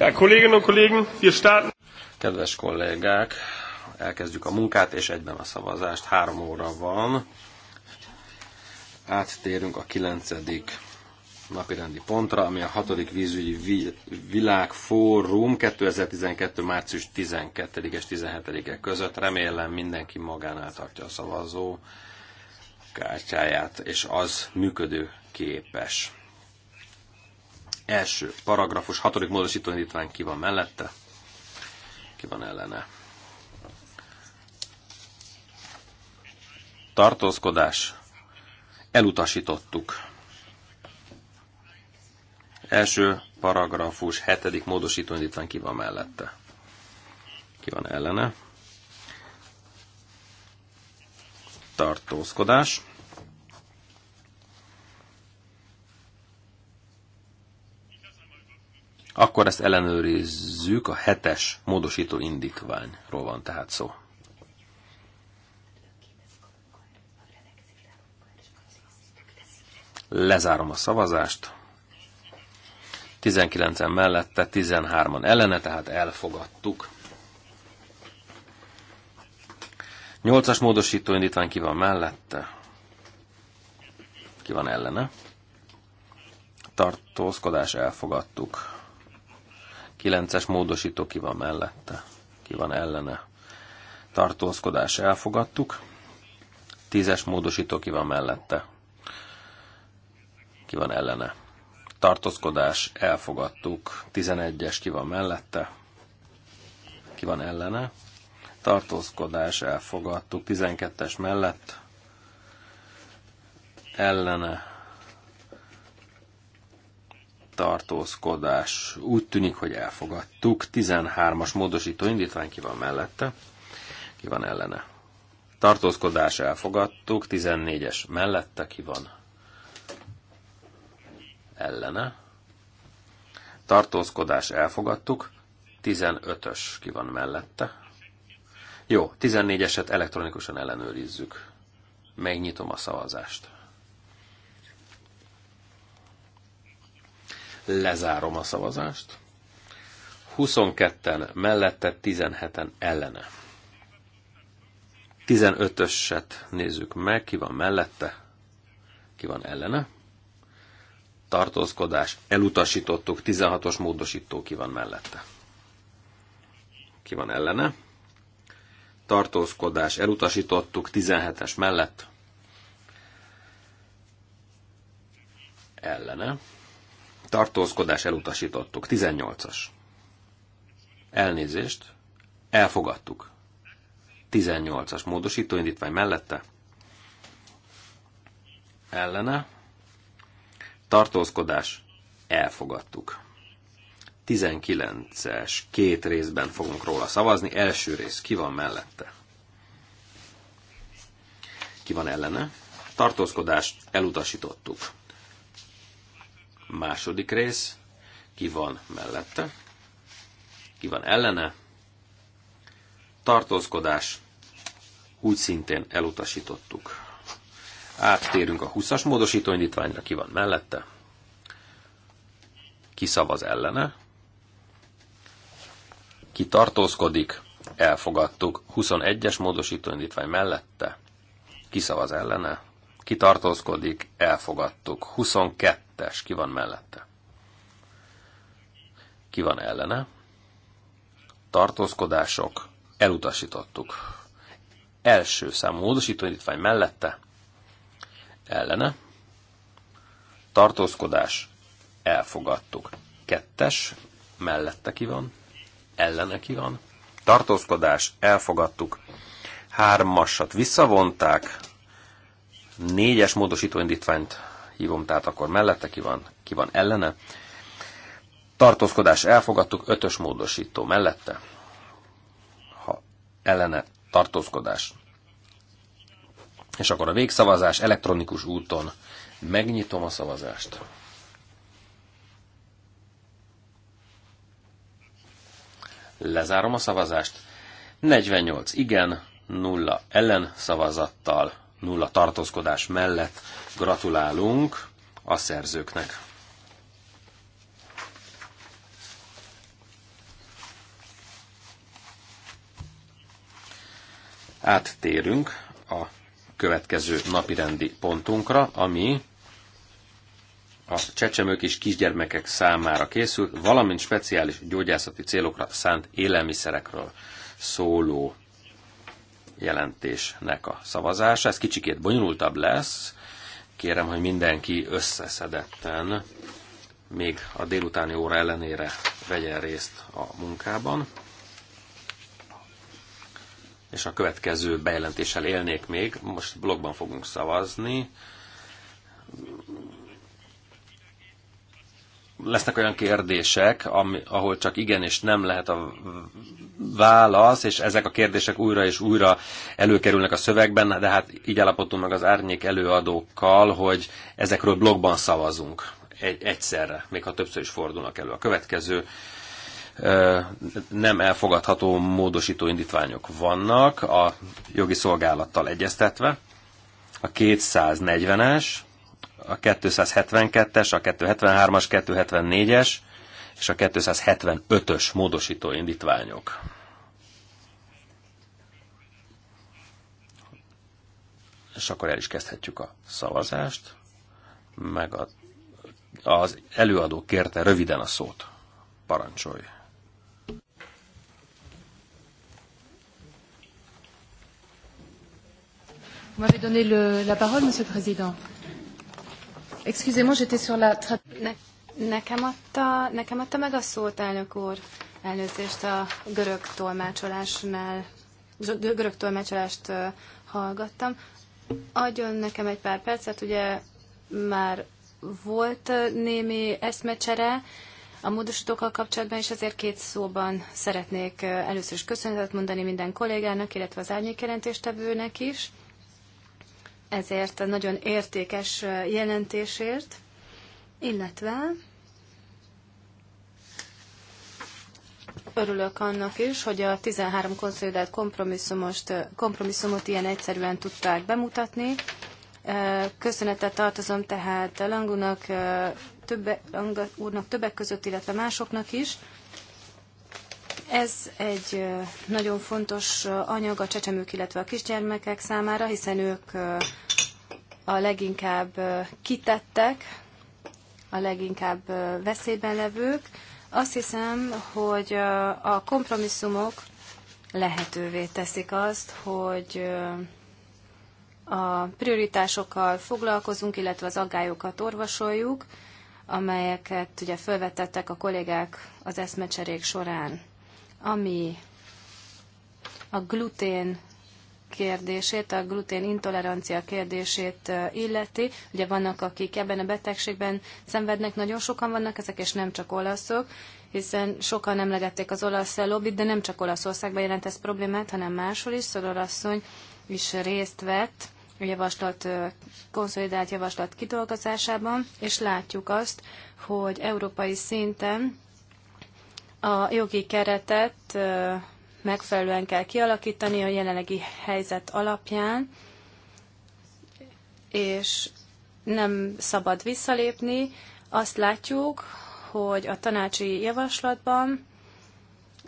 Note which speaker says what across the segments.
Speaker 1: und Kollegen, wir starten. Kedves kollégák, elkezdjük a munkát és egyben a szavazást. Három óra van. Áttérünk a kilencedik napirendi pontra, ami a hatodik vízügyi világfórum 2012. március 12 és 17-e között. Remélem mindenki magánál tartja a szavazó kártyáját, és az működő képes. Első paragrafus, hatodik módosító indítvány ki van mellette, ki van ellene. Tartózkodás. Elutasítottuk. Első paragrafus, hetedik módosító indítvány ki van mellette. Ki van ellene. Tartózkodás Akkor ezt ellenőrizzük, a hetes módosító indítványról van tehát szó. Lezárom a szavazást. 19-en mellette, 13-an ellene, tehát elfogadtuk. 8-as módosító indítvány ki van mellette? Ki van ellene? Tartózkodás elfogadtuk. 9-es módosító ki van mellette, ki van ellene. Tartózkodás elfogadtuk. 10-es módosító ki van mellette, ki van ellene. Tartózkodás elfogadtuk. 11-es ki van mellette, ki van ellene. Tartózkodás elfogadtuk. 12-es mellett, ellene tartózkodás. Úgy tűnik, hogy elfogadtuk. 13-as módosító indítvány ki van mellette, ki van ellene. Tartózkodás elfogadtuk, 14-es mellette ki van ellene. Tartózkodás elfogadtuk, 15-ös ki van mellette. Jó, 14-eset elektronikusan ellenőrizzük. Megnyitom a szavazást. Lezárom a szavazást. 22-en mellette, 17-en ellene. 15-öset nézzük meg, ki van mellette, ki van ellene. Tartózkodás, elutasítottuk, 16-os módosító ki van mellette. Ki van ellene. Tartózkodás, elutasítottuk, 17-es mellett. Ellene tartózkodás elutasítottuk. 18-as. Elnézést, elfogadtuk. 18-as módosítóindítvány indítvány mellette. Ellene. Tartózkodás elfogadtuk. 19-es, két részben fogunk róla szavazni. Első rész ki van mellette? Ki van ellene? Tartózkodást elutasítottuk Második rész, ki van mellette, ki van ellene, tartózkodás, úgy szintén elutasítottuk. Áttérünk a 20-as módosító indítványra, ki van mellette, ki szavaz ellene, ki tartózkodik, elfogadtuk. 21-es módosító indítvány mellette, ki szavaz ellene, tartózkodik, elfogadtuk. 22-es, ki van mellette? Ki van ellene? Tartózkodások, elutasítottuk. Első számú módosító indítvány mellette, ellene. Tartózkodás, elfogadtuk. Kettes, mellette ki van, ellene ki van. Tartózkodás, elfogadtuk. Hármasat visszavonták, Négyes módosítóindítványt hívom, tehát akkor mellette ki van, ki van ellene. Tartózkodás elfogadtuk, ötös módosító mellette. Ha ellene tartózkodás. És akkor a végszavazás elektronikus úton. Megnyitom a szavazást. Lezárom a szavazást. 48 igen, 0 ellen szavazattal nulla tartózkodás mellett gratulálunk a szerzőknek. Áttérünk a következő napirendi pontunkra, ami a csecsemők és kisgyermekek számára készült, valamint speciális gyógyászati célokra szánt élelmiszerekről szóló jelentésnek a szavazása. Ez kicsikét bonyolultabb lesz. Kérem, hogy mindenki összeszedetten még a délutáni óra ellenére vegyen részt a munkában. És a következő bejelentéssel élnék még. Most blogban fogunk szavazni lesznek olyan kérdések, ami, ahol csak igen és nem lehet a válasz, és ezek a kérdések újra és újra előkerülnek a szövegben, de hát így állapodtunk meg az árnyék előadókkal, hogy ezekről blogban szavazunk egyszerre, még ha többször is fordulnak elő. A következő nem elfogadható módosító indítványok vannak, a jogi szolgálattal egyeztetve. A 240-es, a 272-es, a 273-as, 274-es és a 275-ös módosító indítványok. És akkor el is kezdhetjük a szavazást, meg a, az előadó kérte röviden a szót. Parancsolj!
Speaker 2: Vous m'avez donné le, la parole, Monsieur le Président. Excusez-moi, j'étais sur la... Ne, nekem, adta, nekem adta meg a szót, elnök úr. Elnézést a görög tolmácsolásnál, görög tolmácsolást hallgattam. Adjon nekem egy pár percet, ugye már volt némi eszmecsere a módosítókkal kapcsolatban, és azért két szóban szeretnék először is köszönetet mondani minden kollégának, illetve az árnyékjelentéstevőnek is ezért a nagyon értékes jelentésért, illetve örülök annak is, hogy a 13 konszolidált kompromisszumot ilyen egyszerűen tudták bemutatni. Köszönetet tartozom tehát Langunak, többe, Langa úrnak többek között, illetve másoknak is, ez egy nagyon fontos anyag a csecsemők, illetve a kisgyermekek számára, hiszen ők a leginkább kitettek, a leginkább veszélyben levők. Azt hiszem, hogy a kompromisszumok lehetővé teszik azt, hogy a prioritásokkal foglalkozunk, illetve az aggályokat orvosoljuk, amelyeket ugye felvetettek a kollégák az eszmecserék során ami a glutén kérdését, a glutén intolerancia kérdését illeti. Ugye vannak, akik ebben a betegségben szenvednek, nagyon sokan vannak ezek, és nem csak olaszok, hiszen sokan emlegették az olasz lobbit, de nem csak Olaszországban jelent ez problémát, hanem máshol is. asszony is részt vett a javaslat, konszolidált javaslat kidolgozásában, és látjuk azt, hogy európai szinten a jogi keretet megfelelően kell kialakítani a jelenlegi helyzet alapján, és nem szabad visszalépni. Azt látjuk, hogy a tanácsi javaslatban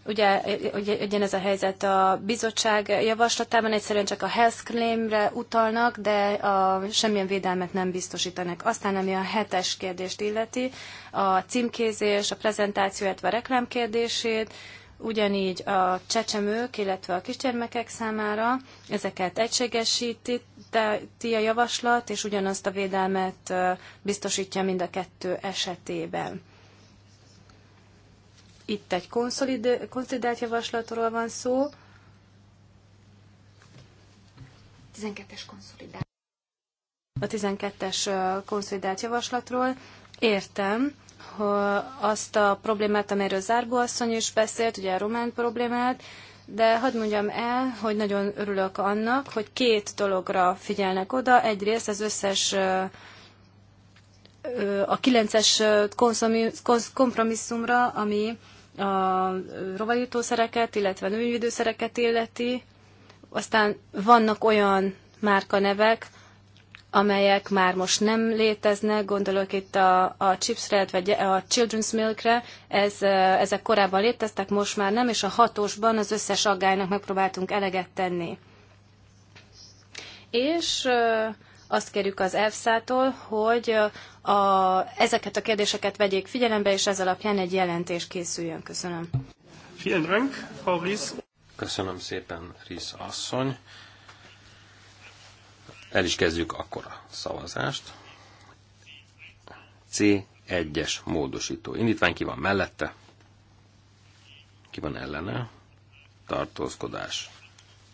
Speaker 2: Ugye, ugye ugye ez a helyzet a bizottság javaslatában, egyszerűen csak a health claimre utalnak, de a, semmilyen védelmet nem biztosítanak. Aztán, ami a hetes kérdést illeti, a címkézés, a prezentáció, illetve a reklám kérdését, ugyanígy a csecsemők, illetve a kisgyermekek számára ezeket egységesíti a javaslat, és ugyanazt a védelmet biztosítja mind a kettő esetében. Itt egy konszolidált javaslatról van szó. 12-es konszolidált. A 12-es konszolidált javaslatról. Értem azt a problémát, amelyről Zárbó asszony is beszélt, ugye a román problémát, de hadd mondjam el, hogy nagyon örülök annak, hogy két dologra figyelnek oda. Egyrészt az összes a 9-es kompromisszumra, ami a rovajutószereket, illetve növényvédőszereket illeti. Aztán vannak olyan márkanevek, amelyek már most nem léteznek, gondolok itt a, a chipsre, vagy a children's milkre, ez, ezek korábban léteztek, most már nem, és a hatósban az összes aggálynak megpróbáltunk eleget tenni. És uh, azt kérjük az EFSA-tól, hogy a, ezeket a kérdéseket vegyék figyelembe, és ez alapján egy jelentés készüljön. Köszönöm.
Speaker 1: Köszönöm szépen, Ries asszony. El is kezdjük akkor a szavazást. C1-es módosító indítvány, ki van mellette? Ki van ellene? Tartózkodás.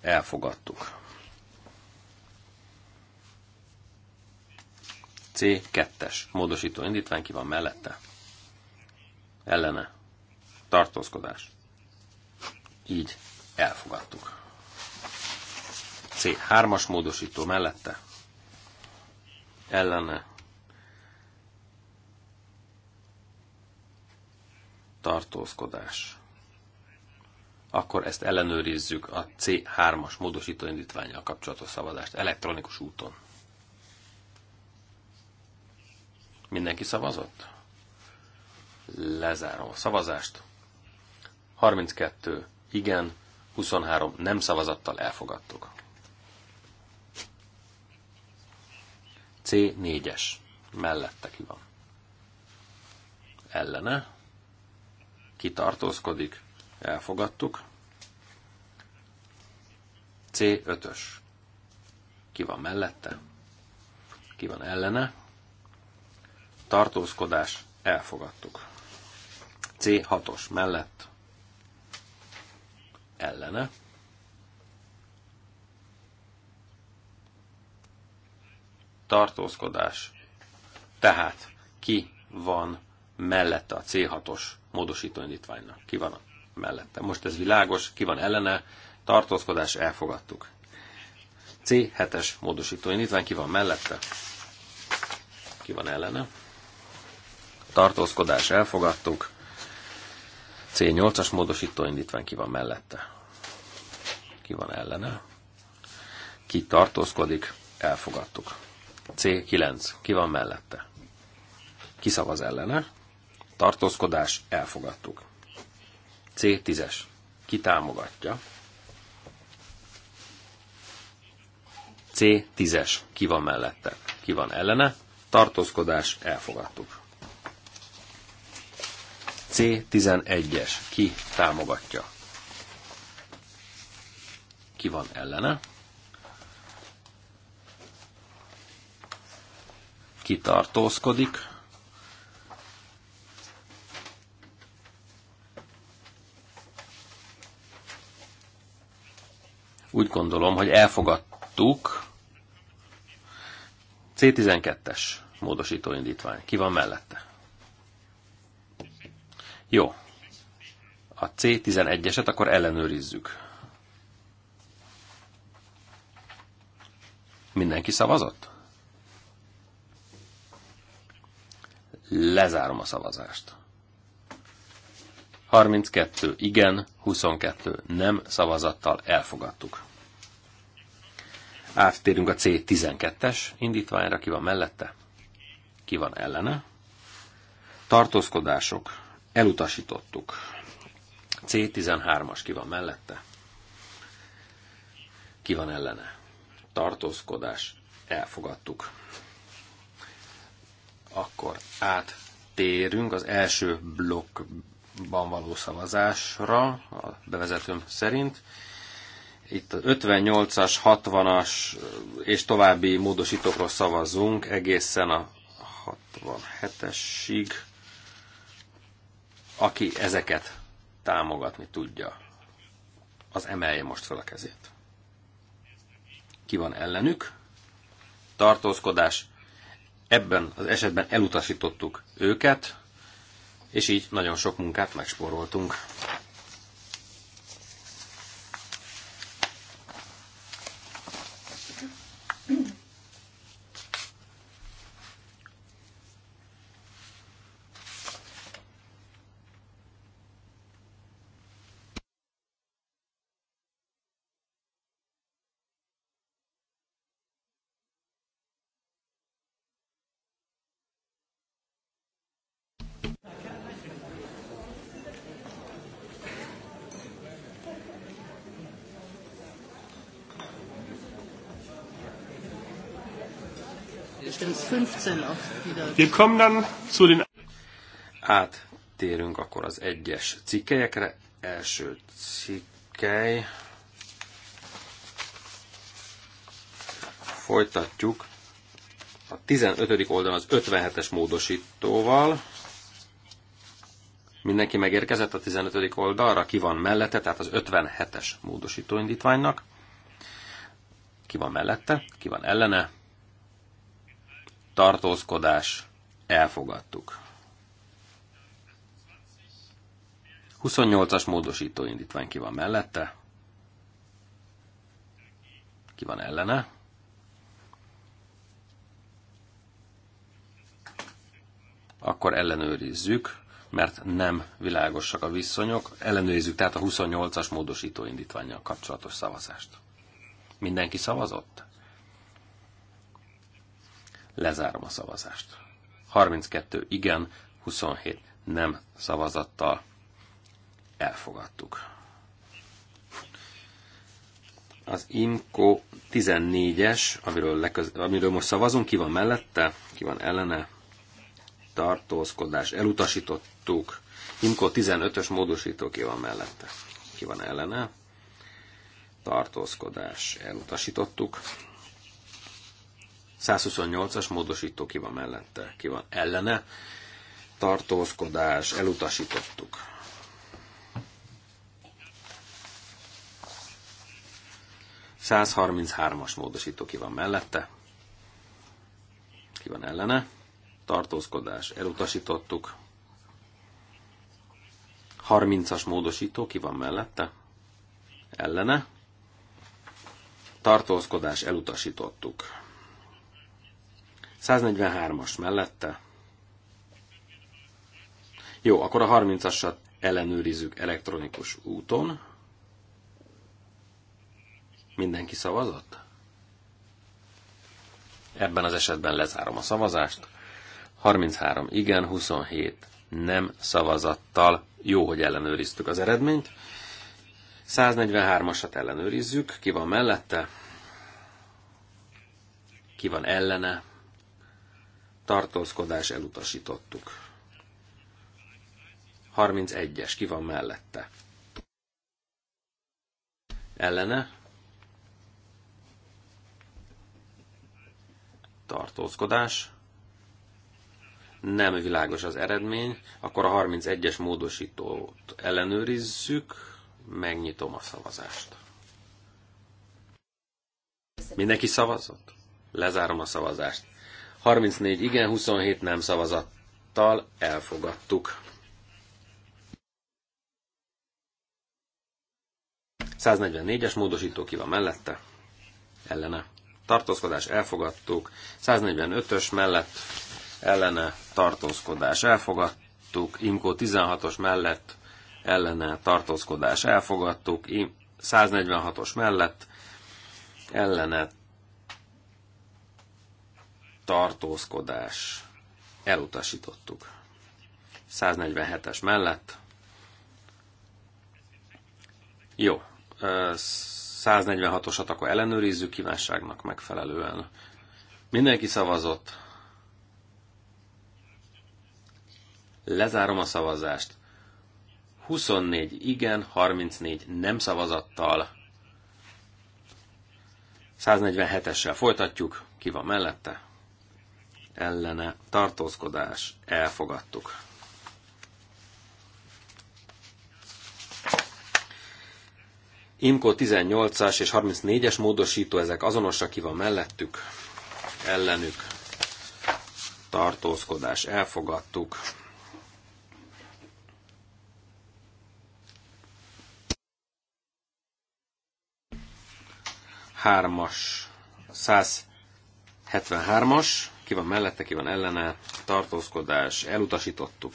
Speaker 1: Elfogadtuk. C2-es módosító indítvány ki van mellette. Ellene. Tartózkodás. Így elfogadtuk. C3-as módosító mellette. Ellene. Tartózkodás. Akkor ezt ellenőrizzük a C3-as módosító indítványjal kapcsolatos szavazást elektronikus úton. Mindenki szavazott? Lezárom a szavazást. 32 igen, 23 nem szavazattal elfogadtuk. C4-es. Mellette ki van. Ellene. Kitartózkodik. Elfogadtuk. C5-ös. Ki van mellette? Ki van ellene? tartózkodás, elfogadtuk. C6-os mellett ellene. Tartózkodás. Tehát ki van mellette a C6-os módosító indítványnak? Ki van mellette? Most ez világos, ki van ellene? Tartózkodás, elfogadtuk. C7-es módosító indítvány, ki van mellette? Ki van ellene? tartózkodás elfogadtuk. C8-as módosító indítvány ki van mellette. Ki van ellene. Ki tartózkodik, elfogadtuk. C9, ki van mellette. Ki szavaz ellene. Tartózkodás, elfogadtuk. C10-es, ki támogatja. C10-es, ki van mellette. Ki van ellene. Tartózkodás, elfogadtuk. C11-es. Ki támogatja? Ki van ellene? Ki tartózkodik? Úgy gondolom, hogy elfogadtuk C12-es módosítóindítvány. Ki van mellette? Jó. A C11-eset akkor ellenőrizzük. Mindenki szavazott? Lezárom a szavazást. 32 igen, 22 nem szavazattal elfogadtuk. Áttérünk a C12-es indítványra, ki van mellette, ki van ellene. Tartózkodások Elutasítottuk. C13-as ki van mellette? Ki van ellene? Tartózkodás. Elfogadtuk. Akkor áttérünk az első blokkban való szavazásra, a bevezetőm szerint itt az 58-as, 60-as és további módosítókról szavazzunk egészen a 67-esig. Aki ezeket támogatni tudja, az emelje most fel a kezét. Ki van ellenük? Tartózkodás. Ebben az esetben elutasítottuk őket, és így nagyon sok munkát megspóroltunk. Wir kommen dann zu den... Áttérünk akkor az egyes cikkelyekre. Első cikkely. Folytatjuk a 15. oldalon az 57-es módosítóval. Mindenki megérkezett a 15. oldalra, ki van mellette, tehát az 57-es módosítóindítványnak. Ki van mellette, ki van ellene. Tartózkodás. Elfogadtuk. 28-as módosító indítvány ki van mellette, ki van ellene. Akkor ellenőrizzük, mert nem világosak a viszonyok. Ellenőrizzük tehát a 28-as módosító indítványjal kapcsolatos szavazást. Mindenki szavazott? Lezárom a szavazást. 32 igen, 27 nem szavazattal elfogadtuk. Az IMCO 14-es, amiről, leköz, amiről most szavazunk, ki van mellette, ki van ellene, tartózkodás, elutasítottuk. IMCO 15-ös módosító ki van mellette, ki van ellene, tartózkodás, elutasítottuk. 128-as módosító ki van mellette, ki van ellene. Tartózkodás, elutasítottuk. as módosító ki van mellette, ki van ellene. Tartózkodás, elutasítottuk. 30-as módosító ki van mellette, ellene. Tartózkodás, elutasítottuk. 143-as mellette. Jó, akkor a 30-asat ellenőrizzük elektronikus úton. Mindenki szavazott? Ebben az esetben lezárom a szavazást. 33 igen, 27 nem szavazattal. Jó, hogy ellenőriztük az eredményt. 143-asat ellenőrizzük. Ki van mellette? Ki van ellene? tartózkodás elutasítottuk. 31-es, ki van mellette? Ellene? Tartózkodás? Nem világos az eredmény, akkor a 31-es módosítót ellenőrizzük, megnyitom a szavazást. Mindenki szavazott? Lezárom a szavazást. 34 igen, 27 nem szavazattal elfogadtuk. 144-es módosító ki van mellette, ellene. Tartózkodás elfogadtuk. 145-ös mellett ellene tartózkodás elfogadtuk. Imkó 16-os mellett ellene tartózkodás elfogadtuk. 146-os mellett ellene tartózkodás. Elutasítottuk. 147-es mellett. Jó. 146-osat akkor ellenőrizzük kívánságnak megfelelően. Mindenki szavazott. Lezárom a szavazást. 24 igen, 34 nem szavazattal. 147-essel folytatjuk. Ki van mellette? ellene tartózkodás elfogadtuk. Imko 18-as és 34-es módosító, ezek azonosak, aki van mellettük, ellenük tartózkodás elfogadtuk. Hármas, 173-as, ki van mellette, ki van ellene, tartózkodás, elutasítottuk.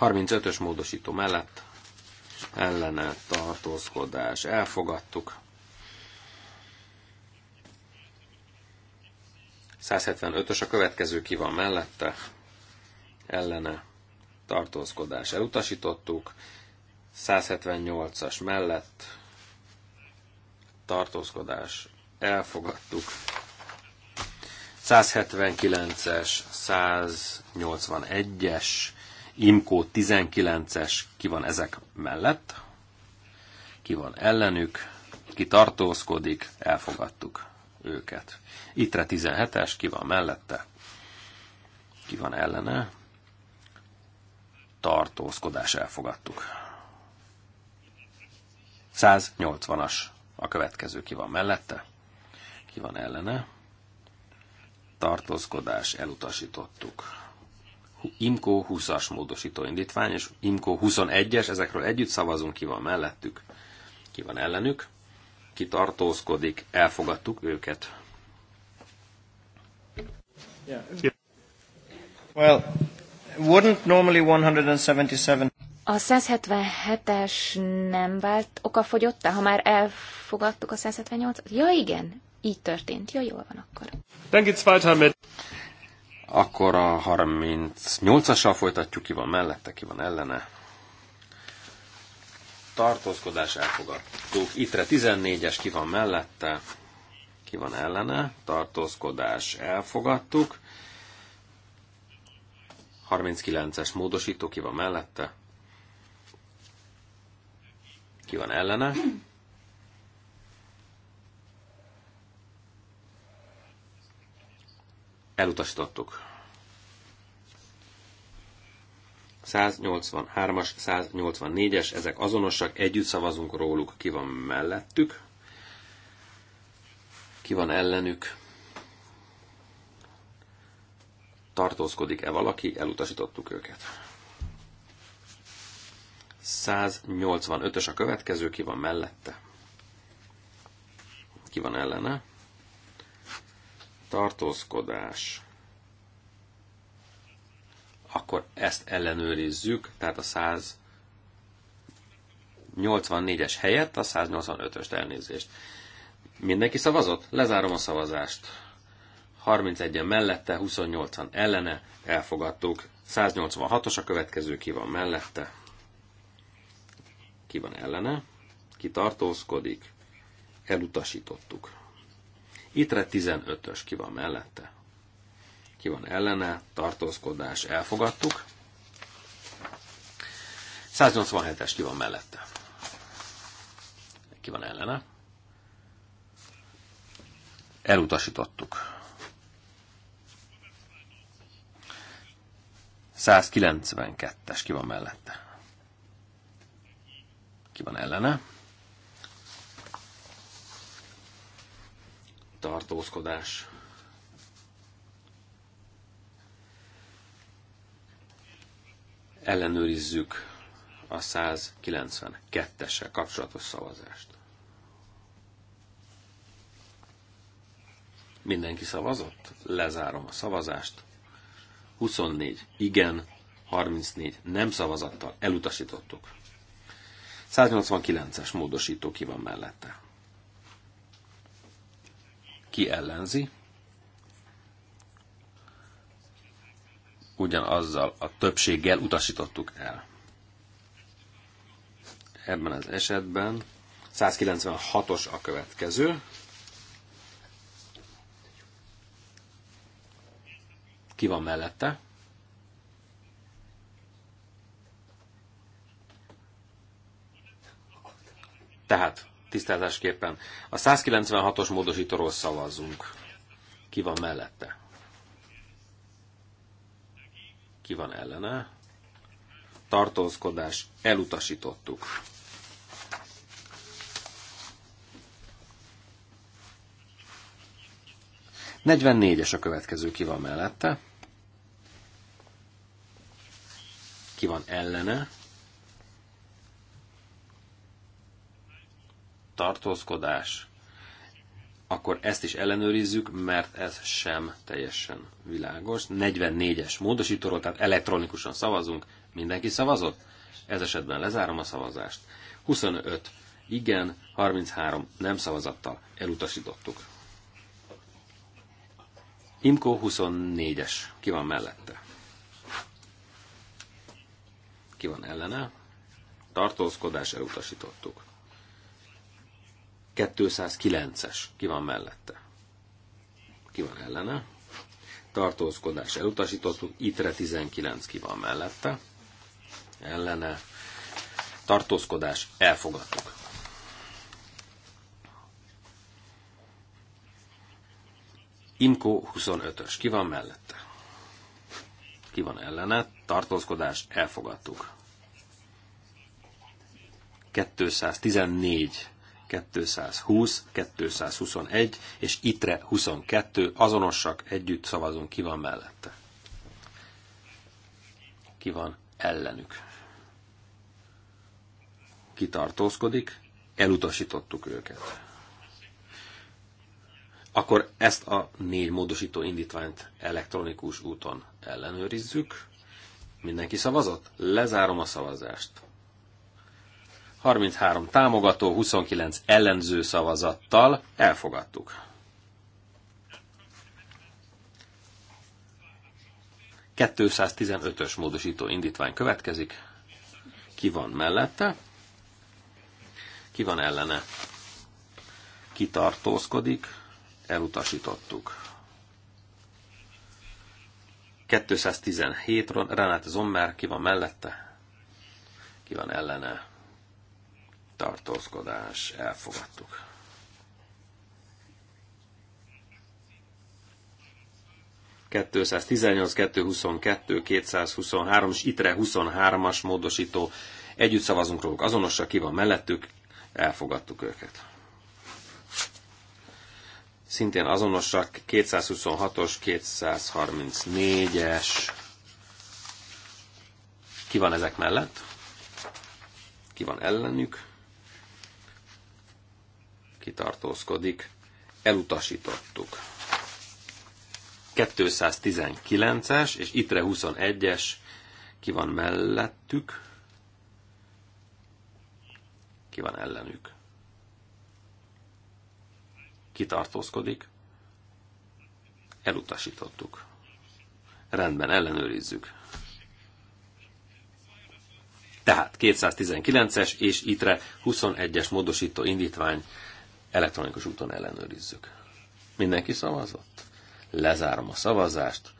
Speaker 1: 35-ös módosító mellett ellene tartózkodás. Elfogadtuk. 175-ös a következő ki van mellette. Ellene tartózkodás. Elutasítottuk. 178-as mellett tartózkodás elfogadtuk. 179-es, 181-es, Imkó 19-es, ki van ezek mellett, ki van ellenük, ki tartózkodik, elfogadtuk őket. Itre 17-es, ki van mellette, ki van ellene, tartózkodás elfogadtuk. 180-as a következő ki van mellette, ki van ellene. Tartózkodás elutasítottuk. Imko 20-as módosító indítvány, és Imko 21-es, ezekről együtt szavazunk, ki van mellettük, ki van ellenük, ki tartózkodik, elfogadtuk őket. Yeah. Well, wouldn't normally 177
Speaker 3: a 177-es nem vált okafogyott, ha már elfogadtuk a 178 Ja, igen így történt. Ja, jól van
Speaker 1: akkor. Akkor a 38-assal folytatjuk, ki van mellette, ki van ellene. Tartózkodás elfogadtuk. Ittre 14-es, ki van mellette, ki van ellene. Tartózkodás elfogadtuk. 39-es módosító, ki van mellette, ki van ellene Elutasítottuk. 183-as, 184-es, ezek azonosak, együtt szavazunk róluk, ki van mellettük, ki van ellenük, tartózkodik-e valaki, elutasítottuk őket. 185-ös a következő, ki van mellette, ki van ellene, tartózkodás, akkor ezt ellenőrizzük, tehát a 184-es helyett a 185-öst elnézést. Mindenki szavazott? Lezárom a szavazást. 31-en mellette, 28-an ellene, elfogadtuk. 186-os a következő, ki van mellette, ki van ellene, ki tartózkodik, elutasítottuk. Itre 15-ös ki van mellette. Ki van ellene, tartózkodás, elfogadtuk. 187-es ki van mellette. Ki van ellene. Elutasítottuk. 192-es ki van mellette. Ki van ellene. tartózkodás. Ellenőrizzük a 192-essel kapcsolatos szavazást. Mindenki szavazott? Lezárom a szavazást. 24 igen, 34 nem szavazattal elutasítottuk. 189-es módosító ki van mellette. Ki ellenzi? Ugyanazzal a többséggel utasítottuk el. Ebben az esetben 196-os a következő. Ki van mellette? Tehát tisztázásképpen. A 196-os módosítóról szavazzunk. Ki van mellette? Ki van ellene? Tartózkodás elutasítottuk. Negyvennégyes a következő, ki van mellette? Ki van ellene? tartózkodás, akkor ezt is ellenőrizzük, mert ez sem teljesen világos. 44-es módosítóról, tehát elektronikusan szavazunk. Mindenki szavazott? Ez esetben lezárom a szavazást. 25 igen, 33 nem szavazattal elutasítottuk. Imko 24-es. Ki van mellette? Ki van ellene? Tartózkodás elutasítottuk. 209-es. Ki van mellette? Ki van ellene? Tartózkodás elutasítottuk. Itre 19 ki van mellette? Ellene. Tartózkodás elfogadtuk. Imko 25-ös. Ki van mellette? Ki van ellene? Tartózkodás elfogadtuk. 214 220, 221 és ITRE 22 azonosak, együtt szavazunk, ki van mellette. Ki van ellenük. Ki tartózkodik, elutasítottuk őket. Akkor ezt a négy módosító indítványt elektronikus úton ellenőrizzük. Mindenki szavazott? Lezárom a szavazást. 33 támogató, 29 ellenző szavazattal elfogadtuk. ös módosító indítvány következik. Ki van mellette? Ki van ellene? Kitartózkodik? Elutasítottuk. 217-ron Renát Zommer ki van mellette? Ki van ellene? tartózkodás, elfogadtuk. ...218, 223 és ITRE 23-as módosító. Együtt szavazunk róluk azonosak, ki van mellettük, elfogadtuk őket. Szintén azonosak 226-os, 234-es. Ki van ezek mellett? Ki van ellenük? kitartózkodik, elutasítottuk. 219-es és itre 21-es ki van mellettük, ki van ellenük. Kitartózkodik, elutasítottuk. Rendben, ellenőrizzük. Tehát 219-es és itre 21-es módosító indítvány Elektronikus úton ellenőrizzük. Mindenki szavazott? Lezárom a szavazást.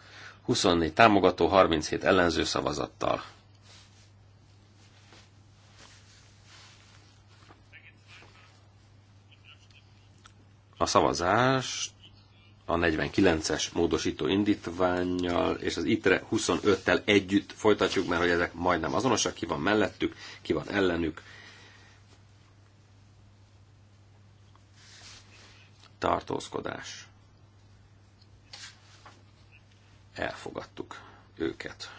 Speaker 1: 24 támogató, 37 ellenző szavazattal. A szavazás a 49-es módosító indítványjal és az ITRE 25-tel együtt folytatjuk, mert hogy ezek majdnem azonosak, ki van mellettük, ki van ellenük, tartózkodás. Elfogadtuk őket.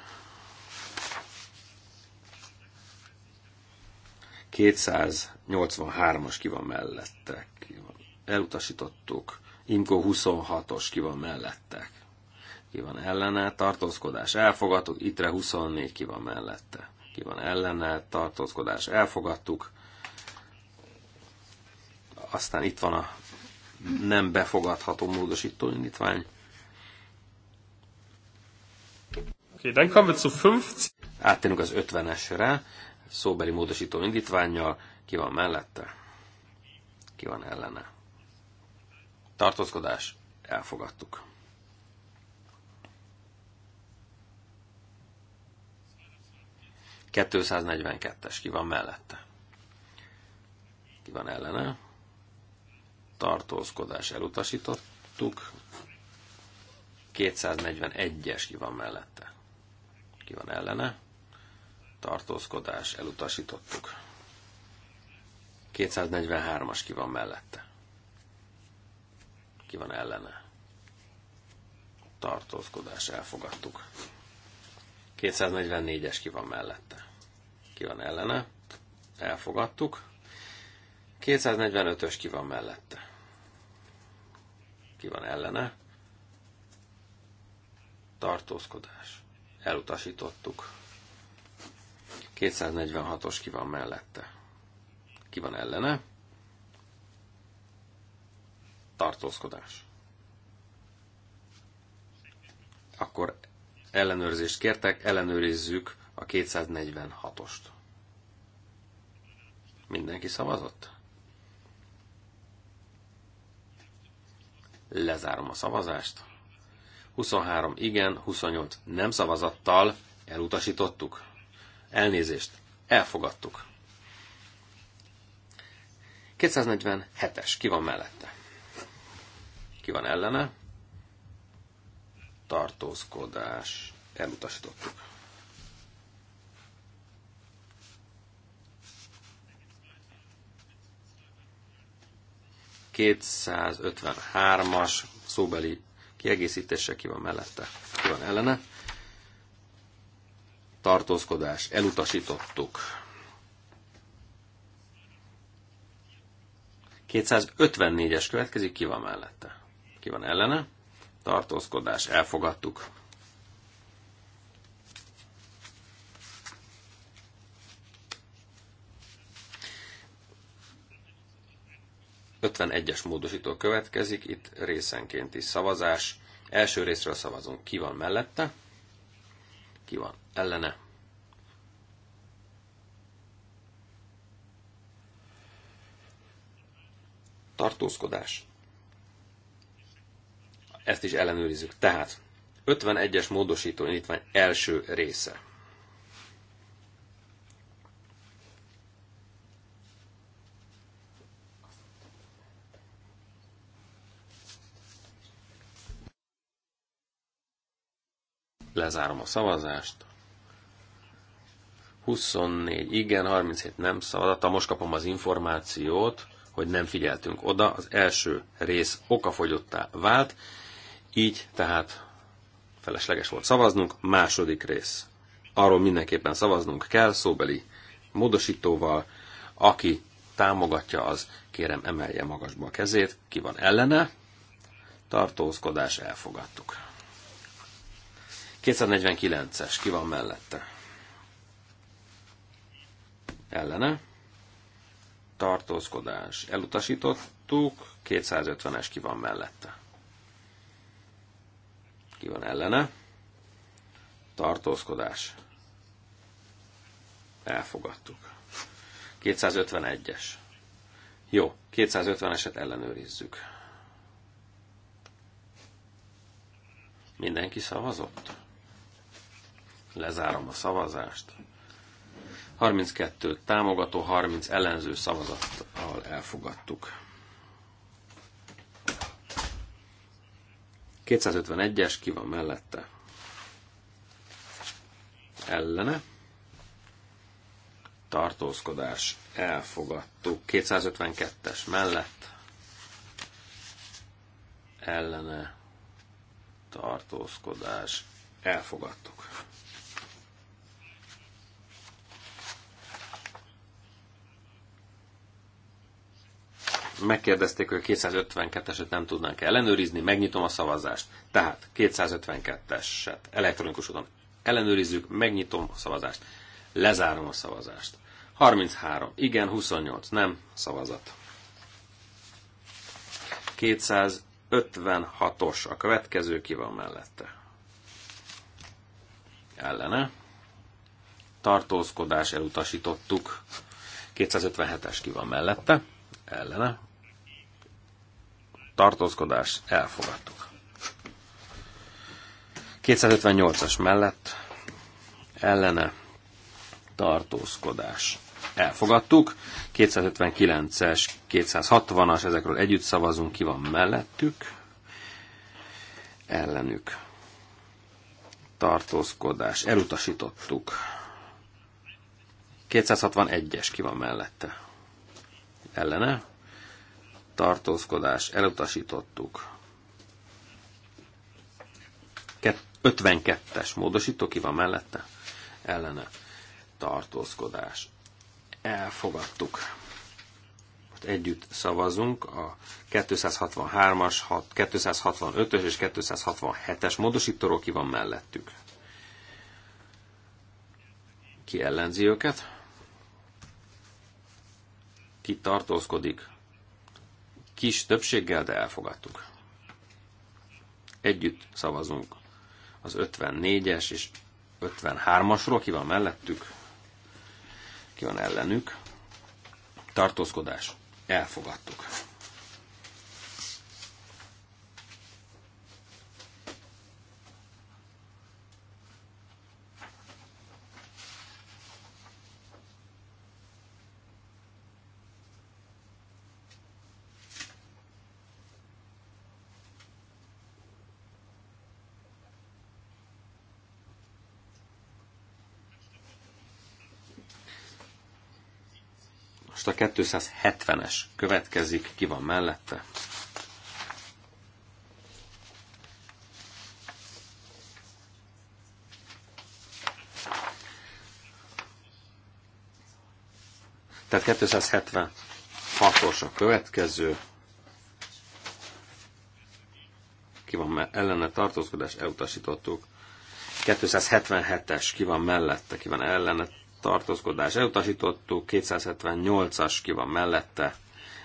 Speaker 1: 283-as ki van mellette. Elutasítottuk. Imko 26-os ki van mellette. Ki van ellene, tartózkodás elfogadtuk. Itre 24 ki van mellette. Ki van ellene, tartózkodás elfogadtuk aztán itt van a nem befogadható módosító indítvány. Oké, dann kommen wir zu 50. Áttérünk az 50-esre, szóbeli módosító indítványjal. Ki van mellette? Ki van ellene? Tartózkodás? Elfogadtuk. Kettőszáznegyvenkettes. Ki van mellette? Ki van ellene? tartózkodás elutasítottuk. 241-es ki van mellette. Ki van ellene? Tartózkodás elutasítottuk. 243-as ki van mellette. Ki van ellene? Tartózkodás elfogadtuk. 244-es ki van mellette. Ki van ellene? Elfogadtuk. 245-ös ki van mellette ki van ellene, tartózkodás, elutasítottuk. 246-os ki van mellette, ki van ellene, tartózkodás. Akkor ellenőrzést kértek, ellenőrizzük a 246-ost. Mindenki szavazott? Lezárom a szavazást. 23 igen, 28 nem szavazattal elutasítottuk. Elnézést, elfogadtuk. 247-es, ki van mellette? Ki van ellene? Tartózkodás, elutasítottuk. 253-as szóbeli kiegészítése ki van mellette, ki van ellene. Tartózkodás, elutasítottuk. 254-es következik, ki van mellette? Ki van ellene? Tartózkodás, elfogadtuk. 51-es módosító következik, itt is szavazás. Első részről szavazunk, ki van mellette, ki van ellene. Tartózkodás. Ezt is ellenőrizzük. Tehát 51-es módosító van első része. Lezárom a szavazást. 24 igen, 37 nem szavazata. Most kapom az információt, hogy nem figyeltünk oda. Az első rész okafogyottá vált, így tehát felesleges volt szavaznunk. Második rész. Arról mindenképpen szavaznunk kell, szóbeli módosítóval, aki támogatja, az kérem emelje magasba a kezét, ki van ellene, tartózkodás elfogadtuk. 249-es, ki van mellette? Ellene. Tartózkodás. Elutasítottuk. 250-es ki van mellette. Ki van ellene? Tartózkodás. Elfogadtuk. 251-es. Jó, 250-eset ellenőrizzük. Mindenki szavazott? Lezárom a szavazást. 32 támogató, 30 ellenző szavazattal elfogadtuk. 251-es ki van mellette? Ellene. Tartózkodás. Elfogadtuk. 252-es mellett. Ellene. Tartózkodás. Elfogadtuk. megkérdezték, hogy a 252-eset nem tudnánk ellenőrizni, megnyitom a szavazást. Tehát 252-eset elektronikus úton ellenőrizzük, megnyitom a szavazást, lezárom a szavazást. 33, igen, 28, nem, szavazat. 256-os, a következő ki van mellette? Ellene. Tartózkodás elutasítottuk. 257-es ki van mellette? Ellene tartózkodás, elfogadtuk. 258-as mellett ellene tartózkodás. Elfogadtuk. 259-es, 260-as, ezekről együtt szavazunk, ki van mellettük, ellenük. Tartózkodás. Elutasítottuk. 261-es ki van mellette. Ellene tartózkodás elutasítottuk. 52-es módosító ki van mellette? Ellene tartózkodás. Elfogadtuk. Most együtt szavazunk a 263-as, 265-ös és 267-es módosítóról ki van mellettük. Ki ellenzi őket? Ki tartózkodik? kis többséggel, de elfogadtuk. Együtt szavazunk az 54-es és 53-asról, ki van mellettük, ki van ellenük. Tartózkodás. Elfogadtuk. 1270 es következik, ki van mellette. Tehát 276-os a következő. Ki van me- ellene tartózkodás, elutasítottuk. 277-es, ki van mellette, ki van ellene tartózkodás elutasítottuk, 278-as ki van mellette,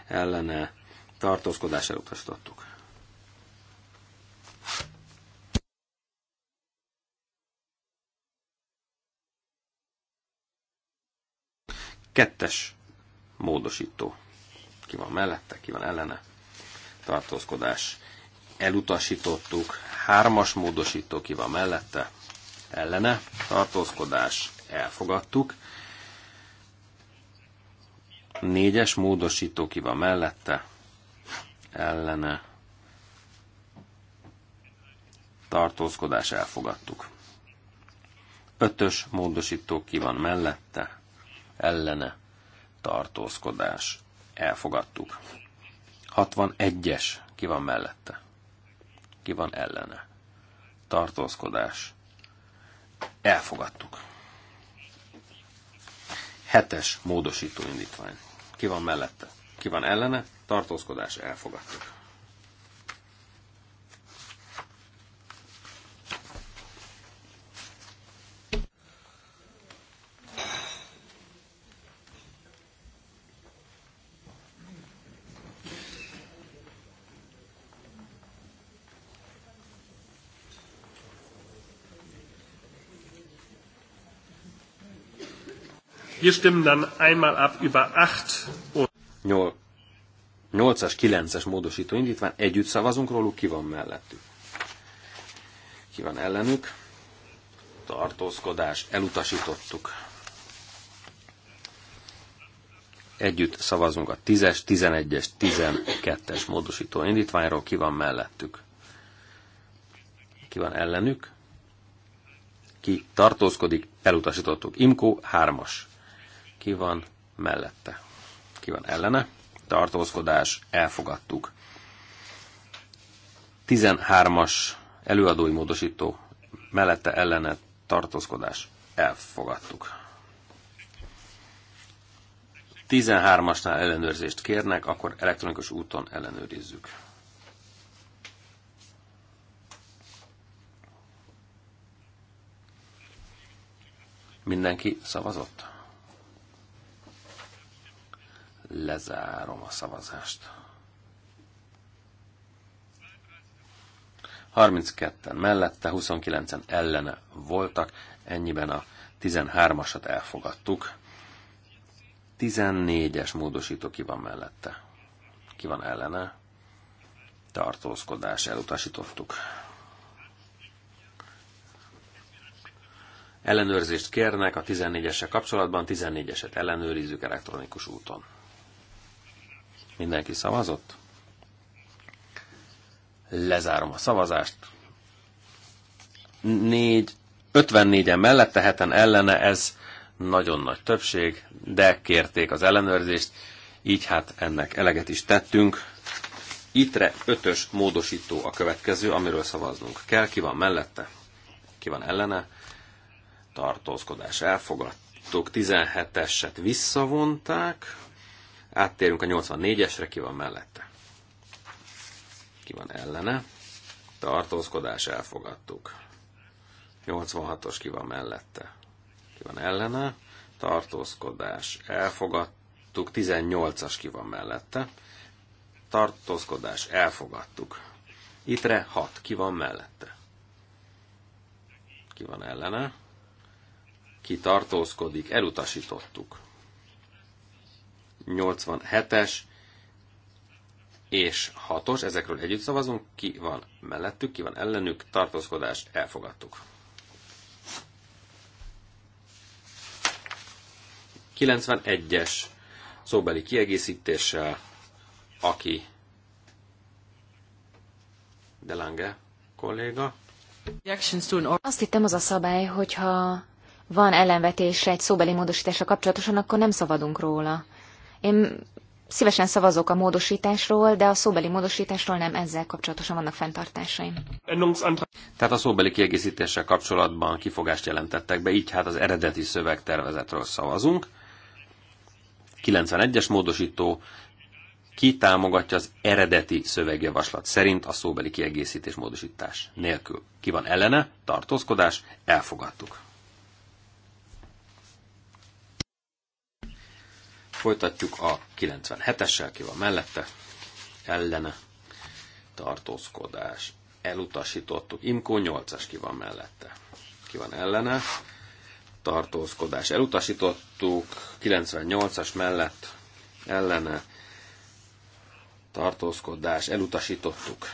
Speaker 1: ellene tartózkodás elutasítottuk. Kettes módosító. Ki van mellette, ki van ellene. Tartózkodás. Elutasítottuk. Hármas módosító ki van mellette. Ellene. Tartózkodás elfogadtuk. Négyes módosító ki van mellette, ellene tartózkodás elfogadtuk. Ötös módosító ki van mellette, ellene tartózkodás elfogadtuk. 61-es ki van mellette, ki van ellene tartózkodás elfogadtuk. Hetes módosító indítvány. Ki van mellette? Ki van ellene? Tartózkodás elfogadtuk. Wir stimmen dann einmal ab über 8 und 8-as, 9-es módosító indítvány, együtt szavazunk róluk, ki van mellettük. Ki van ellenük? Tartózkodás, elutasítottuk. Együtt szavazunk a 10-es, 11-es, 12-es módosító indítványról, ki van mellettük. Ki van ellenük? Ki tartózkodik, elutasítottuk. Imkó 3-as ki van mellette, ki van ellene, tartózkodás, elfogadtuk. 13-as előadói módosító mellette ellene tartózkodás, elfogadtuk. 13-asnál ellenőrzést kérnek, akkor elektronikus úton ellenőrizzük. Mindenki szavazott? Lezárom a szavazást. 32-en mellette, 29-en ellene voltak, ennyiben a 13-asat elfogadtuk. 14-es módosító ki van mellette? Ki van ellene? Tartózkodás elutasítottuk. Ellenőrzést kérnek a 14 esek kapcsolatban, 14-eset ellenőrizzük elektronikus úton. Mindenki szavazott? Lezárom a szavazást. Négy, 54-en mellette, heten ellene, ez nagyon nagy többség, de kérték az ellenőrzést, így hát ennek eleget is tettünk. Ittre ötös módosító a következő, amiről szavaznunk kell. Ki van mellette? Ki van ellene? Tartózkodás elfogadtuk. 17-eset visszavonták. Áttérünk a 84-esre, ki van mellette. Ki van ellene. Tartózkodás elfogadtuk. 86-os ki van mellette. Ki van ellene. Tartózkodás elfogadtuk. 18-as ki van mellette. Tartózkodás elfogadtuk. Itre 6 ki van mellette. Ki van ellene. Ki tartózkodik, elutasítottuk. 87-es és 6-os, ezekről együtt szavazunk, ki van mellettük, ki van ellenük, tartózkodás, elfogadtuk. 91-es szóbeli kiegészítéssel, aki Delange kolléga.
Speaker 3: Azt hittem az a szabály, hogyha van ellenvetésre egy szóbeli módosításra kapcsolatosan, akkor nem szabadunk róla. Én szívesen szavazok a módosításról, de a szóbeli módosításról nem ezzel kapcsolatosan vannak fenntartásaim.
Speaker 1: Tehát a szóbeli kiegészítéssel kapcsolatban kifogást jelentettek be, így hát az eredeti szövegtervezetről szavazunk. 91-es módosító ki támogatja az eredeti szövegjavaslat szerint a szóbeli kiegészítés módosítás nélkül. Ki van ellene, tartózkodás, elfogadtuk. Folytatjuk a 97-essel, ki van mellette, ellene tartózkodás. Elutasítottuk. Imkó 8-as ki van mellette. Ki van ellene? Tartózkodás. Elutasítottuk. 98-as mellett ellene tartózkodás. Elutasítottuk.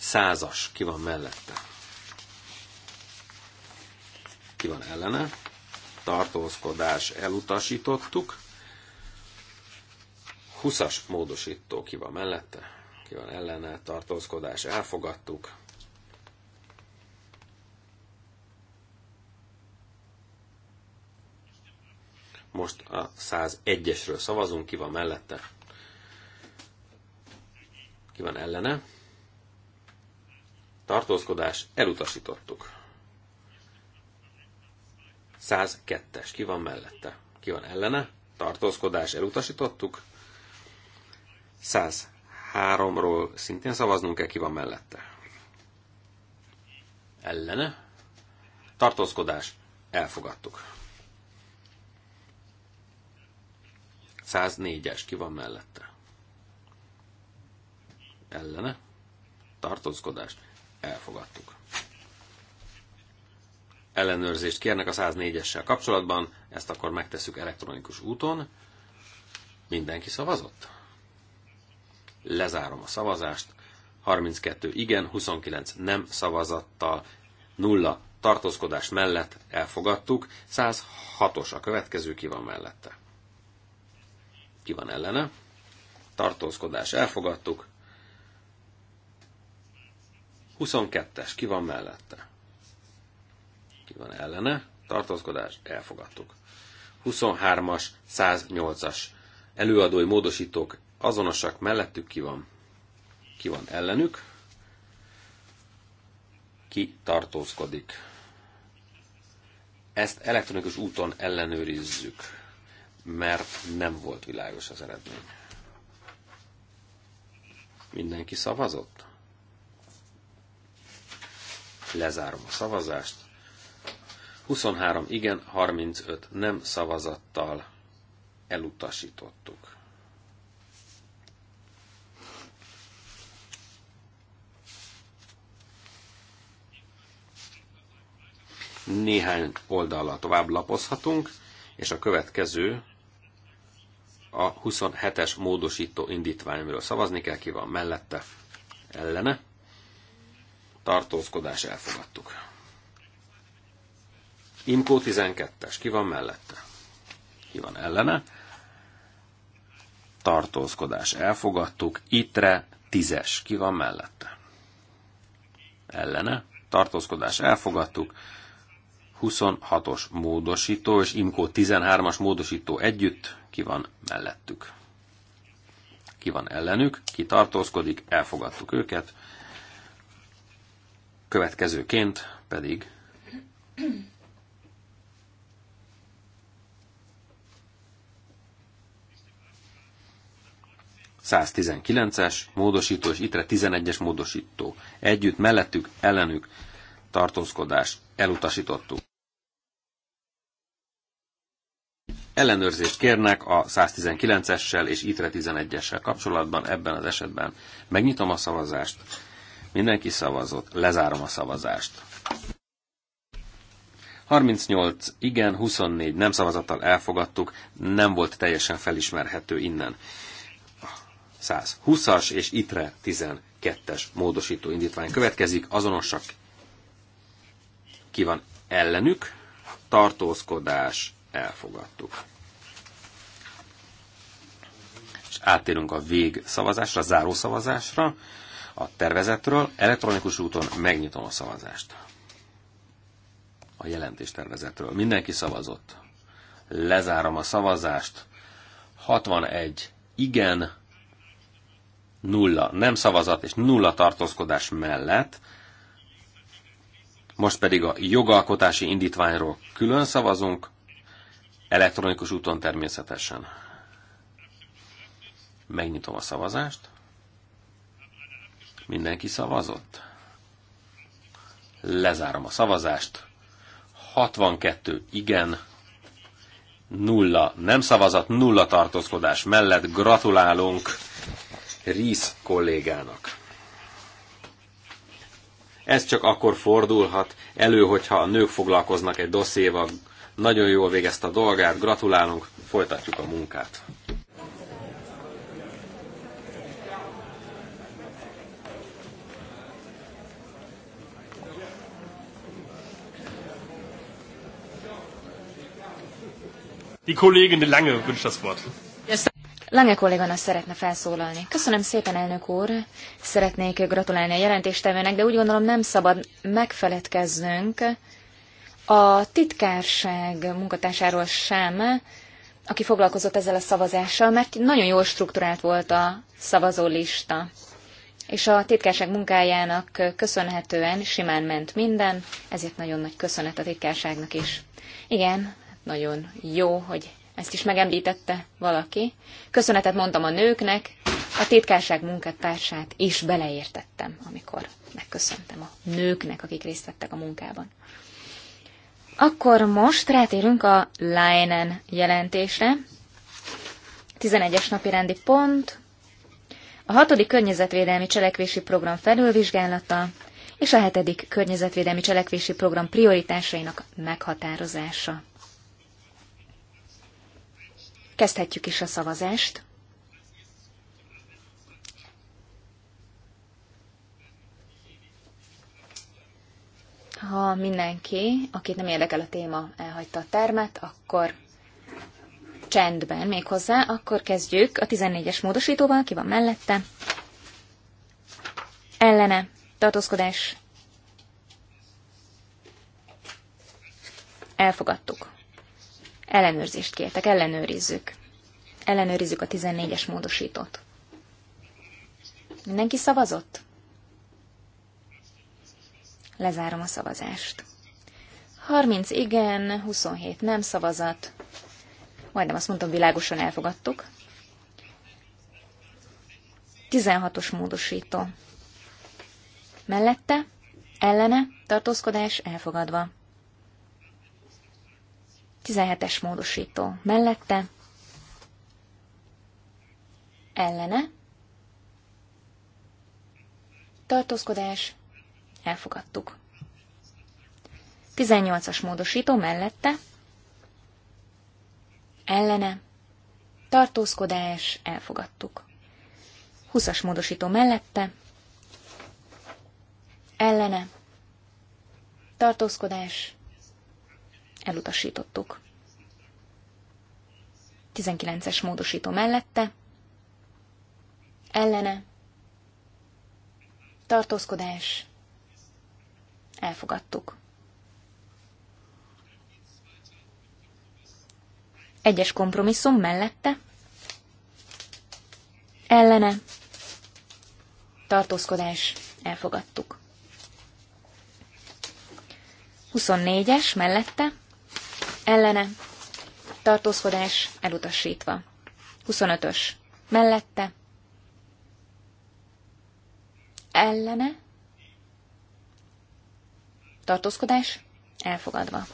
Speaker 1: Százas ki van mellette. Ki van ellene? tartózkodás elutasítottuk. 20-as módosító ki van mellette, ki van ellene, tartózkodás elfogadtuk. Most a 101-esről szavazunk, ki van mellette, ki van ellene. Tartózkodás elutasítottuk. 102-es, ki van mellette? Ki van ellene? Tartózkodás elutasítottuk. 103-ról szintén szavaznunk kell, ki van mellette? Ellene? Tartózkodás elfogadtuk. 104-es, ki van mellette? Ellene? Tartózkodást elfogadtuk ellenőrzést kérnek a 104-essel kapcsolatban, ezt akkor megtesszük elektronikus úton. Mindenki szavazott? Lezárom a szavazást. 32 igen, 29 nem szavazattal, 0 tartózkodás mellett elfogadtuk. 106-os a következő, ki van mellette? Ki van ellene? Tartózkodás elfogadtuk. 22-es, ki van mellette? van ellene, tartózkodás, elfogadtuk. 23-as, 108-as előadói módosítók azonosak mellettük ki van, ki van ellenük, ki tartózkodik. Ezt elektronikus úton ellenőrizzük, mert nem volt világos az eredmény. Mindenki szavazott? Lezárom a szavazást. 23 igen, 35 nem szavazattal elutasítottuk. Néhány oldallal tovább lapozhatunk, és a következő a 27-es módosító indítvány, amiről szavazni kell, ki van mellette, ellene. Tartózkodás elfogadtuk. Imkó 12-es, ki van mellette? Ki van ellene? Tartózkodás, elfogadtuk. Itre 10-es, ki van mellette? Ellene? Tartózkodás, elfogadtuk. 26-os módosító és Imkó 13-as módosító együtt ki van mellettük. Ki van ellenük, ki tartózkodik, elfogadtuk őket. Következőként pedig 119-es módosító és ITRE 11-es módosító. Együtt mellettük, ellenük tartózkodás elutasítottuk. Ellenőrzést kérnek a 119-essel és ITRE 11-essel kapcsolatban ebben az esetben. Megnyitom a szavazást. Mindenki szavazott. Lezárom a szavazást. 38 igen, 24 nem szavazattal elfogadtuk, nem volt teljesen felismerhető innen. 120-as és ITRE 12-es módosító indítvány következik, azonosak ki van ellenük, tartózkodás, elfogadtuk. És áttérünk a végszavazásra, a zárószavazásra, a tervezetről. Elektronikus úton megnyitom a szavazást. A jelentés tervezetről. Mindenki szavazott. Lezárom a szavazást. 61 igen, nulla nem szavazat és nulla tartózkodás mellett. Most pedig a jogalkotási indítványról külön szavazunk, elektronikus úton természetesen. Megnyitom a szavazást. Mindenki szavazott? Lezárom a szavazást. 62 igen, nulla nem szavazat, nulla tartózkodás mellett gratulálunk Rísz kollégának. Ez csak akkor fordulhat elő, hogyha a nők foglalkoznak egy dosszéval. Nagyon jól végezte a dolgát, gratulálunk, folytatjuk a munkát. Die Kollegin Lange wünscht das Wort.
Speaker 3: Lange kollégana szeretne felszólalni. Köszönöm szépen, elnök úr. Szeretnék gratulálni a jelentéstevőnek, de úgy gondolom nem szabad megfeledkeznünk a titkárság munkatársáról sem, aki foglalkozott ezzel a szavazással, mert nagyon jól struktúrált volt a szavazólista. És a titkárság munkájának köszönhetően simán ment minden, ezért nagyon nagy köszönet a titkárságnak is. Igen, nagyon jó, hogy ezt is megemlítette valaki. Köszönetet mondtam a nőknek, a titkárság munkatársát is beleértettem, amikor megköszöntem a nőknek, akik részt vettek a munkában. Akkor most rátérünk a Leinen jelentésre. 11-es napi rendi pont, a hatodik környezetvédelmi cselekvési program felülvizsgálata és a hetedik környezetvédelmi cselekvési program prioritásainak meghatározása. Kezdhetjük is a szavazást. Ha mindenki, akit nem érdekel a téma, elhagyta a termet, akkor csendben még hozzá, akkor kezdjük a 14-es módosítóval, ki van mellette. Ellene, tartózkodás, elfogadtuk. Ellenőrzést kértek, ellenőrizzük. Ellenőrizzük a 14-es módosítót. Mindenki szavazott? Lezárom a szavazást. 30 igen, 27 nem szavazat. Majdnem azt mondtam, világosan elfogadtuk. 16-os módosító. Mellette, ellene, tartózkodás elfogadva. 17-es módosító mellette, ellene, tartózkodás, elfogadtuk. 18-as módosító mellette, ellene, tartózkodás, elfogadtuk. 20-as módosító mellette, ellene, tartózkodás, Elutasítottuk. 19-es módosító mellette, ellene, tartózkodás, elfogadtuk. Egyes kompromisszum mellette, ellene, tartózkodás, elfogadtuk. 24-es mellette, ellene, tartózkodás elutasítva. 25-ös, mellette, ellene, tartózkodás elfogadva.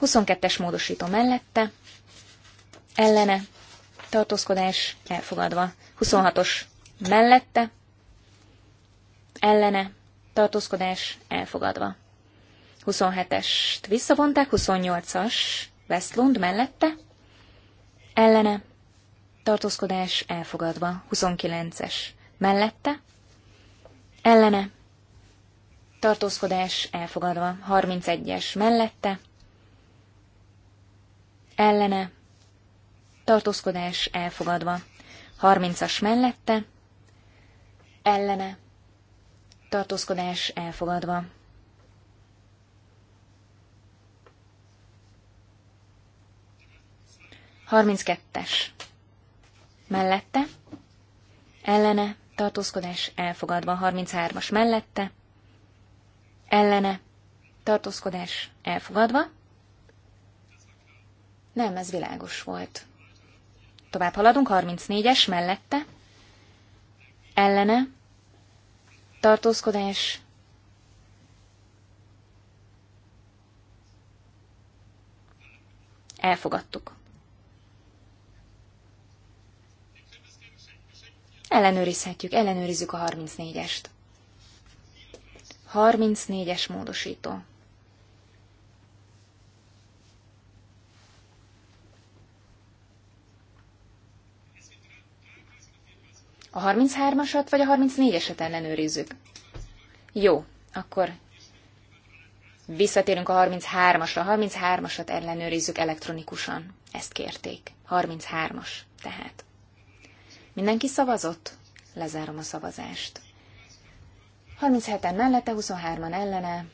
Speaker 3: 22-es módosító mellette, ellene, tartózkodás elfogadva. 26-os mellette, ellene, tartózkodás elfogadva. 27-est visszavonták, 28-as Westlund mellette, ellene, tartózkodás elfogadva, 29-es mellette, ellene, tartózkodás elfogadva, 31-es mellette, ellene, tartózkodás elfogadva, 30-as mellette, ellene, tartózkodás elfogadva, 32-es. Mellette. Ellene. Tartózkodás elfogadva. 33-as mellette. Ellene. Tartózkodás elfogadva. Nem, ez világos volt. Tovább haladunk, 34-es mellette. Ellene. Tartózkodás elfogadtuk. Ellenőrizhetjük, ellenőrizzük a 34-est. 34-es módosító. A 33-asat vagy a 34-eset ellenőrizzük? Jó, akkor visszatérünk a 33-asra. A 33-asat ellenőrizzük elektronikusan. Ezt kérték. 33-as tehát. Mindenki szavazott? Lezárom a szavazást. 37-en mellette, 23-an ellene.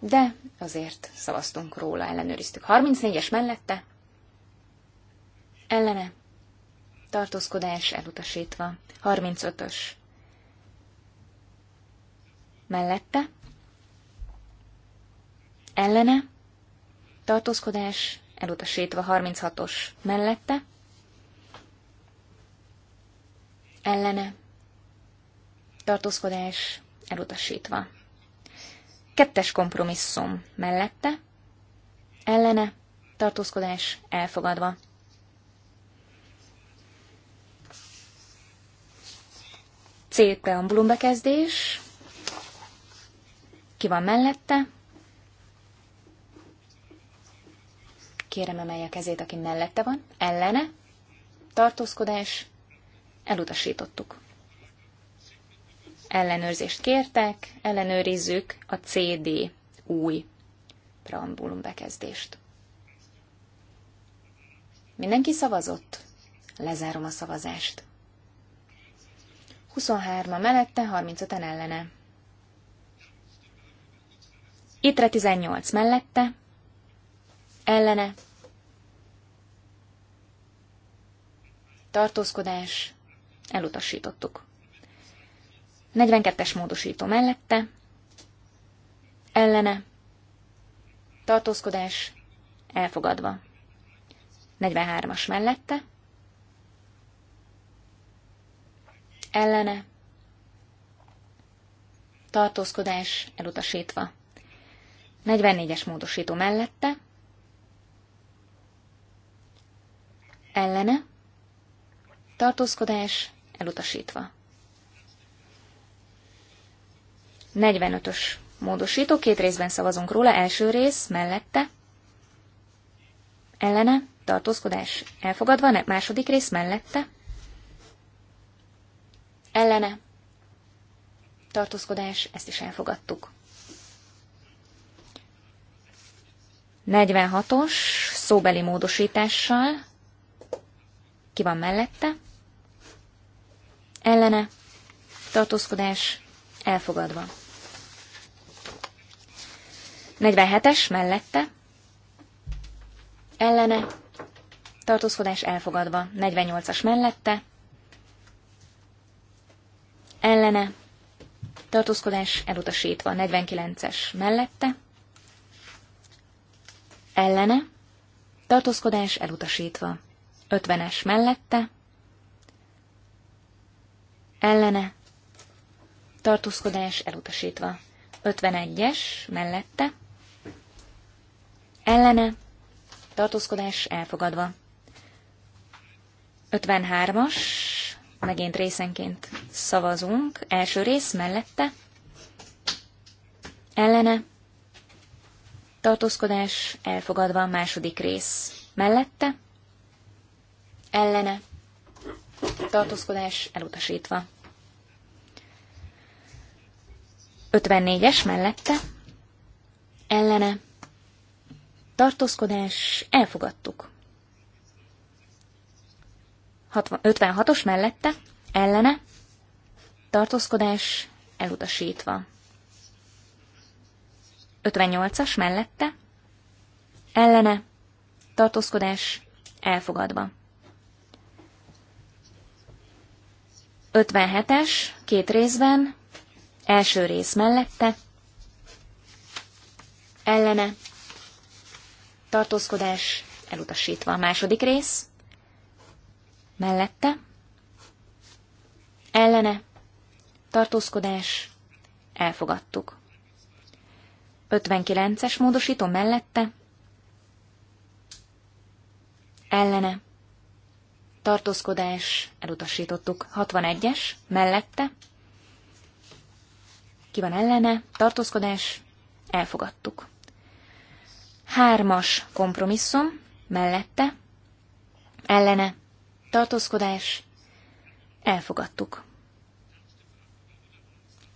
Speaker 3: De azért szavaztunk róla, ellenőriztük. 34-es mellette, ellene, tartózkodás elutasítva. 35-ös mellette, ellene, tartózkodás elutasítva 36-os mellette, ellene, tartózkodás elutasítva. Kettes kompromisszum mellette, ellene, tartózkodás elfogadva. C preambulum bekezdés, ki van mellette, kérem emelje a kezét, aki mellette van, ellene, tartózkodás, elutasítottuk. Ellenőrzést kértek, ellenőrizzük a CD új preambulum bekezdést. Mindenki szavazott? Lezárom a szavazást. 23-a mellette, 35-en ellene. Étre 18 mellette, ellene, tartózkodás, elutasítottuk. 42-es módosító mellette, ellene, tartózkodás, elfogadva. 43-as mellette, ellene, tartózkodás, elutasítva. 44-es módosító mellette, ellene, tartózkodás elutasítva. 45-ös módosító, két részben szavazunk róla, első rész mellette, ellene, tartózkodás elfogadva, ne, második rész mellette, ellene, tartózkodás, ezt is elfogadtuk. 46-os szóbeli módosítással, ki van mellette? Ellene. Tartózkodás elfogadva. 47-es mellette. Ellene. Tartózkodás elfogadva. 48-as mellette. Ellene. Tartózkodás elutasítva. 49-es mellette. Ellene. Tartózkodás elutasítva ötvenes mellette, ellene, tartózkodás elutasítva. ötvenegyes mellette, ellene, tartózkodás elfogadva. ötvenhármas megint részenként szavazunk, első rész mellette, ellene, tartózkodás elfogadva, második rész mellette, ellene tartózkodás elutasítva. 54-es mellette ellene tartózkodás elfogadtuk. 56-os mellette ellene tartózkodás elutasítva. 58-as mellette ellene tartózkodás elfogadva. 57-es, két részben, első rész mellette, ellene, tartózkodás elutasítva a második rész, mellette, ellene, tartózkodás, elfogadtuk. 59-es módosító mellette, ellene, tartózkodás, elutasítottuk. 61-es, mellette, ki van ellene, tartózkodás, elfogadtuk. Hármas kompromisszum, mellette, ellene, tartózkodás, elfogadtuk.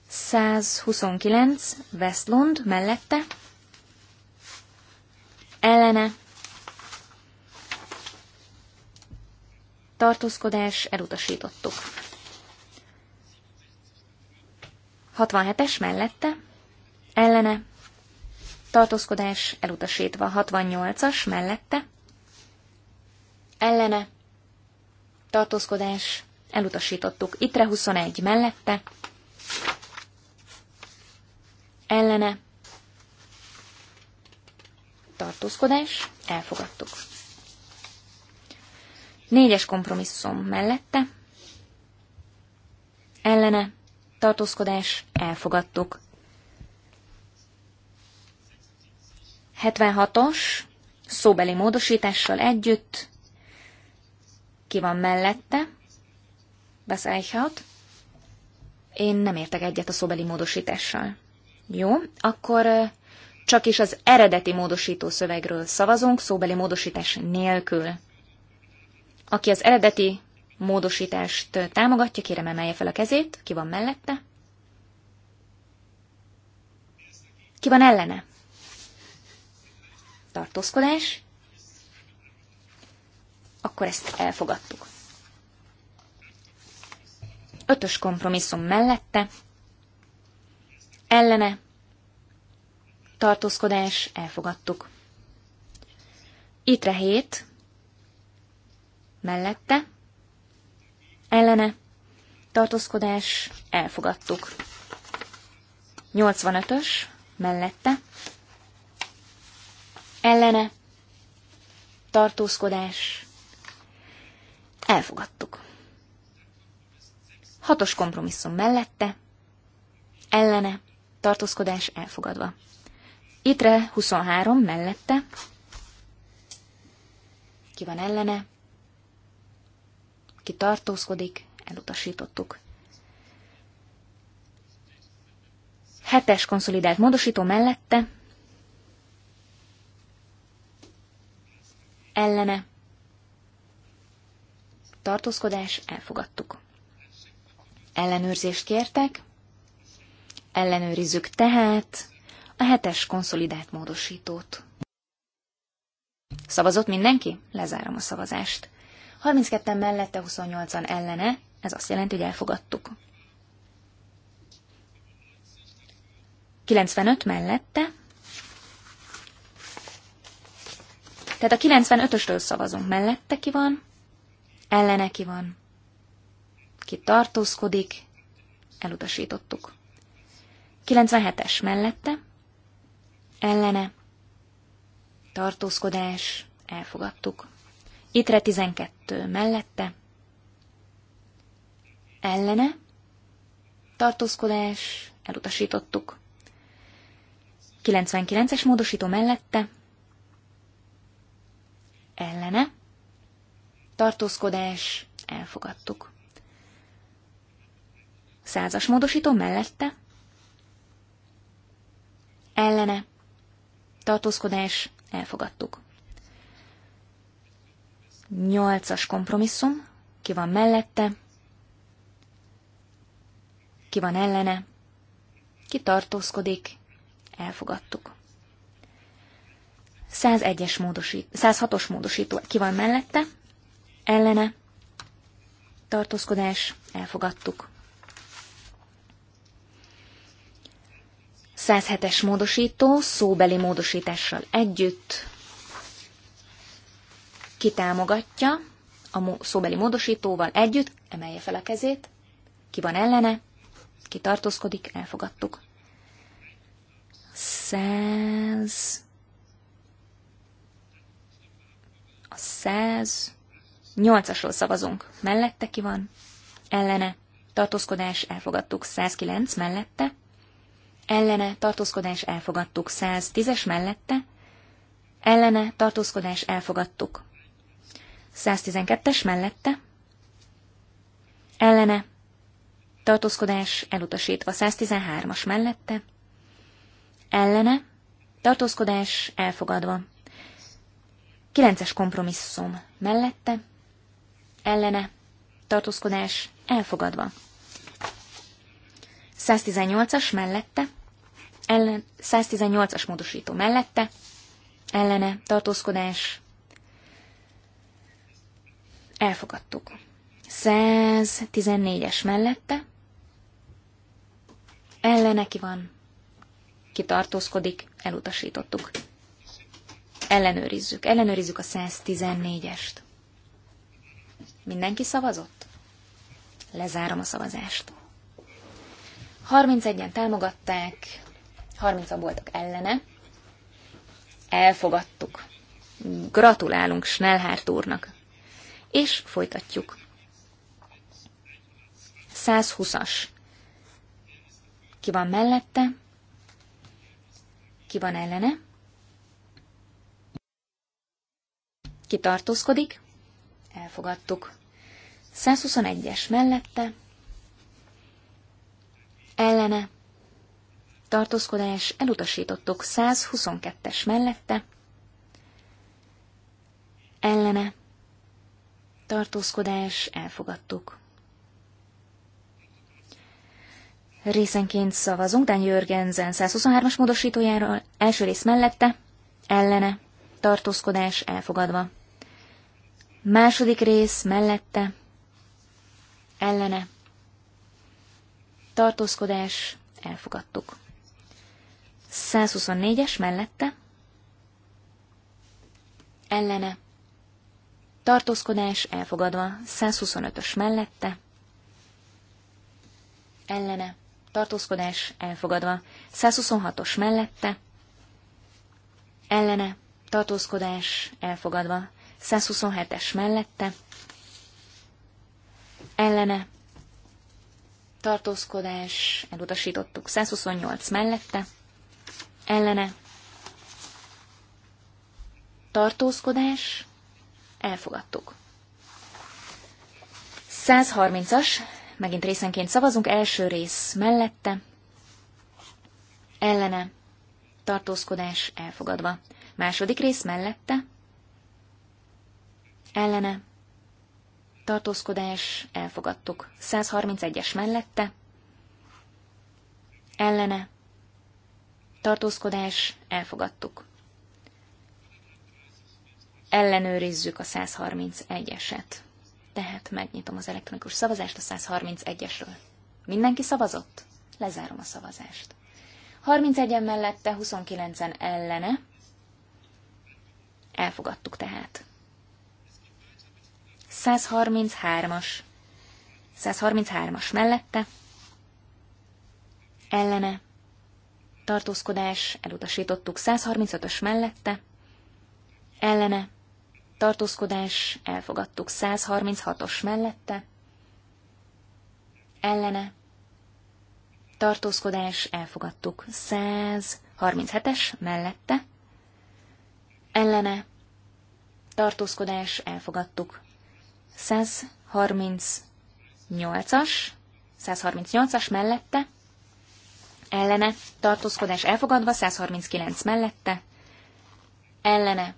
Speaker 3: 129, Westlund, mellette, ellene, tartózkodás, elutasítottuk. 67-es mellette, ellene, tartózkodás, elutasítva. 68-as mellette, ellene, tartózkodás, elutasítottuk. Itre 21 mellette, ellene, tartózkodás, elfogadtuk. Négyes kompromisszum mellette, ellene, tartózkodás, elfogadtuk. 76-os, szóbeli módosítással együtt, ki van mellette, beszélhet, én nem értek egyet a szóbeli módosítással. Jó, akkor csak is az eredeti módosító szövegről szavazunk, szóbeli módosítás nélkül. Aki az eredeti módosítást támogatja, kérem emelje fel a kezét. Ki van mellette? Ki van ellene? Tartózkodás. Akkor ezt elfogadtuk. Ötös kompromisszum mellette. Ellene. Tartózkodás. Elfogadtuk. Itre hét mellette, ellene, tartózkodás, elfogadtuk. 85-ös, mellette, ellene, tartózkodás, elfogadtuk. Hatos kompromisszum mellette, ellene, tartózkodás elfogadva. Itre 23 mellette, ki van ellene, ki tartózkodik, elutasítottuk. Hetes konszolidált módosító mellette, ellene, tartózkodás, elfogadtuk. Ellenőrzést kértek, ellenőrizzük tehát a hetes konszolidált módosítót. Szavazott mindenki? Lezárom a szavazást. 32-en mellette, 28-an ellene, ez azt jelenti, hogy elfogadtuk. 95 mellette, tehát a 95-ösről szavazunk. Mellette ki van, ellene ki van, ki tartózkodik, elutasítottuk. 97-es mellette, ellene, tartózkodás, elfogadtuk. Itre 12 mellette, ellene, tartózkodás, elutasítottuk. 99-es módosító mellette, ellene, tartózkodás, elfogadtuk. Százas módosító mellette, ellene, tartózkodás, elfogadtuk. Nyolcas kompromisszum. Ki van mellette? Ki van ellene? Ki tartózkodik? Elfogadtuk. 101-es módosít, 106-os módosító. Ki van mellette? Ellene? Tartózkodás? Elfogadtuk. 107-es módosító szóbeli módosítással együtt ki támogatja a szóbeli módosítóval együtt, emelje fel a kezét. Ki van ellene, ki tartózkodik, elfogadtuk. 100. A 100. Nyolcasról szavazunk. Mellette ki van? Ellene. Tartózkodás elfogadtuk 109 mellette. Ellene. Tartózkodás elfogadtuk 110-es mellette. Ellene. Tartózkodás elfogadtuk 112-es mellette. Ellene. Tartózkodás elutasítva 113-as mellette. Ellene. Tartózkodás elfogadva. 9-es kompromisszum mellette. Ellene. Tartózkodás elfogadva. 118-as mellette. Ellen, 118-as módosító mellette. Ellene. Tartózkodás Elfogadtuk. 114-es mellette. Ellene ki van. kitartózkodik, Elutasítottuk. Ellenőrizzük. Ellenőrizzük a 114-est. Mindenki szavazott? Lezárom a szavazást. 31-en támogatták, 30-an voltak ellene. Elfogadtuk. Gratulálunk Snellhárt úrnak. És folytatjuk. 120-as. Ki van mellette? Ki van ellene? Ki tartózkodik? Elfogadtuk. 121-es mellette. Ellene. Tartózkodás elutasítottuk 122-es mellette. Ellene tartózkodás, elfogadtuk. Részenként szavazunk Dan Jörgensen 123-as módosítójáról, első rész mellette, ellene, tartózkodás elfogadva. Második rész mellette, ellene, tartózkodás elfogadtuk. 124-es mellette, ellene, tartózkodás elfogadva, 125-ös mellette, ellene, tartózkodás elfogadva, 126-os mellette, ellene, tartózkodás elfogadva, 127-es mellette, ellene, tartózkodás, elutasítottuk, 128 mellette, ellene, tartózkodás, Elfogadtuk. 130-as, megint részenként szavazunk, első rész mellette, ellene, tartózkodás elfogadva. Második rész mellette, ellene, tartózkodás elfogadtuk. 131-es mellette, ellene, tartózkodás elfogadtuk ellenőrizzük a 131-eset. Tehát megnyitom az elektronikus szavazást a 131-esről. Mindenki szavazott? Lezárom a szavazást. 31-en mellette, 29-en ellene. Elfogadtuk tehát. 133-as. 133-as mellette. Ellene. Tartózkodás. Elutasítottuk. 135-ös mellette. Ellene tartózkodás, elfogadtuk 136-os mellette, ellene, tartózkodás, elfogadtuk 137-es mellette, ellene, tartózkodás, elfogadtuk 138-as, 138-as mellette, ellene, tartózkodás elfogadva, 139 mellette, ellene,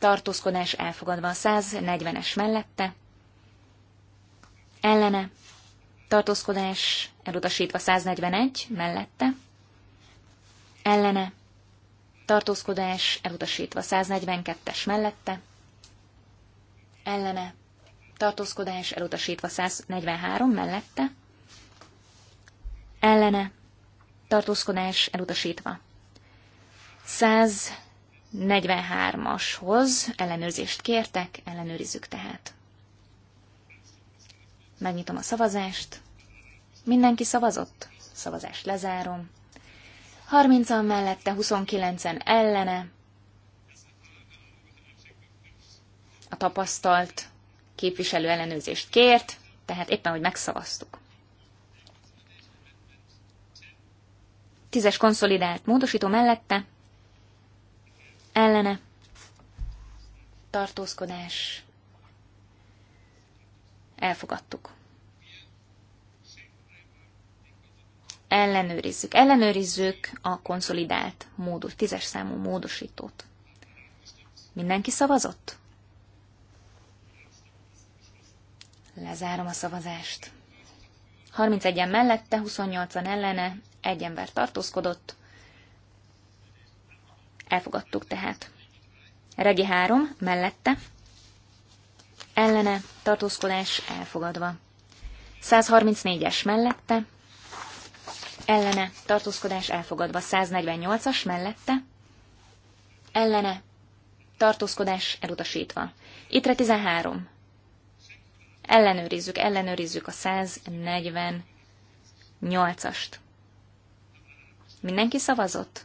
Speaker 3: tartózkodás elfogadva 140-es mellette, ellene, tartózkodás elutasítva 141 mellette, ellene, tartózkodás elutasítva 142-es mellette, ellene, tartózkodás elutasítva 143 mellette, ellene, tartózkodás elutasítva. 100 43-ashoz ellenőrzést kértek, ellenőrizzük tehát. Megnyitom a szavazást. Mindenki szavazott? Szavazást lezárom. 30-an mellette, 29-en ellene. A tapasztalt képviselő ellenőrzést kért, tehát éppen, hogy megszavaztuk. Tízes konszolidált módosító mellette, ellene tartózkodás elfogadtuk. Ellenőrizzük. Ellenőrizzük a konszolidált módos, tízes számú módosítót. Mindenki szavazott? Lezárom a szavazást. 31-en mellette, 28-an ellene, egy ember tartózkodott, Elfogadtuk tehát. Regi három mellette. Ellene tartózkodás elfogadva. 134-es mellette. Ellene tartózkodás elfogadva. 148-as mellette. Ellene tartózkodás elutasítva. Ittre 13. Ellenőrizzük, ellenőrizzük a 148-ast. Mindenki szavazott?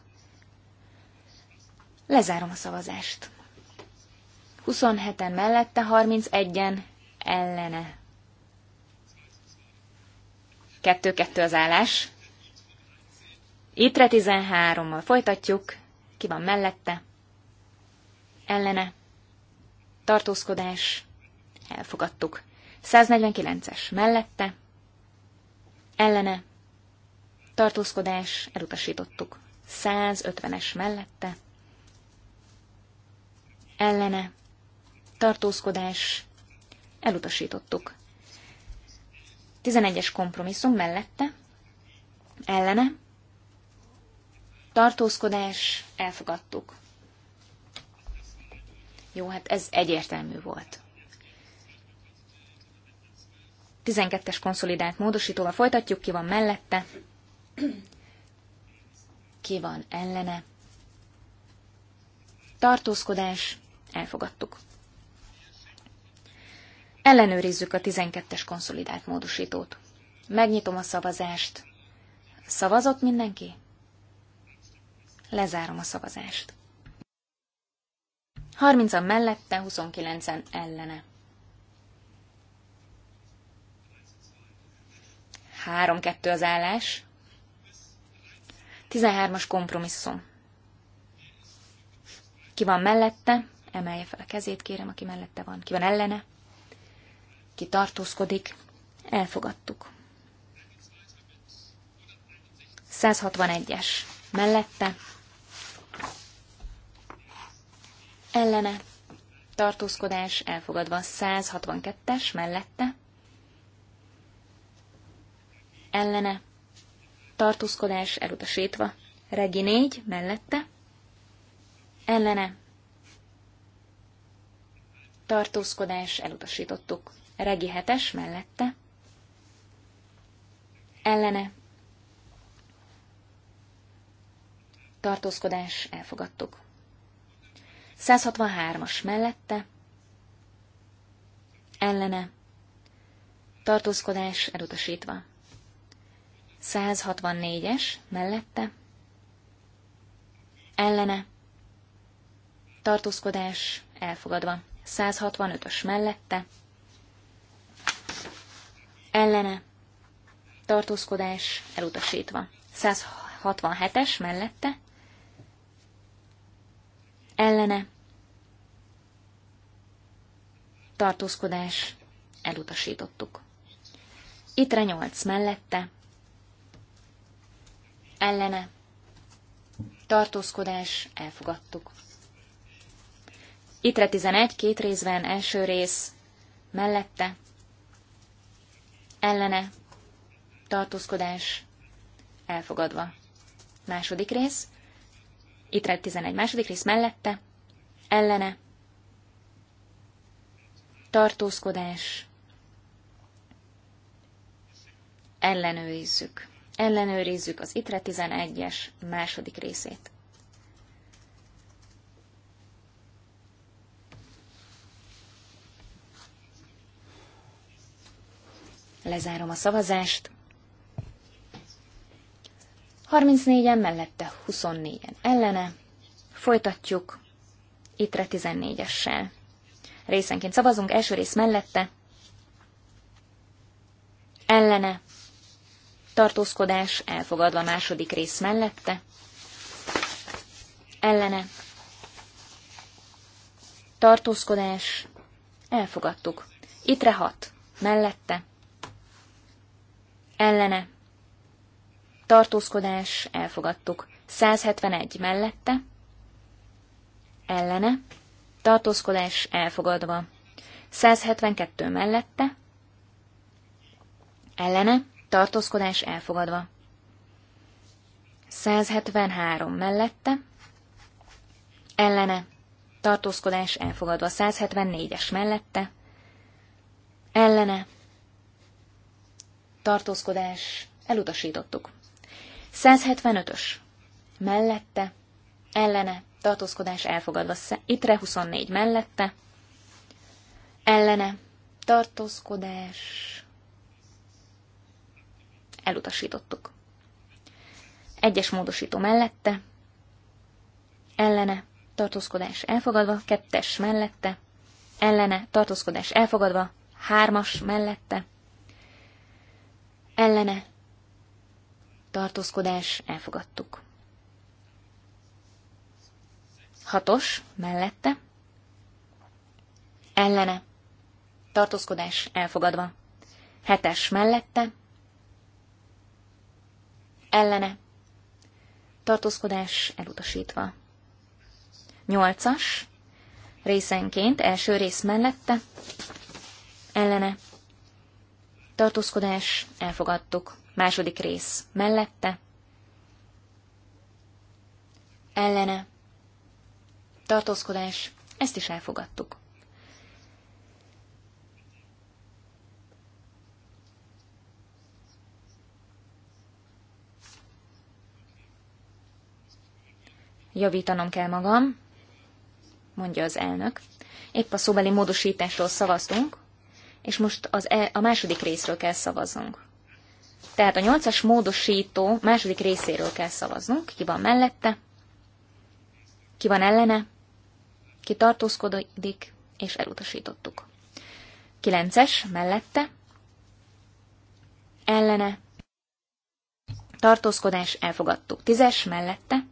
Speaker 3: Lezárom a szavazást. 27-en mellette, 31-en ellene. Kettő-kettő az állás. Ittre 13-mal folytatjuk. Ki van mellette? Ellene. Tartózkodás. Elfogadtuk. 149-es mellette. Ellene. Tartózkodás. Elutasítottuk. 150-es mellette ellene, tartózkodás, elutasítottuk. 11-es kompromisszum mellette, ellene, tartózkodás, elfogadtuk. Jó, hát ez egyértelmű volt. 12-es konszolidált módosítóval folytatjuk, ki van mellette, ki van ellene. Tartózkodás, elfogadtuk. Ellenőrizzük a 12-es konszolidált módosítót. Megnyitom a szavazást. Szavazott mindenki? Lezárom a szavazást. 30 a mellette, 29-en ellene. Három-kettő az állás. 13-as kompromisszum. Ki van mellette? emelje fel a kezét, kérem, aki mellette van. Ki van ellene? Ki tartózkodik? Elfogadtuk. 161-es. Mellette. Ellene. Tartózkodás elfogadva. 162-es. Mellette. Ellene. Tartózkodás elutasítva. Regi 4. Mellette. Ellene tartózkodás, elutasítottuk. Regi hetes mellette, ellene, tartózkodás, elfogadtuk. 163-as mellette, ellene, tartózkodás, elutasítva. 164-es mellette, ellene, tartózkodás, elfogadva. 165-ös mellette, ellene, tartózkodás elutasítva. 167-es mellette, ellene, tartózkodás elutasítottuk. Itre 8 mellette, ellene, tartózkodás elfogadtuk. Itre 11, két részben, első rész, mellette, ellene, tartózkodás, elfogadva. Második rész, Itre 11, második rész, mellette, ellene, tartózkodás, ellenőrizzük. Ellenőrizzük az ITRE 11-es második részét. Lezárom a szavazást. 34-en mellette, 24-en ellene. Folytatjuk ittre 14-essel. Részenként szavazunk, első rész mellette, ellene, tartózkodás elfogadva második rész mellette, ellene, tartózkodás elfogadtuk. Ittre 6. mellette, ellene, tartózkodás, elfogadtuk. 171 mellette, ellene, tartózkodás, elfogadva. 172 mellette, ellene, tartózkodás, elfogadva. 173 mellette, ellene, tartózkodás elfogadva 174-es mellette, ellene, tartózkodás, elutasítottuk. 175-ös, mellette, ellene, tartózkodás elfogadva, ittre 24 mellette, ellene, tartózkodás, elutasítottuk. Egyes módosító mellette, ellene, tartózkodás elfogadva, kettes mellette, ellene, tartózkodás elfogadva, hármas mellette, ellene tartózkodás elfogadtuk. Hatos mellette ellene tartózkodás elfogadva. Hetes mellette ellene tartózkodás elutasítva. Nyolcas részenként első rész mellette ellene tartózkodás, elfogadtuk. Második rész, mellette, ellene, tartózkodás, ezt is elfogadtuk. Javítanom kell magam, mondja az elnök. Épp a szóbeli módosításról szavaztunk, és most az e, a második részről kell szavaznunk. Tehát a nyolcas módosító második részéről kell szavaznunk. Ki van mellette, ki van ellene, ki tartózkodik, és elutasítottuk. Kilences mellette, ellene, tartózkodás, elfogadtuk. Tízes mellette,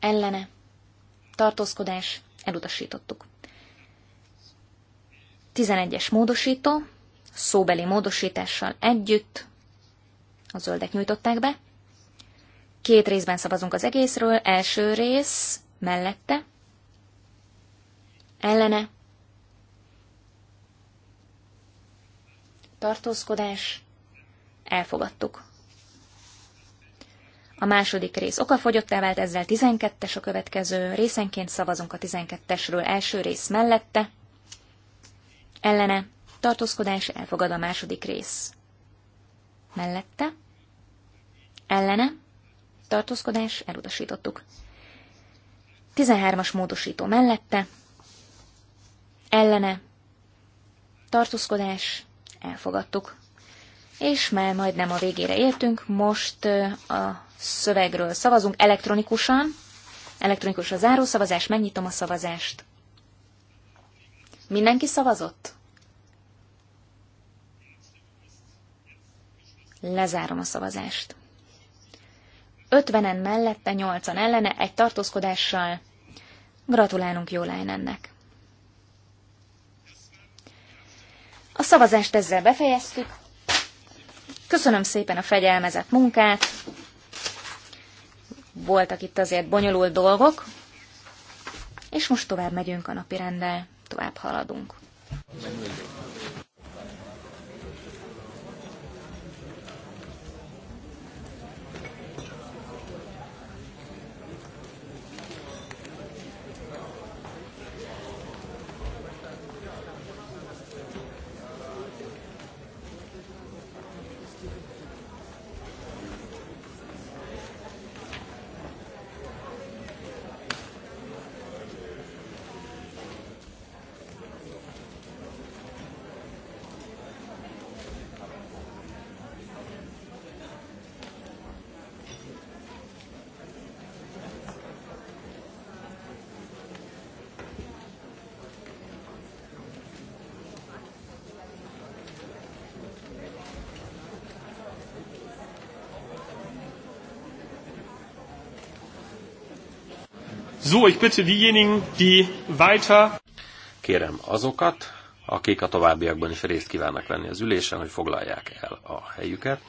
Speaker 3: ellene, tartózkodás, elutasítottuk. 11-es módosító, szóbeli módosítással együtt, a zöldek nyújtották be. Két részben szavazunk az egészről, első rész mellette, ellene, tartózkodás, elfogadtuk. A második rész okafogyottá vált, ezzel 12-es a következő, részenként szavazunk a 12-esről első rész mellette, Ellene. Tartózkodás elfogad a második rész. Mellette. Ellene. Tartózkodás elutasítottuk. 13-as módosító mellette. Ellene. Tartózkodás elfogadtuk. És már majdnem a végére értünk, most a szövegről szavazunk elektronikusan. Elektronikus a zárószavazás, megnyitom a szavazást. Mindenki szavazott? Lezárom a szavazást. 50-en mellette, nyolcan ellene, egy tartózkodással. Gratulálunk ennek. A szavazást ezzel befejeztük. Köszönöm szépen a fegyelmezett munkát. Voltak itt azért bonyolult dolgok, és most tovább megyünk a napi rendel tovább haladunk.
Speaker 1: So, ich bitte diejenigen, die weiter... Kérem azokat, akik a továbbiakban is részt kívánnak venni az ülésen, hogy foglalják el a helyüket.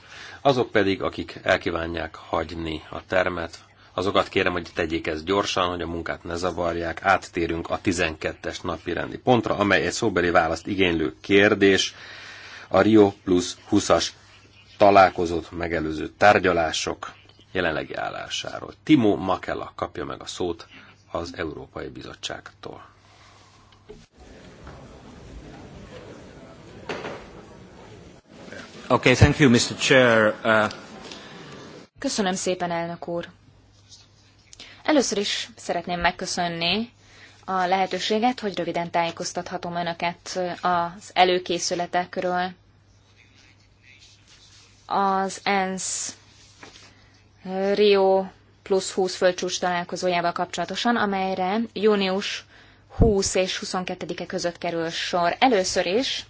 Speaker 1: Azok pedig, akik elkívánják hagyni a termet, azokat kérem, hogy tegyék ezt gyorsan, hogy a munkát ne zavarják. Áttérünk a 12-es napi rendi pontra, amely egy szóbeli választ igénylő kérdés, a Rio plus 20-as találkozott megelőző tárgyalások jelenlegi állásáról. Timo Makela kapja meg a szót az Európai Bizottságtól. Okay, thank you, Mr. Chair. Uh...
Speaker 3: Köszönöm szépen, elnök úr. Először is szeretném megköszönni a lehetőséget, hogy röviden tájékoztathatom önöket az előkészületekről. Az ENSZ Rio plusz 20 földcsúcs találkozójával kapcsolatosan, amelyre június 20 és 22-e között kerül sor. Először is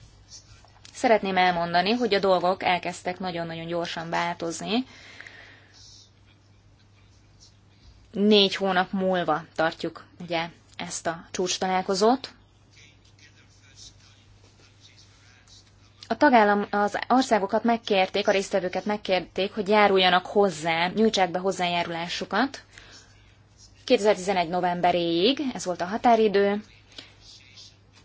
Speaker 3: szeretném elmondani, hogy a dolgok elkezdtek nagyon-nagyon gyorsan változni. Négy hónap múlva tartjuk ugye ezt a csúcs találkozót. A tagállam, az országokat megkérték, a résztvevőket megkérték, hogy járuljanak hozzá, nyújtsák be hozzájárulásukat. 2011. novemberéig, ez volt a határidő,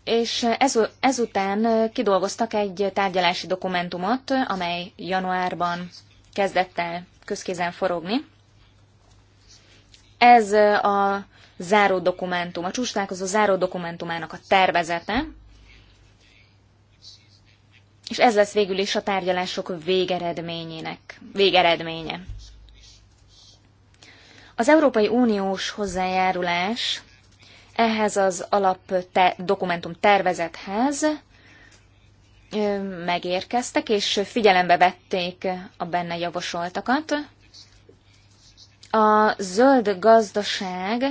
Speaker 3: és ez, ezután kidolgoztak egy tárgyalási dokumentumot, amely januárban kezdett el közkézen forogni. Ez a záró dokumentum, a csúcsálkozó záró dokumentumának a tervezete, és ez lesz végül is a tárgyalások végeredményének, végeredménye. Az Európai Uniós hozzájárulás ehhez az alap te- dokumentum tervezethez megérkeztek, és figyelembe vették a benne javasoltakat. A zöld gazdaság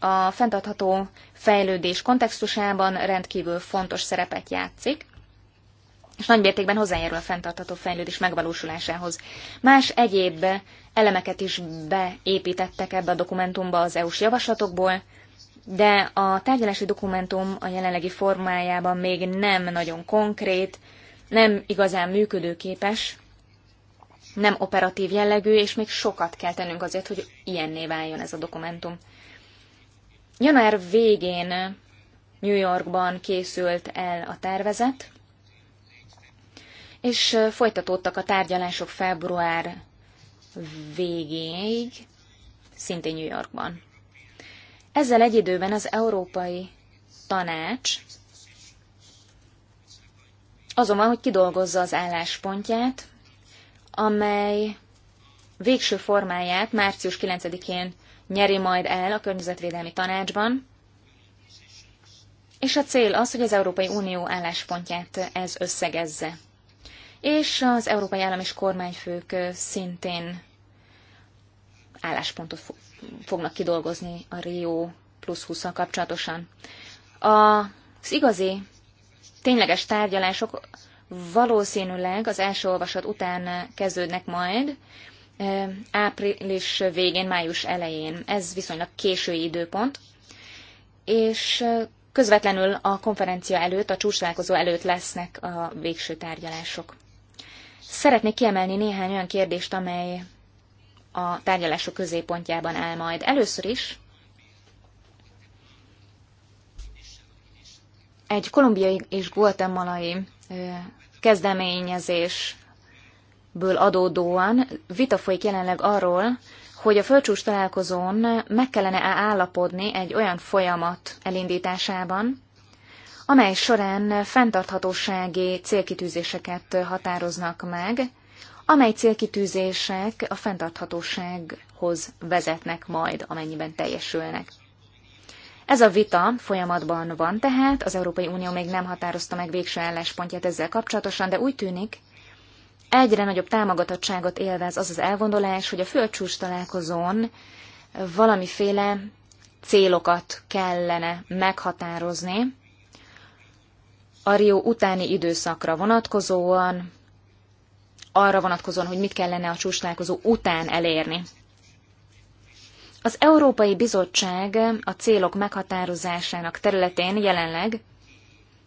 Speaker 3: a fenntartható fejlődés kontextusában rendkívül fontos szerepet játszik, és mértékben hozzájárul a fenntartható fejlődés megvalósulásához. Más egyéb elemeket is beépítettek ebbe a dokumentumba az EU-s javaslatokból, de a tárgyalási dokumentum a jelenlegi formájában még nem nagyon konkrét, nem igazán működőképes, nem operatív jellegű, és még sokat kell tennünk azért, hogy ilyenné váljon ez a dokumentum. Január végén New Yorkban készült el a tervezet, és folytatódtak a tárgyalások február végéig, szintén New Yorkban. Ezzel egy időben az Európai Tanács azon van, hogy kidolgozza az álláspontját, amely végső formáját március 9-én nyeri majd el a Környezetvédelmi Tanácsban, és a cél az, hogy az Európai Unió álláspontját ez összegezze és az európai állam és kormányfők szintén álláspontot fognak kidolgozni a Rio plusz 20 kapcsolatosan. Az igazi, tényleges tárgyalások valószínűleg az első olvasat után kezdődnek majd, április végén, május elején. Ez viszonylag késői időpont, és közvetlenül a konferencia előtt, a csúcsválkozó előtt lesznek a végső tárgyalások. Szeretnék kiemelni néhány olyan kérdést, amely a tárgyalások középpontjában áll majd. Először is egy kolumbiai és guatemalai kezdeményezésből adódóan vita folyik jelenleg arról, hogy a földcsúcs találkozón meg kellene állapodni egy olyan folyamat elindításában, amely során fenntarthatósági célkitűzéseket határoznak meg, amely célkitűzések a fenntarthatósághoz vezetnek majd, amennyiben teljesülnek. Ez a vita folyamatban van tehát, az Európai Unió még nem határozta meg végső álláspontját ezzel kapcsolatosan, de úgy tűnik, egyre nagyobb támogatottságot élvez az az elvondolás, hogy a földcsúcs találkozón valamiféle célokat kellene meghatározni, a utáni időszakra vonatkozóan, arra vonatkozóan, hogy mit kellene a csúcslálkozó után elérni. Az Európai Bizottság a célok meghatározásának területén jelenleg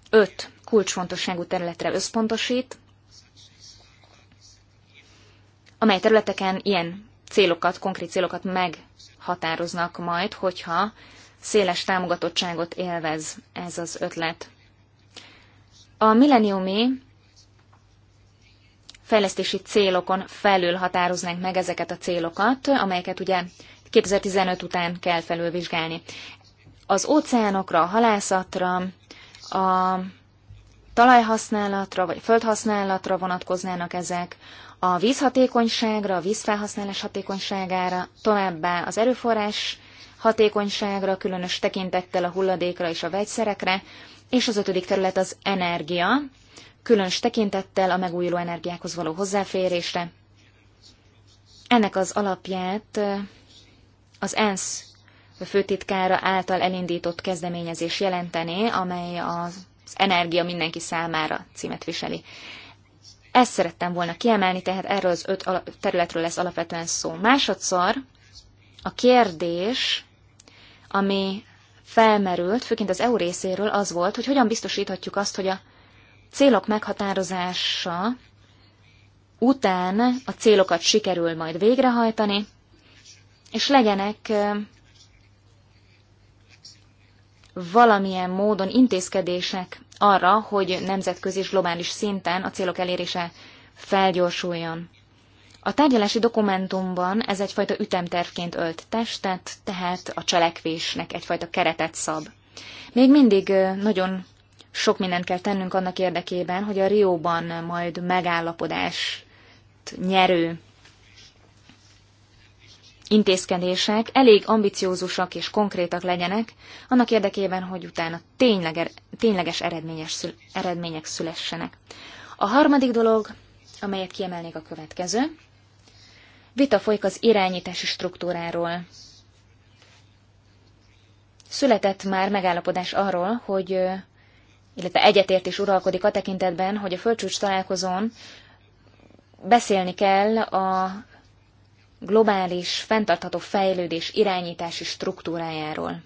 Speaker 3: öt kulcsfontosságú területre összpontosít, amely területeken ilyen célokat, konkrét célokat meghatároznak majd, hogyha széles támogatottságot élvez ez az ötlet. A milleniumi fejlesztési célokon felül határoznánk meg ezeket a célokat, amelyeket ugye 2015 után kell felülvizsgálni. Az óceánokra, a halászatra, a talajhasználatra vagy földhasználatra vonatkoznának ezek, a vízhatékonyságra, a vízfelhasználás hatékonyságára, továbbá az erőforrás hatékonyságra, különös tekintettel a hulladékra és a vegyszerekre, és az ötödik terület az energia, különös tekintettel a megújuló energiákhoz való hozzáférésre. Ennek az alapját az ENSZ főtitkára által elindított kezdeményezés jelentené, amely az energia mindenki számára címet viseli. Ezt szerettem volna kiemelni, tehát erről az öt területről lesz alapvetően szó. Másodszor a kérdés, ami felmerült, főként az EU részéről az volt, hogy hogyan biztosíthatjuk azt, hogy a célok meghatározása után a célokat sikerül majd végrehajtani, és legyenek valamilyen módon intézkedések arra, hogy nemzetközi és globális szinten a célok elérése felgyorsuljon. A tárgyalási dokumentumban ez egyfajta ütemtervként ölt testet, tehát a cselekvésnek egyfajta keretet szab. Még mindig nagyon sok mindent kell tennünk annak érdekében, hogy a Rióban majd megállapodást nyerő intézkedések elég ambiciózusak és konkrétak legyenek, annak érdekében, hogy utána tényleg, tényleges eredményes, eredmények szülessenek. A harmadik dolog, amelyet kiemelnék a következő. Vita folyik az irányítási struktúráról. Született már megállapodás arról, hogy illetve egyetértés uralkodik a tekintetben, hogy a földcsúcs találkozón beszélni kell a globális, fenntartható fejlődés irányítási struktúrájáról.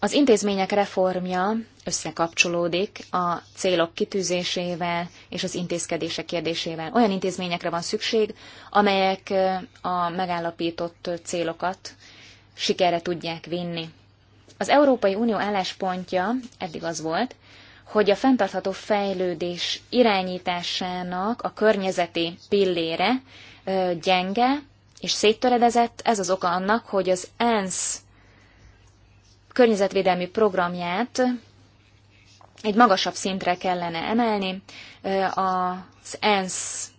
Speaker 3: Az intézmények reformja összekapcsolódik a célok kitűzésével és az intézkedések kérdésével. Olyan intézményekre van szükség, amelyek a megállapított célokat sikerre tudják vinni. Az Európai Unió álláspontja eddig az volt, hogy a fenntartható fejlődés irányításának a környezeti pillére gyenge és széttöredezett. Ez az oka annak, hogy az ENSZ környezetvédelmi programját egy magasabb szintre kellene emelni, az ENSZ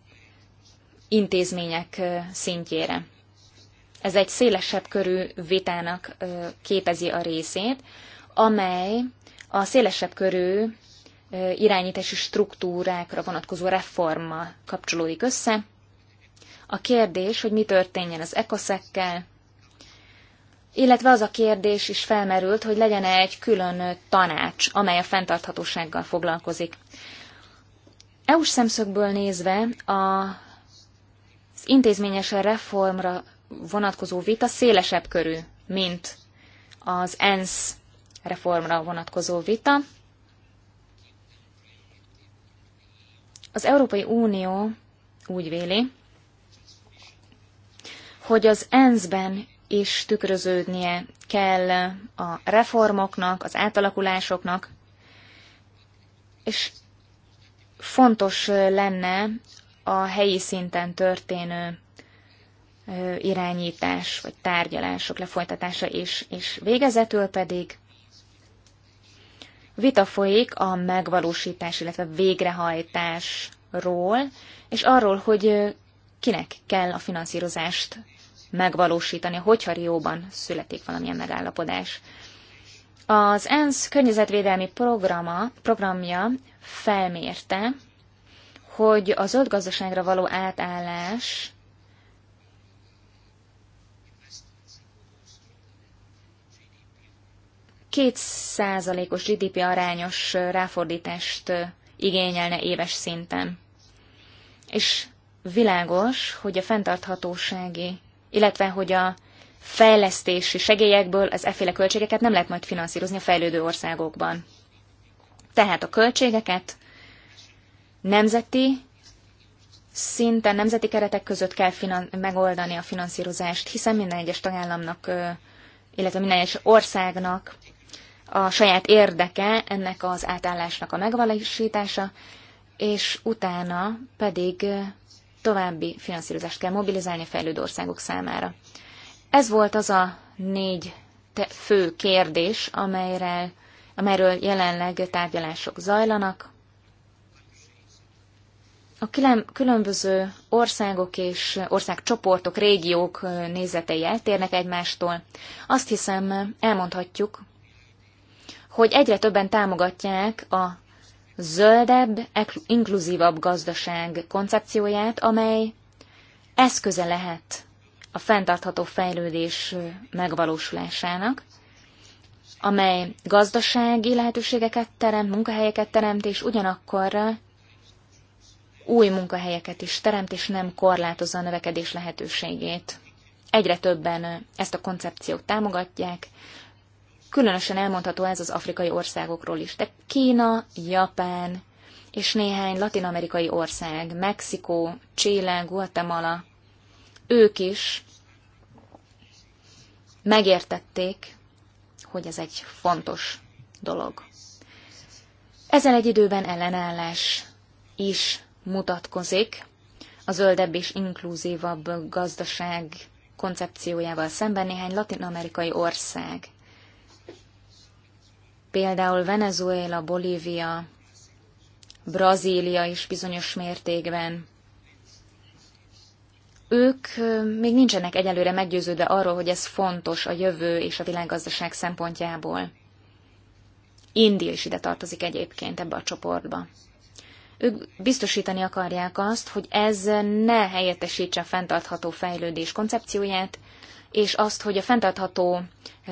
Speaker 3: intézmények szintjére. Ez egy szélesebb körű vitának képezi a részét, amely a szélesebb körű irányítási struktúrákra vonatkozó reforma kapcsolódik össze. A kérdés, hogy mi történjen az ekoszekkel, illetve az a kérdés is felmerült, hogy legyen -e egy külön tanács, amely a fenntarthatósággal foglalkozik. EU-s szemszögből nézve a, az intézményes reformra vonatkozó vita szélesebb körű, mint az ENSZ reformra vonatkozó vita. Az Európai Unió úgy véli, hogy az ENSZ-ben is tükröződnie kell a reformoknak, az átalakulásoknak, és fontos lenne a helyi szinten történő irányítás vagy tárgyalások lefolytatása is, és végezetül pedig vita folyik a megvalósítás, illetve végrehajtásról, és arról, hogy kinek kell a finanszírozást megvalósítani, hogyha Rióban születik valamilyen megállapodás. Az ENSZ környezetvédelmi programa, programja felmérte, hogy a zöld gazdaságra való átállás két százalékos GDP arányos ráfordítást igényelne éves szinten. És világos, hogy a fenntarthatósági illetve hogy a fejlesztési segélyekből az efféle költségeket nem lehet majd finanszírozni a fejlődő országokban. Tehát a költségeket nemzeti szinten, nemzeti keretek között kell megoldani a finanszírozást, hiszen minden egyes tagállamnak, illetve minden egyes országnak a saját érdeke ennek az átállásnak a megvalósítása, és utána pedig további finanszírozást kell mobilizálni a fejlődő országok számára. Ez volt az a négy fő kérdés, amelyről, amelyről jelenleg tárgyalások zajlanak. A különböző országok és országcsoportok, régiók nézetei eltérnek egymástól. Azt hiszem, elmondhatjuk, hogy egyre többen támogatják a zöldebb, inkluzívabb gazdaság koncepcióját, amely eszköze lehet a fenntartható fejlődés megvalósulásának, amely gazdasági lehetőségeket teremt, munkahelyeket teremt, és ugyanakkor új munkahelyeket is teremt, és nem korlátozza a növekedés lehetőségét. Egyre többen ezt a koncepciót támogatják, Különösen elmondható ez az afrikai országokról is, de Kína, Japán és néhány latinamerikai ország, Mexikó, Chile, Guatemala, ők is megértették, hogy ez egy fontos dolog. Ezen egy időben ellenállás is mutatkozik a zöldebb és inkluzívabb gazdaság koncepciójával szemben néhány latin-amerikai ország Például Venezuela, Bolívia, Brazília is bizonyos mértékben. Ők még nincsenek egyelőre meggyőződve arról, hogy ez fontos a jövő és a világgazdaság szempontjából. India is ide tartozik egyébként ebbe a csoportba. Ők biztosítani akarják azt, hogy ez ne helyettesítse a fenntartható fejlődés koncepcióját, és azt, hogy a fenntartható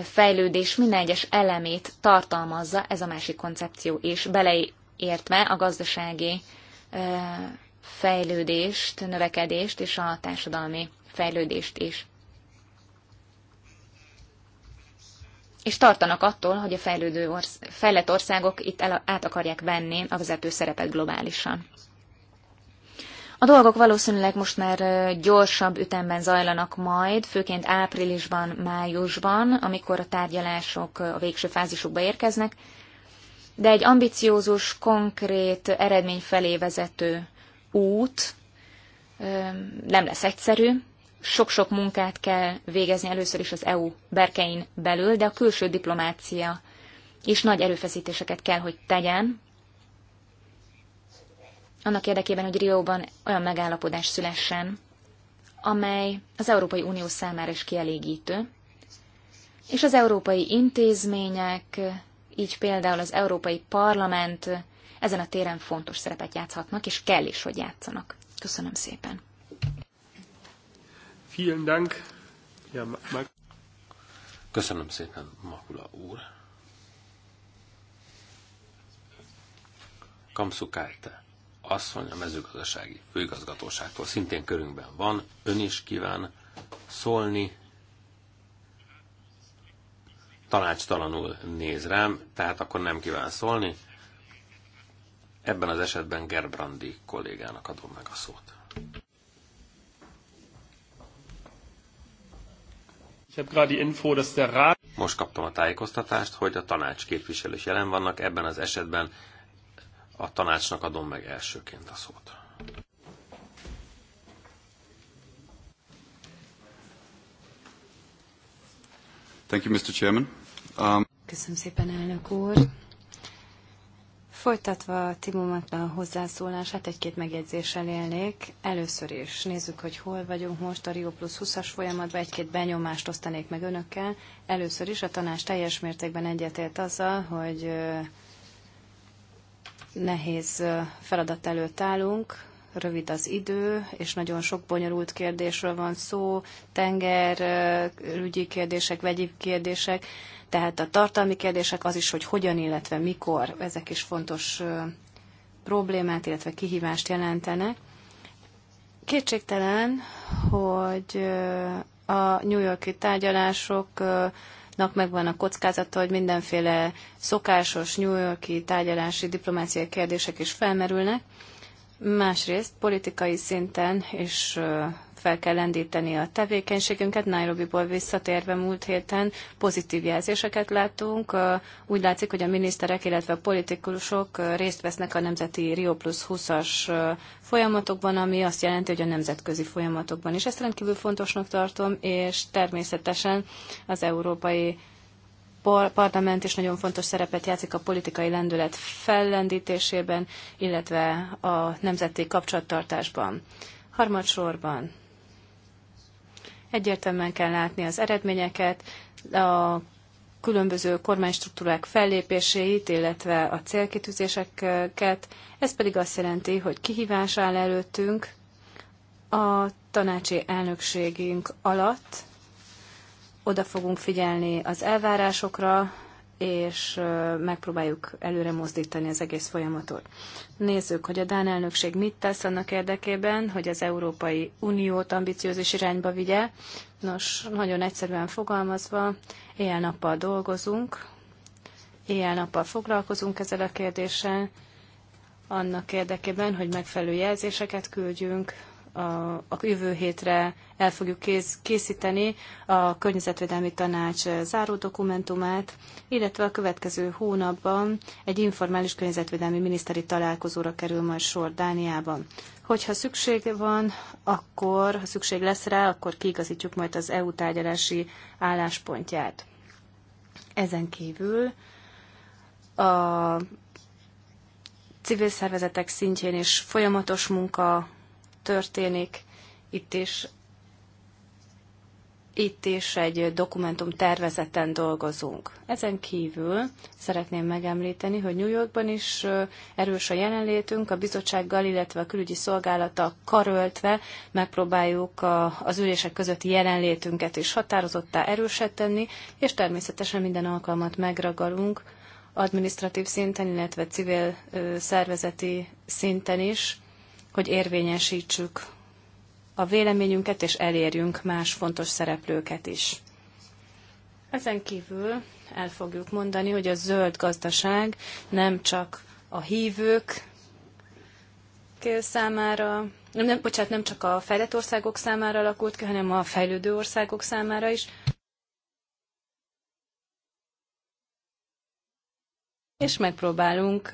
Speaker 3: fejlődés minden egyes elemét tartalmazza ez a másik koncepció, és beleértve a gazdasági fejlődést, növekedést és a társadalmi fejlődést is. És tartanak attól, hogy a fejlődő orsz- fejlett országok itt el- át akarják venni a vezető szerepet globálisan. A dolgok valószínűleg most már gyorsabb ütemben zajlanak majd, főként áprilisban, májusban, amikor a tárgyalások a végső fázisukba érkeznek, de egy ambiciózus, konkrét, eredmény felé vezető út nem lesz egyszerű. Sok-sok munkát kell végezni először is az EU berkein belül, de a külső diplomácia is nagy erőfeszítéseket kell, hogy tegyen, annak érdekében, hogy Rióban olyan megállapodás szülessen, amely az Európai Unió számára is kielégítő, és az európai intézmények, így például az Európai Parlament ezen a téren fontos szerepet játszhatnak, és kell is, hogy játszanak. Köszönöm szépen.
Speaker 1: Vielen Dank. Ja, Köszönöm szépen, Makula úr. Kamszukájte asszony a mezőgazdasági főigazgatóságtól szintén körünkben van. Ön is kíván szólni. Tanácstalanul néz rám, tehát akkor nem kíván szólni. Ebben az esetben Gerbrandi kollégának adom meg a szót. Most kaptam a tájékoztatást, hogy a tanács képviselős jelen vannak, ebben az esetben a tanácsnak adom meg elsőként a
Speaker 2: szót. Thank you, Mr. Chairman. Um... Köszönöm szépen, elnök úr. Folytatva Timomatlan hozzászólását, egy-két megjegyzéssel élnék. Először is nézzük, hogy hol vagyunk most a Rio Plus 20-as folyamatban, egy-két benyomást osztanék meg önökkel. Először is a tanács teljes mértékben egyetért azzal, hogy nehéz feladat előtt állunk, rövid az idő, és nagyon sok bonyolult kérdésről van szó, tenger ügyi kérdések, vegyi kérdések, tehát a tartalmi kérdések az is, hogy hogyan, illetve mikor, ezek is fontos problémát, illetve kihívást jelentenek. Kétségtelen, hogy a New Yorki tárgyalások nak megvan a kockázata, hogy mindenféle szokásos New Yorki tárgyalási diplomáciai kérdések is felmerülnek. Másrészt politikai szinten és fel kell lendíteni a tevékenységünket. Nairobiból visszatérve múlt héten pozitív jelzéseket láttunk. Úgy látszik, hogy a miniszterek, illetve a politikusok részt vesznek a nemzeti Rio Plus 20-as folyamatokban, ami azt jelenti, hogy a nemzetközi folyamatokban is. Ezt rendkívül fontosnak tartom, és természetesen az európai parlament is nagyon fontos szerepet játszik a politikai lendület fellendítésében, illetve a nemzeti kapcsolattartásban. Harmadsorban Egyértelműen kell látni az eredményeket, a különböző kormánystruktúrák fellépéseit, illetve a célkitűzéseket. Ez pedig azt jelenti, hogy kihívás áll előttünk a tanácsi elnökségünk alatt. Oda fogunk figyelni az elvárásokra, és megpróbáljuk előre mozdítani az egész folyamatot. Nézzük, hogy a Dán elnökség mit tesz annak érdekében, hogy az Európai Uniót ambiciózis irányba vigye. Nos, nagyon egyszerűen fogalmazva, éjjel-nappal dolgozunk, éjjel-nappal foglalkozunk ezzel a kérdéssel, annak érdekében, hogy megfelelő jelzéseket küldjünk, a, jövő hétre el fogjuk kész, készíteni a Környezetvédelmi Tanács záró dokumentumát, illetve a következő hónapban egy informális környezetvédelmi miniszteri találkozóra kerül majd sor Dániában. Hogyha szükség van, akkor, ha szükség lesz rá, akkor kiigazítjuk majd az EU tárgyalási álláspontját. Ezen kívül a civil szervezetek szintjén is folyamatos munka történik. Itt is, itt is egy dokumentum tervezeten dolgozunk. Ezen kívül szeretném megemlíteni, hogy New Yorkban is erős a jelenlétünk, a bizottsággal, illetve a külügyi szolgálata karöltve megpróbáljuk a, az ülések közötti jelenlétünket is határozottá erőset tenni, és természetesen minden alkalmat megragalunk adminisztratív szinten, illetve civil ö, szervezeti szinten is hogy érvényesítsük a véleményünket, és elérjünk más fontos szereplőket is. Ezen kívül el fogjuk mondani, hogy a zöld gazdaság nem csak a hívők számára, nem, bocsánat, nem csak a fejlett országok számára alakult ki, hanem a fejlődő országok számára is, és megpróbálunk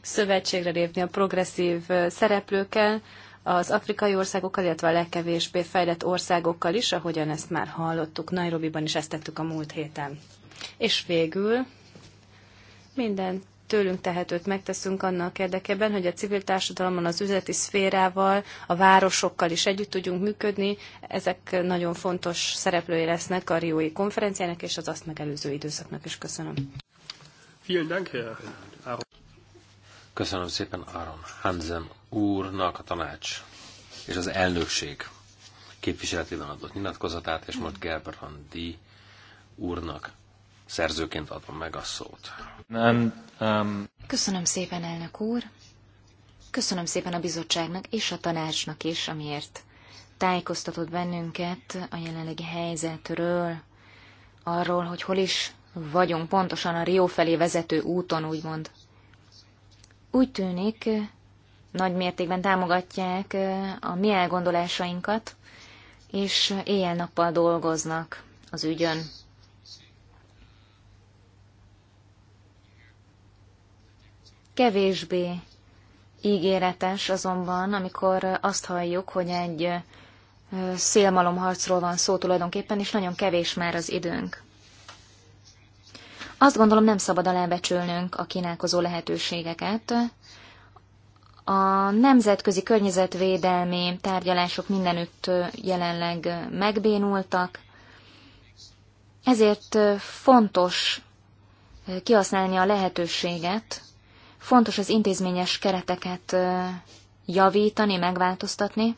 Speaker 2: szövetségre lépni a progresszív szereplőkkel, az afrikai országokkal, illetve a legkevésbé fejlett országokkal is, ahogyan ezt már hallottuk. Nairobiban is ezt tettük a múlt héten. És végül minden tőlünk tehetőt megteszünk annak érdekében, hogy a civil társadalomon, az üzleti szférával, a városokkal is együtt tudjunk működni. Ezek nagyon fontos szereplői lesznek a Riói konferenciának és az azt megelőző időszaknak is. Köszönöm.
Speaker 1: Vielen Dank, Herr Köszönöm szépen Aaron Hansen úrnak a tanács és az elnökség képviseletében adott nyilatkozatát, és most Gerbrandi úrnak szerzőként adom meg a szót. Nem, um...
Speaker 3: Köszönöm szépen, elnök úr. Köszönöm szépen a bizottságnak és a tanácsnak is, amiért tájékoztatott bennünket a jelenlegi helyzetről, arról, hogy hol is vagyunk pontosan a Rio felé vezető úton, úgymond. Úgy tűnik, nagy mértékben támogatják a mi elgondolásainkat, és éjjel-nappal dolgoznak az ügyön. Kevésbé ígéretes azonban, amikor azt halljuk, hogy egy szélmalomharcról van szó tulajdonképpen, és nagyon kevés már az időnk. Azt gondolom nem szabad alábecsülnünk a kínálkozó lehetőségeket. A nemzetközi környezetvédelmi tárgyalások mindenütt jelenleg megbénultak, ezért fontos kihasználni a lehetőséget, fontos az intézményes kereteket javítani, megváltoztatni,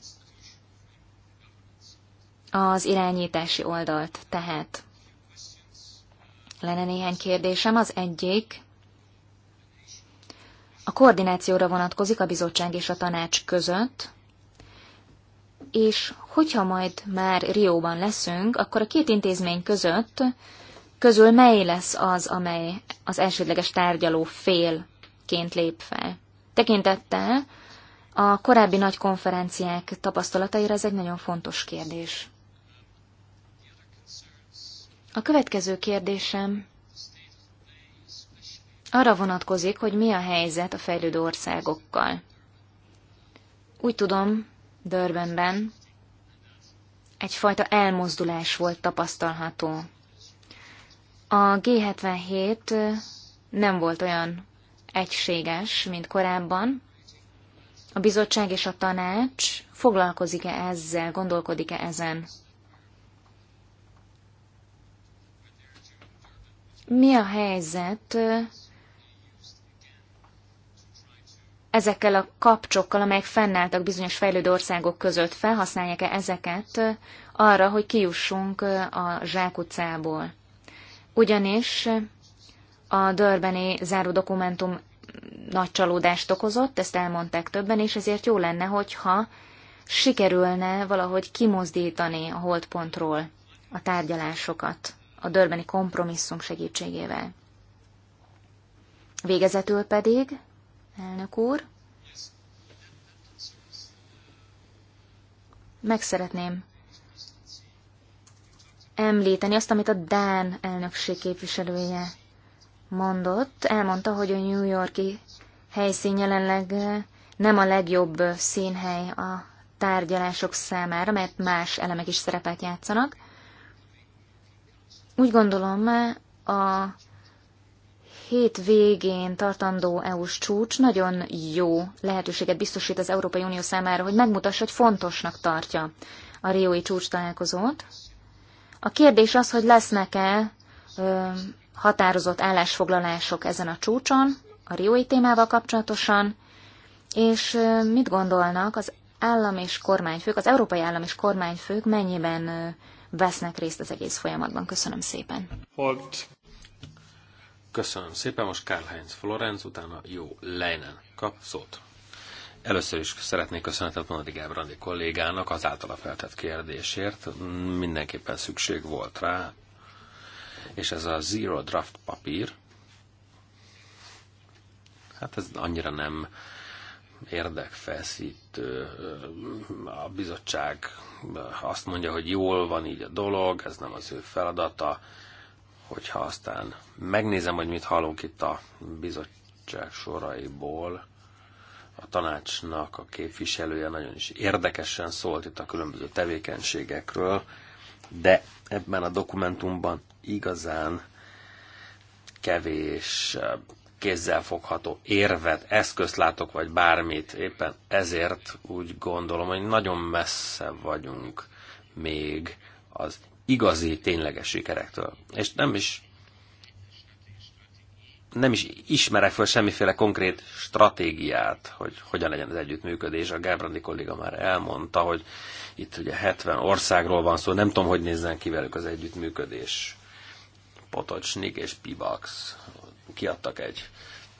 Speaker 3: az irányítási oldalt tehát lenne néhány kérdésem. Az egyik a koordinációra vonatkozik a bizottság és a tanács között, és hogyha majd már Rióban leszünk, akkor a két intézmény között közül mely lesz az, amely az elsődleges tárgyaló félként lép fel? Tekintettel a korábbi nagy konferenciák tapasztalataira ez egy nagyon fontos kérdés. A következő kérdésem arra vonatkozik, hogy mi a helyzet a fejlődő országokkal. Úgy tudom, Dörbenben egyfajta elmozdulás volt tapasztalható. A G77 nem volt olyan egységes, mint korábban. A bizottság és a tanács foglalkozik-e ezzel, gondolkodik-e ezen? mi a helyzet ezekkel a kapcsokkal, amelyek fennálltak bizonyos fejlődő országok között, felhasználják-e ezeket arra, hogy kijussunk a zsákutcából. Ugyanis a Dörbeni záró dokumentum nagy csalódást okozott, ezt elmondták többen, és ezért jó lenne, hogyha sikerülne valahogy kimozdítani a holdpontról a tárgyalásokat a dörbeni kompromisszum segítségével. Végezetül pedig, elnök úr, meg szeretném említeni azt, amit a Dán elnökség képviselője mondott. Elmondta, hogy a New Yorki helyszín jelenleg nem a legjobb színhely a tárgyalások számára, mert más elemek is szerepet játszanak. Úgy gondolom, e, a hét végén tartandó EU-s csúcs nagyon jó lehetőséget biztosít az Európai Unió számára, hogy megmutassa, hogy fontosnak tartja a Riói csúcs találkozót. A kérdés az, hogy lesznek-e határozott állásfoglalások ezen a csúcson, a Riói témával kapcsolatosan, és mit gondolnak az állam és kormányfők, az európai állam és kormányfők mennyiben vesznek részt az egész folyamatban. Köszönöm szépen.
Speaker 1: Holt. Köszönöm szépen, most Karl-Heinz Florenz, utána Jó Leinen kap szót. Először is szeretnék köszönetet mondani Gábrandi kollégának az általa feltett kérdésért. Mindenképpen szükség volt rá, és ez a Zero Draft papír, hát ez annyira nem érdekfeszítő. A bizottság azt mondja, hogy jól van így a dolog, ez nem az ő feladata. Hogyha aztán megnézem, hogy mit hallunk itt a bizottság soraiból, a tanácsnak a képviselője nagyon is érdekesen szólt itt a különböző tevékenységekről, de ebben a dokumentumban igazán kevés kézzelfogható érvet, eszközt látok, vagy bármit. Éppen ezért úgy gondolom, hogy nagyon messze vagyunk még az igazi, tényleges sikerektől. És nem is nem is ismerek fel semmiféle konkrét stratégiát, hogy hogyan legyen az együttműködés. A Gábrandi kolléga már elmondta, hogy itt ugye 70 országról van szó, nem tudom, hogy nézzen ki velük az együttműködés. Potocsnik és Pivax kiadtak egy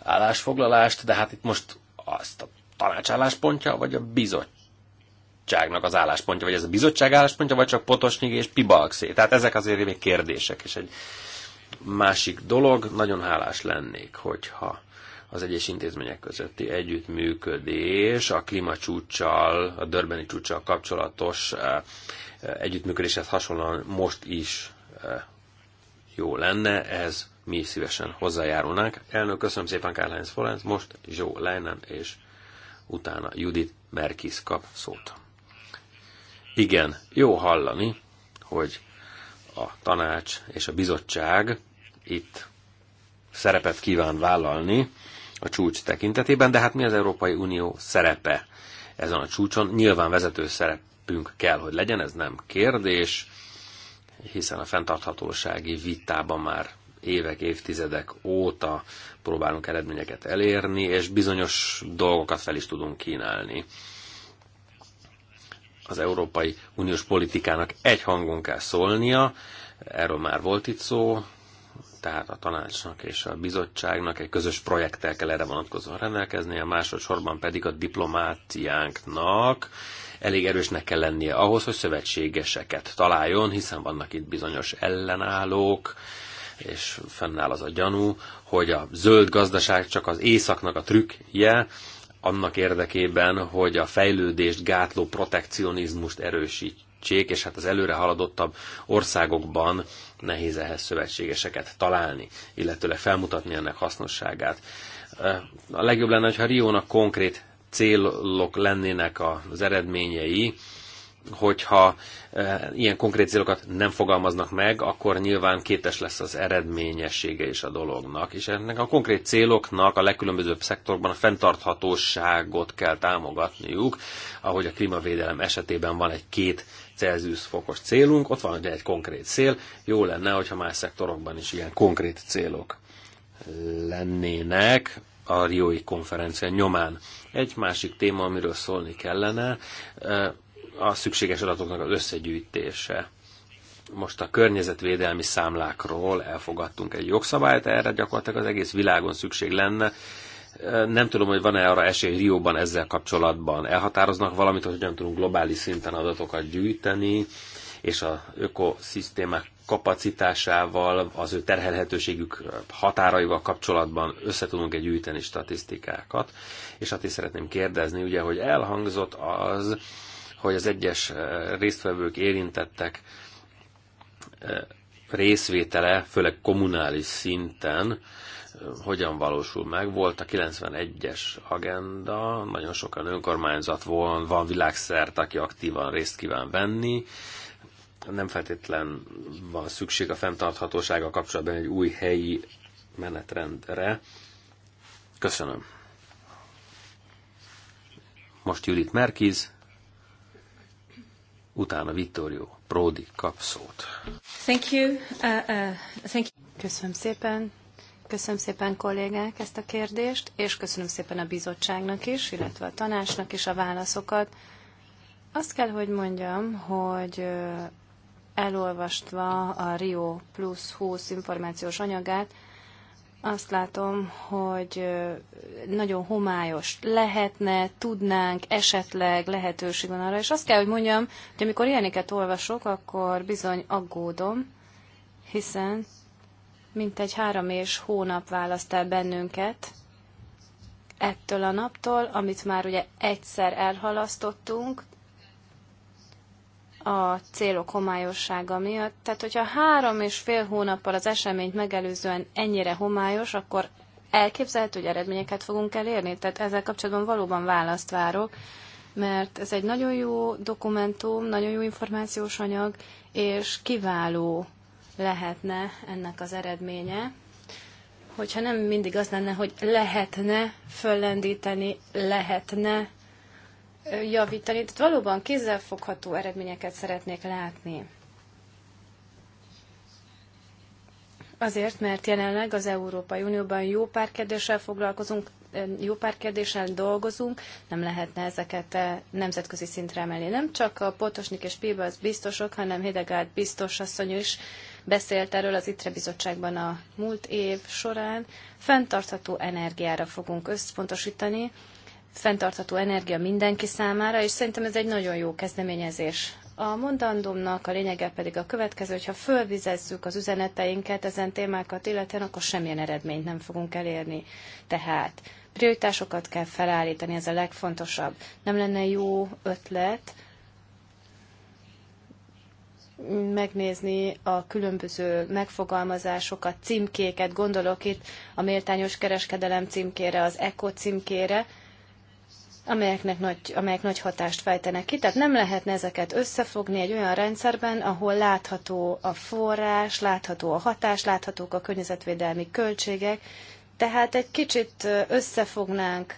Speaker 1: állásfoglalást, de hát itt most azt a tanácsálláspontja, vagy a bizottságnak az álláspontja, vagy ez a bizottság álláspontja, vagy csak Potosnyig és Pibalxé. Tehát ezek azért még kérdések, és egy másik dolog, nagyon hálás lennék, hogyha az egyes intézmények közötti együttműködés, a klímacsúccsal, a dörbeni csúccsal kapcsolatos eh, eh, együttműködéshez hasonlóan most is eh, jó lenne, ez mi is szívesen hozzájárulnánk. Elnök, köszönöm szépen Karl-Heinz most Zsó Leinen és utána Judit Merkis kap szót. Igen, jó hallani, hogy a tanács és a bizottság itt szerepet kíván vállalni a csúcs tekintetében, de hát mi az Európai Unió szerepe ezen a csúcson? Nyilván vezető szerepünk kell, hogy legyen, ez nem kérdés, hiszen a fenntarthatósági vitában már évek, évtizedek óta próbálunk eredményeket elérni, és bizonyos dolgokat fel is tudunk kínálni. Az Európai Uniós politikának egy hangon kell szólnia, erről már volt itt szó, tehát a tanácsnak és a bizottságnak egy közös projekttel kell erre vonatkozóan a másodszorban pedig a diplomáciánknak elég erősnek kell lennie ahhoz, hogy szövetségeseket találjon, hiszen vannak itt bizonyos ellenállók, és fennáll az a gyanú, hogy a zöld gazdaság csak az északnak a trükkje, annak érdekében, hogy a fejlődést gátló protekcionizmust erősítsék, és hát az előre haladottabb országokban nehéz ehhez szövetségeseket találni, illetőleg felmutatni ennek hasznosságát. Eh, a legjobb lenne, ha Riónak konkrét célok lennének az eredményei, hogyha e, ilyen konkrét célokat nem fogalmaznak meg, akkor nyilván kétes lesz az eredményessége is a dolognak. És ennek a konkrét céloknak a legkülönbözőbb szektorban a fenntarthatóságot kell támogatniuk, ahogy a klímavédelem esetében van egy két Celsius fokos célunk, ott van ugye egy konkrét cél, jó lenne, hogyha más szektorokban is ilyen konkrét célok lennének a Riói konferencia nyomán. Egy másik téma, amiről szólni kellene, e, a szükséges adatoknak az összegyűjtése. Most a környezetvédelmi számlákról elfogadtunk egy jogszabályt, erre gyakorlatilag az egész világon szükség lenne. Nem tudom, hogy van-e arra esély Rióban ezzel kapcsolatban. Elhatároznak valamit, hogy hogyan tudunk globális szinten adatokat gyűjteni, és a ökoszisztémák kapacitásával, az ő terhelhetőségük határaival kapcsolatban összetudunk egy gyűjteni statisztikákat. És azt is szeretném kérdezni, ugye, hogy elhangzott az, hogy az egyes eh, résztvevők érintettek eh, részvétele, főleg kommunális szinten, eh, hogyan valósul meg. Volt a 91-es agenda, nagyon sokan önkormányzat van, van világszert, aki aktívan részt kíván venni. Nem feltétlen van szükség a fenntarthatósága kapcsolatban egy új helyi menetrendre. Köszönöm. Most Judit Merkiz, Utána Vittorio Prodi kap szót.
Speaker 2: Thank you. Uh, uh, thank you. Köszönöm szépen. Köszönöm szépen kollégák ezt a kérdést, és köszönöm szépen a bizottságnak is, illetve a tanácsnak is a válaszokat. Azt kell, hogy mondjam, hogy elolvastva a Rio Plus 20 információs anyagát, azt látom, hogy nagyon homályos lehetne, tudnánk, esetleg lehetőség van arra, és azt kell, hogy mondjam, hogy amikor ilyeneket olvasok, akkor bizony aggódom, hiszen mintegy három és hónap választ el bennünket ettől a naptól, amit már ugye egyszer elhalasztottunk, a célok homályossága miatt. Tehát, hogyha három és fél hónappal az eseményt megelőzően ennyire homályos, akkor elképzelhető, hogy eredményeket fogunk elérni. Tehát ezzel kapcsolatban valóban választ várok, mert ez egy nagyon jó dokumentum, nagyon jó információs anyag, és kiváló lehetne ennek az eredménye, hogyha nem mindig az lenne, hogy lehetne föllendíteni, lehetne javítani, tehát valóban kézzelfogható eredményeket szeretnék látni. Azért, mert jelenleg az Európai Unióban jó pár kérdéssel foglalkozunk, eh, jó pár kérdéssel dolgozunk, nem lehetne ezeket eh, nemzetközi szintre emelni. Nem csak a Potosnik és az biztosok, hanem Hidegárd biztos asszony is beszélt erről az ITRE bizottságban a múlt év során. Fentartható energiára fogunk összpontosítani, fenntartható energia mindenki számára, és szerintem ez egy nagyon jó kezdeményezés. A mondandómnak a lényege pedig a következő, hogyha fölvizezzük az üzeneteinket ezen témákat illetően, akkor semmilyen eredményt nem fogunk elérni. Tehát prioritásokat kell felállítani, ez a legfontosabb. Nem lenne jó ötlet megnézni a különböző megfogalmazásokat, címkéket, gondolok itt a méltányos kereskedelem címkére, az ECO címkére, amelyeknek nagy, amelyek nagy hatást fejtenek ki. Tehát nem lehetne ezeket összefogni egy olyan rendszerben, ahol látható a forrás, látható a hatás, láthatók a környezetvédelmi költségek. Tehát egy kicsit összefognánk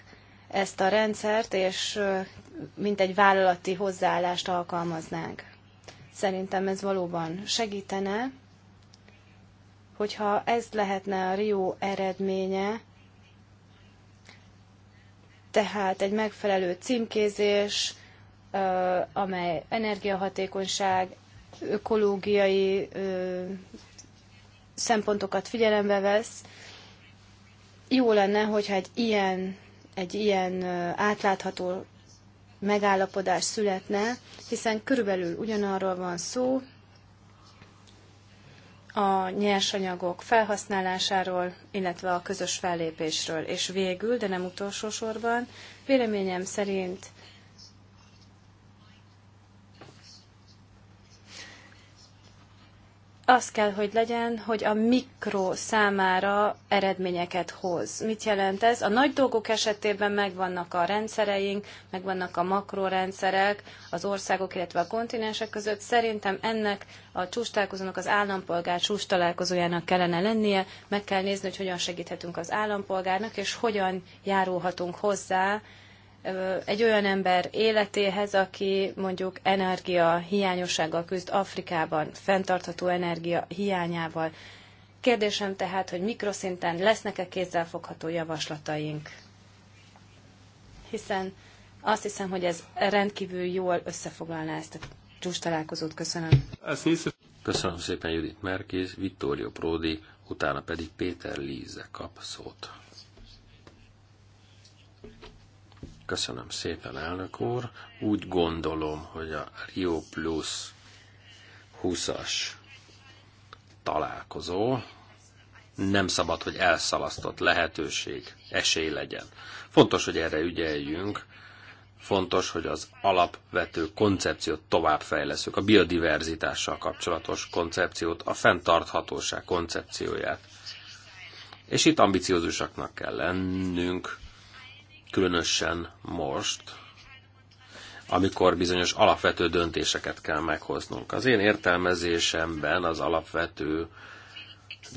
Speaker 2: ezt a rendszert, és mint egy vállalati hozzáállást alkalmaznánk. Szerintem ez valóban segítene, hogyha ez lehetne a Rio eredménye, tehát egy megfelelő címkézés, amely energiahatékonyság, ökológiai szempontokat figyelembe vesz. Jó lenne, hogyha egy ilyen, egy ilyen átlátható megállapodás születne, hiszen körülbelül ugyanarról van szó, a nyersanyagok felhasználásáról, illetve a közös fellépésről. És végül, de nem utolsó sorban, véleményem szerint az kell, hogy legyen, hogy a mikro számára eredményeket hoz. Mit jelent ez? A nagy dolgok esetében megvannak a rendszereink, megvannak a makrorendszerek az országok, illetve a kontinensek között. Szerintem ennek a csústálkozónak, az állampolgár csústalálkozójának kellene lennie. Meg kell nézni, hogy hogyan segíthetünk az állampolgárnak, és hogyan járulhatunk hozzá egy olyan ember életéhez, aki mondjuk energia hiányossággal küzd Afrikában, fenntartható energia hiányával. Kérdésem tehát, hogy mikroszinten lesznek-e kézzelfogható javaslataink? Hiszen azt hiszem, hogy ez rendkívül jól összefoglalná ezt a csúcs találkozót. Köszönöm.
Speaker 1: Köszönöm szépen Judit Merkész, Vittorio Pródi, utána pedig Péter Líze kap szót. Köszönöm szépen, elnök úr. Úgy gondolom, hogy a Rio Plus 20-as találkozó nem szabad, hogy elszalasztott lehetőség, esély legyen. Fontos, hogy erre ügyeljünk, fontos, hogy az alapvető koncepciót továbbfejleszünk, a biodiverzitással kapcsolatos koncepciót, a fenntarthatóság koncepcióját. És itt ambiciózusaknak kell lennünk, különösen most, amikor bizonyos alapvető döntéseket kell meghoznunk. Az én értelmezésemben az alapvető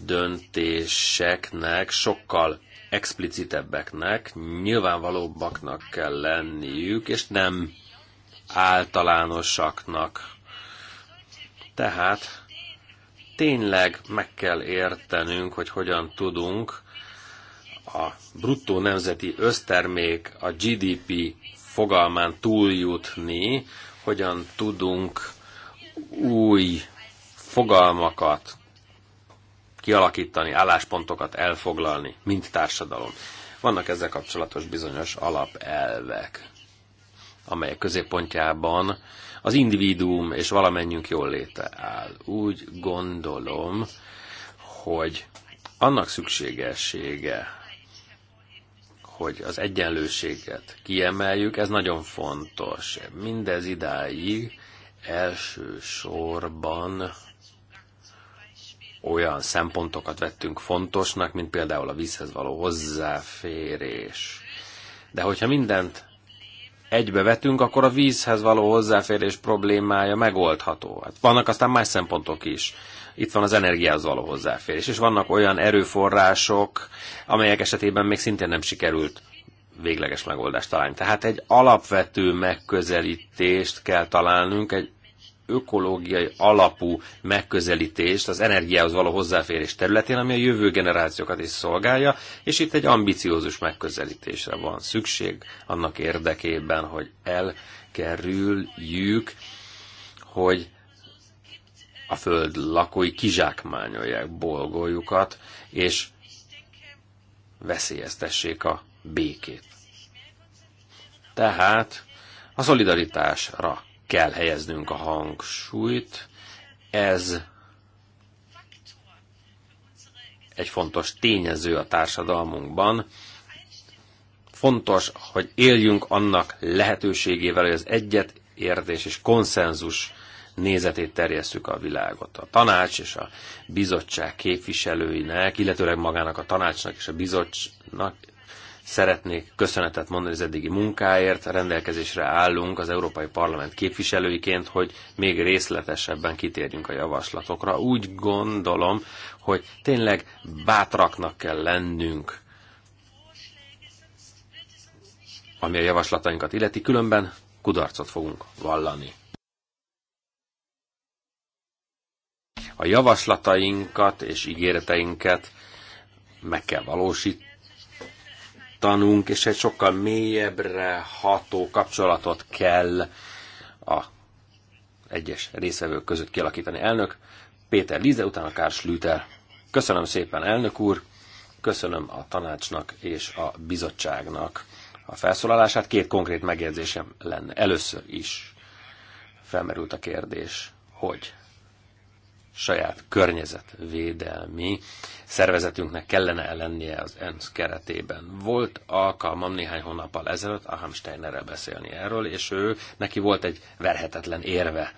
Speaker 1: döntéseknek sokkal explicitebbeknek, nyilvánvalóbbaknak kell lenniük, és nem általánosaknak. Tehát tényleg meg kell értenünk, hogy hogyan tudunk a bruttó nemzeti össztermék a GDP fogalmán túljutni, hogyan tudunk új fogalmakat kialakítani, álláspontokat elfoglalni, mint társadalom. Vannak ezzel kapcsolatos bizonyos alapelvek, amelyek középpontjában az individuum és valamennyünk jól léte áll. Úgy gondolom, hogy annak szükségessége hogy az egyenlőséget kiemeljük, ez nagyon fontos. Mindez idáig elsősorban olyan szempontokat vettünk fontosnak, mint például a vízhez való hozzáférés. De hogyha mindent egybe vetünk, akkor a vízhez való hozzáférés problémája megoldható. Hát vannak aztán más szempontok is. Itt van az energiához való hozzáférés. És vannak olyan erőforrások, amelyek esetében még szintén nem sikerült végleges megoldást találni. Tehát egy alapvető megközelítést kell találnunk, egy ökológiai alapú megközelítést az energiához való hozzáférés területén, ami a jövő generációkat is szolgálja, és itt egy ambiciózus megközelítésre van szükség annak érdekében, hogy elkerüljük, hogy a föld lakói kizsákmányolják bolgójukat, és veszélyeztessék a békét. Tehát a szolidaritásra kell helyeznünk a hangsúlyt, ez egy fontos tényező a társadalmunkban. Fontos, hogy éljünk annak lehetőségével, hogy az egyet értés és konszenzus nézetét terjesztjük a világot. A tanács és a bizottság képviselőinek, illetőleg magának a tanácsnak és a bizottságnak szeretnék köszönetet mondani az eddigi munkáért, rendelkezésre állunk az Európai Parlament képviselőiként, hogy még részletesebben kitérjünk a javaslatokra. Úgy gondolom, hogy tényleg bátraknak kell lennünk, ami a javaslatainkat illeti, különben kudarcot fogunk vallani. a javaslatainkat és ígéreteinket meg kell valósítanunk, és egy sokkal mélyebbre ható kapcsolatot kell a egyes részvevők között kialakítani. Elnök Péter Lize, utána Kár Slüter. Köszönöm szépen, elnök úr, köszönöm a tanácsnak és a bizottságnak a felszólalását. Két konkrét megjegyzésem lenne. Először is felmerült a kérdés, hogy saját környezetvédelmi szervezetünknek kellene lennie az ENSZ keretében. Volt alkalmam néhány hónappal ezelőtt a Hamsteinerrel beszélni erről, és ő neki volt egy verhetetlen érve.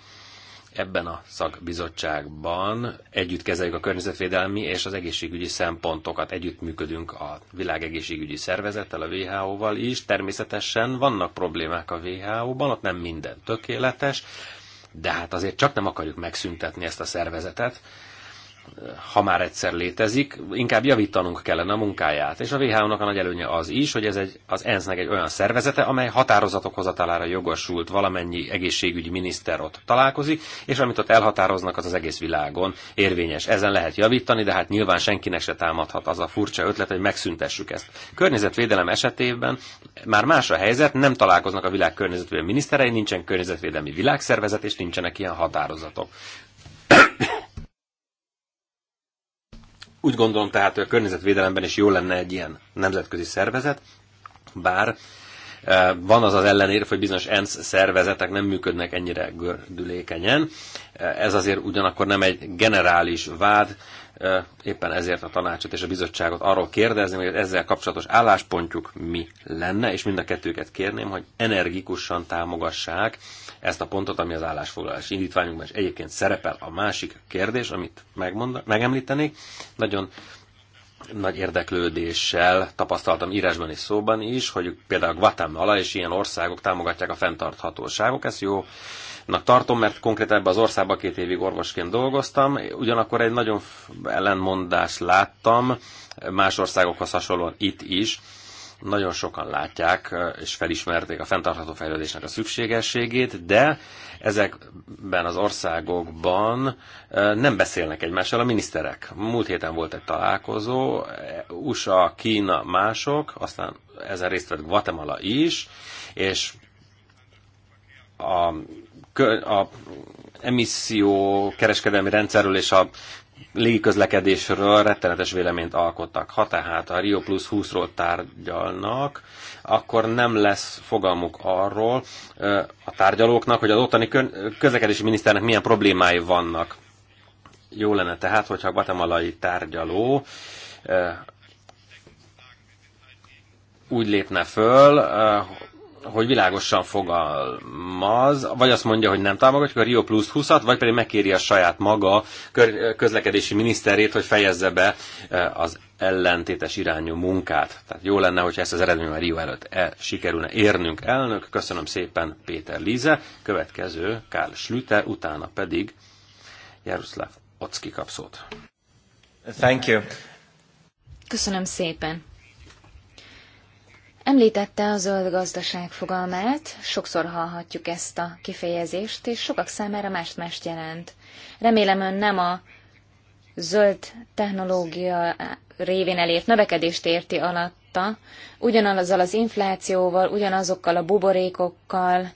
Speaker 1: Ebben a szakbizottságban együtt kezeljük a környezetvédelmi és az egészségügyi szempontokat, együtt működünk a világegészségügyi szervezettel, a WHO-val is. Természetesen vannak problémák a WHO-ban, ott nem minden tökéletes, de hát azért csak nem akarjuk megszüntetni ezt a szervezetet, ha már egyszer létezik, inkább javítanunk kellene a munkáját. És a WHO-nak a nagy előnye az is, hogy ez egy, az ensz egy olyan szervezete, amely határozatok hozatalára jogosult, valamennyi egészségügyi miniszter ott találkozik, és amit ott elhatároznak, az az egész világon érvényes. Ezen lehet javítani, de hát nyilván senkinek se támadhat az a furcsa ötlet, hogy megszüntessük ezt. Környezetvédelem esetében már más a helyzet, nem találkoznak a világ környezetvédelmi miniszterei, nincsen környezetvédelmi világszervezet, és nincsenek ilyen határozatok. Úgy gondolom tehát, hogy a környezetvédelemben is jó lenne egy ilyen nemzetközi szervezet, bár e, van az az ellenérv, hogy bizonyos ENSZ szervezetek nem működnek ennyire gördülékenyen. E, ez azért ugyanakkor nem egy generális vád, éppen ezért a tanácsot és a bizottságot arról kérdezni, hogy ezzel kapcsolatos álláspontjuk mi lenne, és mind a kettőket kérném, hogy energikusan támogassák ezt a pontot, ami az állásfoglalás indítványunkban és egyébként szerepel. A másik kérdés, amit megemlítenék, nagyon nagy érdeklődéssel tapasztaltam írásban és szóban is, hogy például Guatemala és ilyen országok támogatják a fenntarthatóságok. Ez jó Na tartom, mert konkrétan ebben az országban két évig orvosként dolgoztam, ugyanakkor egy nagyon ellenmondást láttam más országokhoz hasonlóan itt is, nagyon sokan látják és felismerték a fenntartható fejlődésnek a szükségességét, de ezekben az országokban nem beszélnek egymással a miniszterek. Múlt héten volt egy találkozó, USA, Kína, mások, aztán ezen részt vett Guatemala is, és a a emisszió kereskedelmi rendszerről és a légiközlekedésről rettenetes véleményt alkottak. Ha tehát a Rio Plus 20-ról tárgyalnak, akkor nem lesz fogalmuk arról a tárgyalóknak, hogy az ottani közlekedési miniszternek milyen problémái vannak. Jó lenne tehát, hogyha a guatemalai tárgyaló úgy lépne föl, hogy világosan fogalmaz, vagy azt mondja, hogy nem támogatjuk a Rio Plus 20-at, vagy pedig megkéri a saját maga közlekedési miniszterét, hogy fejezze be e, az ellentétes irányú munkát. Tehát jó lenne, hogyha ezt az eredményt már Rio előtt el sikerülne érnünk. Elnök, köszönöm szépen Péter Líze, következő Kál Schlüter, utána pedig Jaroszláv Ocki kapszót. Thank you.
Speaker 3: Köszönöm szépen. Említette a zöld gazdaság fogalmát, sokszor hallhatjuk ezt a kifejezést, és sokak számára mást-mást jelent. Remélem ön nem a zöld technológia révén elért növekedést érti alatta, ugyanazzal az inflációval, ugyanazokkal a buborékokkal,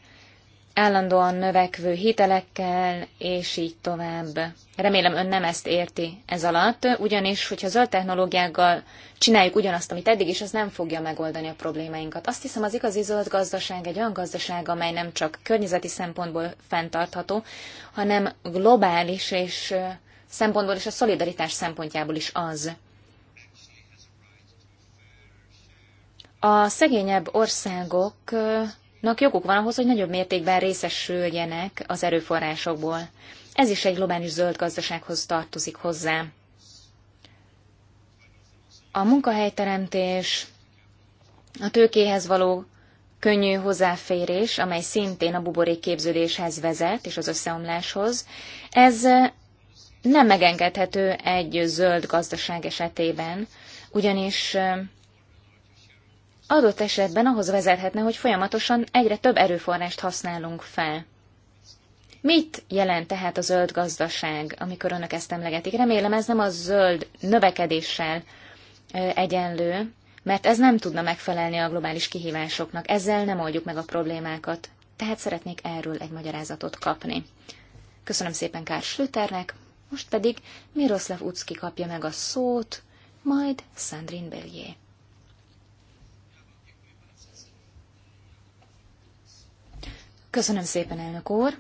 Speaker 3: állandóan növekvő hitelekkel, és így tovább. Remélem ön nem ezt érti ez alatt, ugyanis, hogyha zöld technológiákkal csináljuk ugyanazt, amit eddig is, az nem fogja megoldani a problémáinkat. Azt hiszem, az igazi zöld gazdaság egy olyan gazdaság, amely nem csak környezeti szempontból fenntartható, hanem globális és szempontból és a szolidaritás szempontjából is az. A szegényebb országok nak joguk van ahhoz, hogy nagyobb mértékben részesüljenek az erőforrásokból. Ez is egy globális zöld gazdasághoz tartozik hozzá. A munkahelyteremtés, a tőkéhez való könnyű hozzáférés, amely szintén a képződéshez vezet és az összeomláshoz, ez nem megengedhető egy zöld gazdaság esetében, ugyanis adott esetben ahhoz vezethetne, hogy folyamatosan egyre több erőforrást használunk fel. Mit jelent tehát a zöld gazdaság, amikor önök ezt emlegetik? Remélem ez nem a zöld növekedéssel egyenlő, mert ez nem tudna megfelelni a globális kihívásoknak. Ezzel nem oldjuk meg a problémákat. Tehát szeretnék erről egy magyarázatot kapni. Köszönöm szépen Kár Schlüternek, most pedig Miroslav Ucki kapja meg a szót, majd Sandrine Bellier. Köszönöm szépen, elnök úr.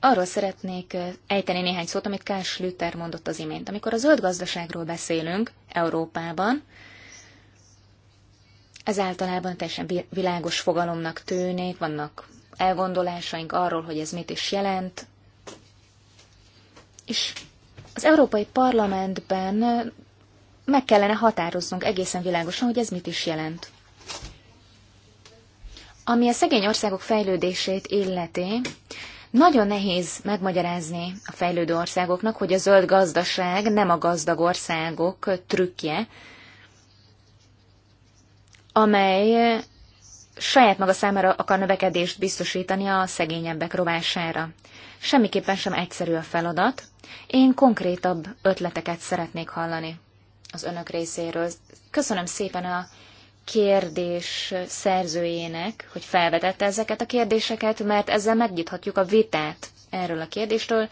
Speaker 3: Arról szeretnék ejteni néhány szót, amit Kás Schlüter mondott az imént. Amikor a zöld gazdaságról beszélünk Európában, ez általában teljesen világos fogalomnak tűnik, vannak elgondolásaink arról, hogy ez mit is jelent. És az Európai Parlamentben meg kellene határoznunk egészen világosan, hogy ez mit is jelent. Ami a szegény országok fejlődését illeti, nagyon nehéz megmagyarázni a fejlődő országoknak, hogy a zöld gazdaság nem a gazdag országok trükkje, amely saját maga számára akar növekedést biztosítani a szegényebbek rovására. Semmiképpen sem egyszerű a feladat. Én konkrétabb ötleteket szeretnék hallani az önök részéről. Köszönöm szépen a kérdés szerzőjének, hogy felvetette ezeket a kérdéseket, mert ezzel megnyithatjuk a vitát erről a kérdésről.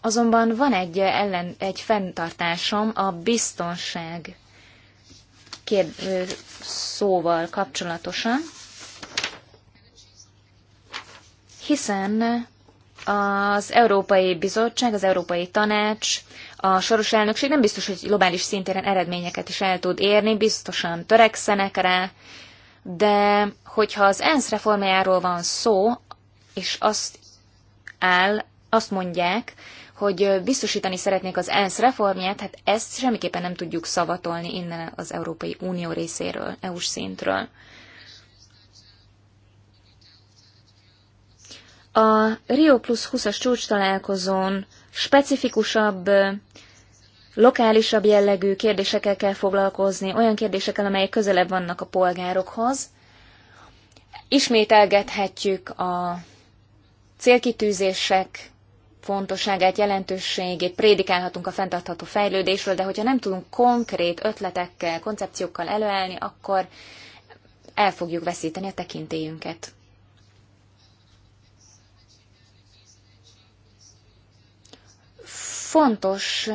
Speaker 3: Azonban van egy, ellen, egy fenntartásom a biztonság kérd, szóval kapcsolatosan, hiszen az Európai Bizottság, az Európai Tanács, a soros elnökség nem biztos, hogy globális szintéren eredményeket is el tud érni, biztosan törekszenek rá, de hogyha az ENSZ reformjáról van szó, és azt áll, azt mondják, hogy biztosítani szeretnék az ENSZ reformját, hát ezt semmiképpen nem tudjuk szavatolni innen az Európai Unió részéről, EU-s szintről. A Rio Plus 20-as csúcs találkozón specifikusabb, lokálisabb jellegű kérdésekkel kell foglalkozni, olyan kérdésekkel, amelyek közelebb vannak a polgárokhoz. Ismételgethetjük a célkitűzések fontosságát, jelentőségét, prédikálhatunk a fenntartható fejlődésről, de hogyha nem tudunk konkrét ötletekkel, koncepciókkal előállni, akkor el fogjuk veszíteni a tekintélyünket. fontos,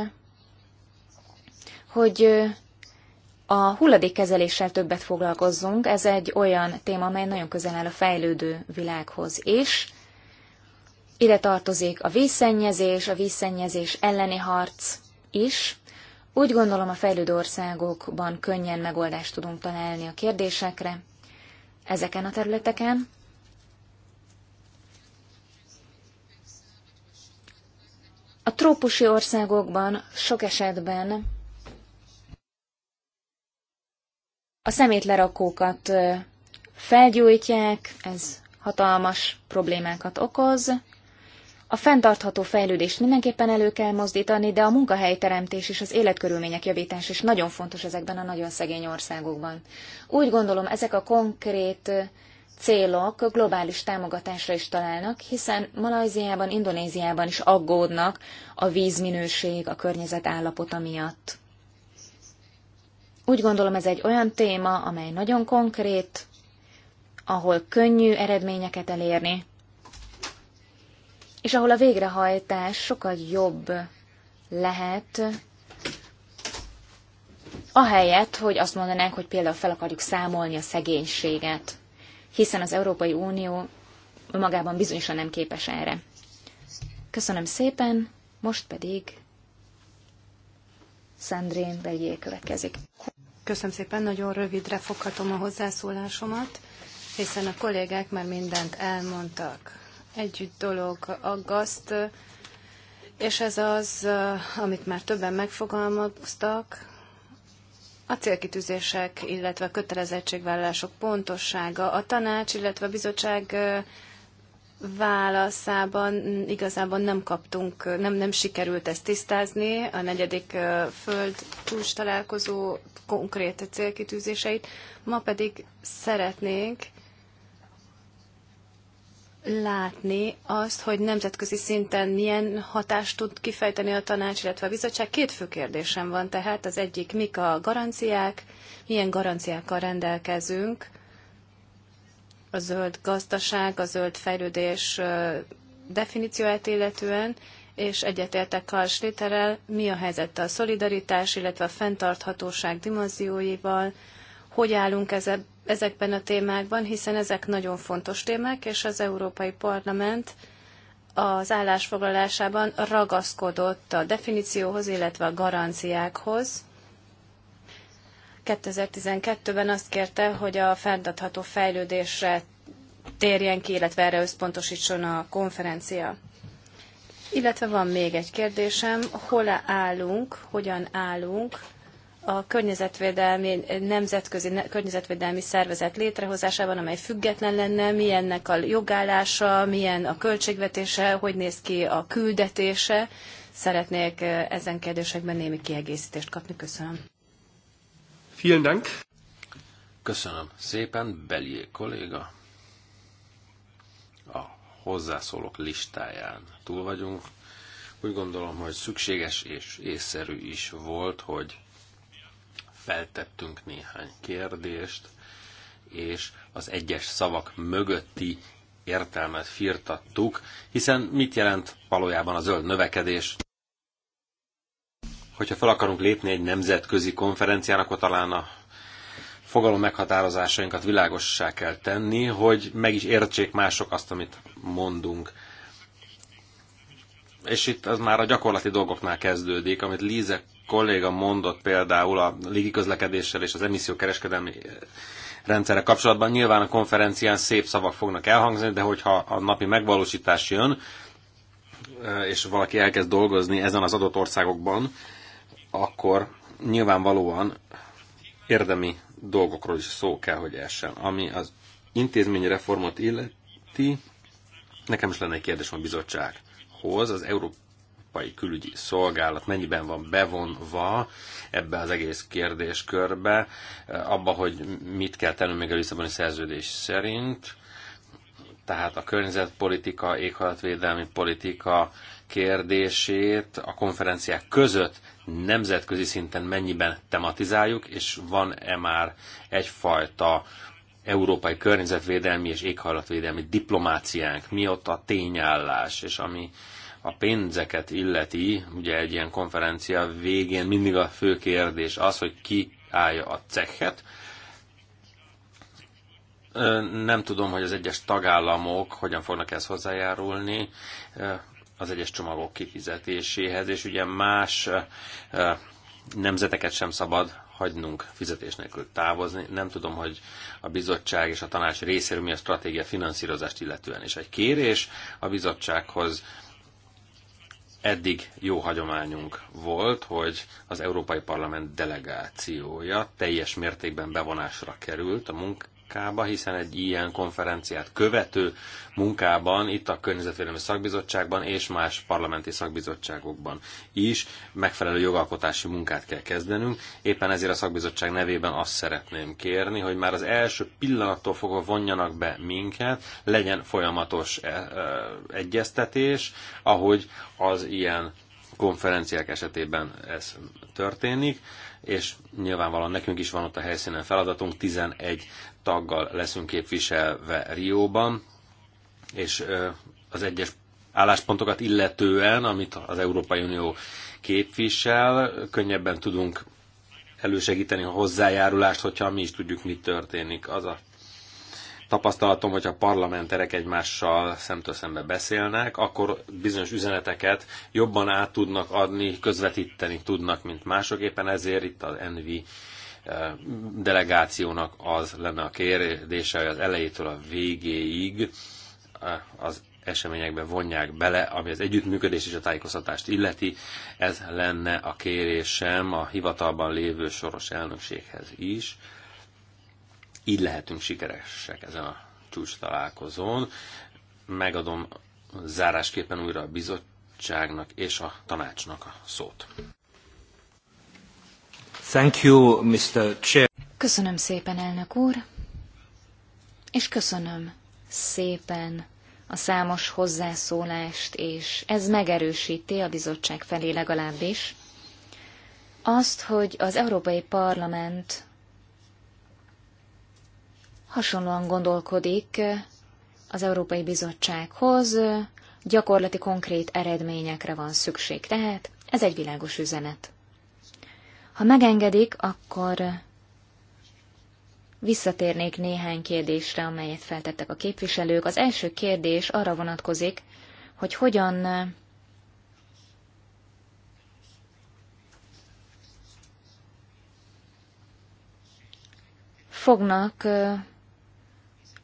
Speaker 3: hogy a hulladékkezeléssel többet foglalkozzunk. Ez egy olyan téma, amely nagyon közel áll a fejlődő világhoz is. Ide tartozik a vízszennyezés, a vízszennyezés elleni harc is. Úgy gondolom, a fejlődő országokban könnyen megoldást tudunk találni a kérdésekre ezeken a területeken. A trópusi országokban sok esetben a szemétlerakókat felgyújtják, ez hatalmas problémákat okoz. A fenntartható fejlődést mindenképpen elő kell mozdítani, de a munkahelyteremtés és az életkörülmények javítás is nagyon fontos ezekben a nagyon szegény országokban. Úgy gondolom, ezek a konkrét célok globális támogatásra is találnak, hiszen Malajziában, Indonéziában is aggódnak a vízminőség, a környezet állapota miatt. Úgy gondolom ez egy olyan téma, amely nagyon konkrét, ahol könnyű eredményeket elérni, és ahol a végrehajtás sokkal jobb lehet, ahelyett, hogy azt mondanánk, hogy például fel akarjuk számolni a szegénységet hiszen az Európai Unió magában bizonyosan nem képes erre. Köszönöm szépen,
Speaker 2: most pedig Szendrén Begyé következik. Köszönöm szépen, nagyon rövidre foghatom a hozzászólásomat, hiszen a kollégák már mindent elmondtak. Együtt dolog aggaszt, és ez az, amit már többen megfogalmaztak, a célkitűzések, illetve a kötelezettségvállalások pontossága, a tanács, illetve a bizottság válaszában igazából nem kaptunk, nem, nem sikerült ezt tisztázni, a negyedik föld találkozó konkrét célkitűzéseit. Ma pedig szeretnénk látni azt, hogy nemzetközi szinten milyen hatást tud kifejteni a tanács, illetve a bizottság. Két fő kérdésem van tehát. Az egyik, mik a garanciák, milyen garanciákkal rendelkezünk a zöld gazdaság, a zöld fejlődés definícióját illetően, és egyetértek Karl Schlitterrel, mi a helyzet a szolidaritás, illetve a fenntarthatóság dimenzióival, hogy állunk ezzel, ezekben a témákban, hiszen ezek nagyon fontos témák, és az Európai Parlament az állásfoglalásában ragaszkodott a definícióhoz, illetve a garanciákhoz. 2012-ben azt kérte, hogy a fenntartható fejlődésre térjen ki, illetve erre összpontosítson a konferencia. Illetve van még egy kérdésem, hol állunk, hogyan állunk a környezetvédelmi, nemzetközi környezetvédelmi szervezet létrehozásában, amely független lenne, milyennek a jogállása, milyen a költségvetése, hogy néz ki a küldetése. Szeretnék eh, ezen kérdésekben némi kiegészítést kapni. Köszönöm.
Speaker 1: Vielen Dank. Köszönöm szépen, Belié kolléga. A hozzászólók listáján túl vagyunk. Úgy gondolom, hogy szükséges és észszerű is volt, hogy feltettünk néhány kérdést, és az egyes szavak mögötti értelmet firtattuk, hiszen mit jelent valójában a zöld növekedés? Hogyha fel akarunk lépni egy nemzetközi konferencián, akkor talán a fogalom meghatározásainkat világossá kell tenni, hogy meg is értsék mások azt, amit mondunk. És itt az már a gyakorlati dolgoknál kezdődik, amit Líze kolléga mondott például a légiközlekedéssel és az emissziókereskedelmi eh, rendszerre kapcsolatban. Nyilván a konferencián szép szavak fognak elhangzani, de hogyha a napi megvalósítás jön, eh, és valaki elkezd dolgozni ezen az adott országokban, akkor nyilvánvalóan érdemi dolgokról is szó kell, hogy essen. Ami az intézményreformot illeti, nekem is lenne egy kérdés a bizottsághoz, az Európai Európai Külügyi Szolgálat mennyiben van bevonva ebbe az egész kérdéskörbe, eh, abba, hogy mit kell tennünk még a Lisszaboni szerződés szerint, tehát a környezetpolitika, éghajlatvédelmi politika kérdését a konferenciák között nemzetközi szinten mennyiben tematizáljuk, és van-e már egyfajta európai környezetvédelmi és éghajlatvédelmi diplomáciánk, mi ott a tényállás, és ami a pénzeket illeti, ugye egy ilyen konferencia végén mindig a fő kérdés az, hogy ki állja a cechet. Nem tudom, hogy az egyes tagállamok hogyan fognak ezt hozzájárulni az egyes csomagok kifizetéséhez, és ugye más nemzeteket sem szabad hagynunk fizetés nélkül távozni. Nem tudom, hogy a bizottság és a tanács részéről mi a stratégia finanszírozást illetően. És egy kérés a bizottsághoz eddig jó hagyományunk volt, hogy az Európai Parlament delegációja teljes mértékben bevonásra került a munk munkába, hiszen egy ilyen konferenciát követő munkában, itt a Környezetvédelmi Szakbizottságban és más parlamenti szakbizottságokban is megfelelő jogalkotási munkát kell kezdenünk. Éppen ezért a szakbizottság nevében azt szeretném kérni, hogy már az első pillanattól fogva vonjanak be minket, legyen folyamatos e, e, egyeztetés, ahogy az ilyen konferenciák esetében ez történik, és nyilvánvalóan nekünk is van ott a helyszínen feladatunk, 11 taggal leszünk képviselve Rióban, és az egyes álláspontokat illetően, amit az Európai Unió képvisel, könnyebben tudunk elősegíteni a hozzájárulást, hogyha mi is tudjuk, mi történik. Az a tapasztalatom, hogy a parlamenterek egymással szemtől szembe beszélnek, akkor bizonyos üzeneteket jobban át tudnak adni, közvetíteni tudnak, mint mások. Éppen ezért itt az Envi delegációnak az lenne a kérdése, hogy az elejétől a végéig eh, az eseményekbe vonják bele, ami az együttműködés és a tájékoztatást illeti. Ez lenne a kérésem a hivatalban lévő soros elnökséghez is. Így lehetünk sikeresek ezen a csúcs találkozón. Megadom zárásképpen újra a bizottságnak és a tanácsnak a szót. Thank you, Mr. Chair.
Speaker 3: Köszönöm szépen, elnök úr, és köszönöm szépen a számos hozzászólást, és ez megerősíti a bizottság felé legalábbis azt, hogy az Európai Parlament hasonlóan gondolkodik az Európai Bizottsághoz, gyakorlati konkrét eredményekre van szükség. Tehát ez egy világos üzenet. Ha megengedik, akkor visszatérnék néhány kérdésre, amelyet feltettek a képviselők. Az első kérdés arra vonatkozik, hogy hogyan fognak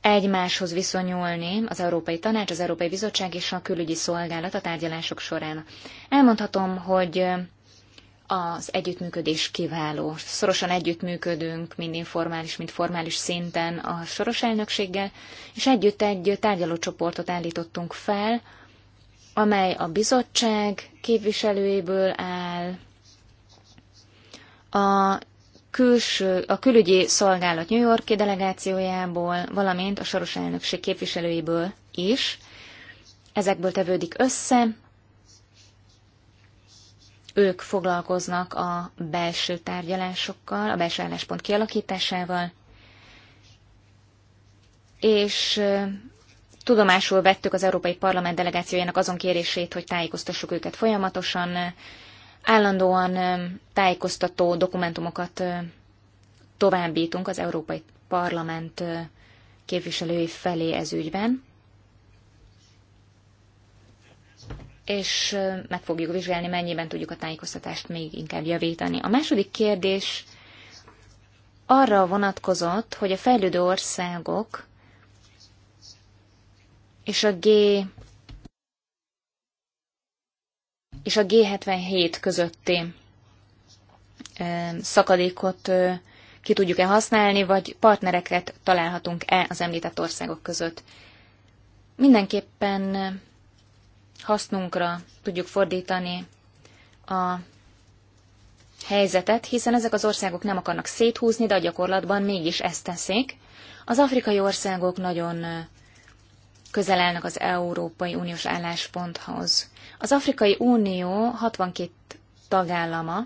Speaker 3: egymáshoz viszonyulni az Európai Tanács, az Európai Bizottság és a Külügyi Szolgálat a tárgyalások során. Elmondhatom, hogy az együttműködés kiváló. Szorosan együttműködünk, mind informális, mind formális szinten a soros elnökséggel, és együtt egy tárgyalócsoportot állítottunk fel, amely a bizottság képviselőjéből áll, a, külső, a külügyi szolgálat New Yorki delegációjából, valamint a soros elnökség képviselőiből is. Ezekből tevődik össze ők foglalkoznak a belső tárgyalásokkal, a belső álláspont kialakításával, és tudomásul vettük az Európai Parlament delegációjának azon kérését, hogy tájékoztassuk őket folyamatosan, állandóan tájékoztató dokumentumokat továbbítunk az Európai Parlament képviselői felé ez ügyben. és meg fogjuk vizsgálni, mennyiben tudjuk a tájékoztatást még inkább javítani. A második kérdés arra vonatkozott, hogy a fejlődő országok és a G és a G77 közötti szakadékot ki tudjuk-e használni, vagy partnereket találhatunk-e az említett országok között. Mindenképpen hasznunkra tudjuk fordítani a helyzetet, hiszen ezek az országok nem akarnak széthúzni, de a gyakorlatban mégis ezt teszik. Az afrikai országok nagyon közel állnak az Európai Uniós állásponthoz. Az Afrikai Unió 62 tagállama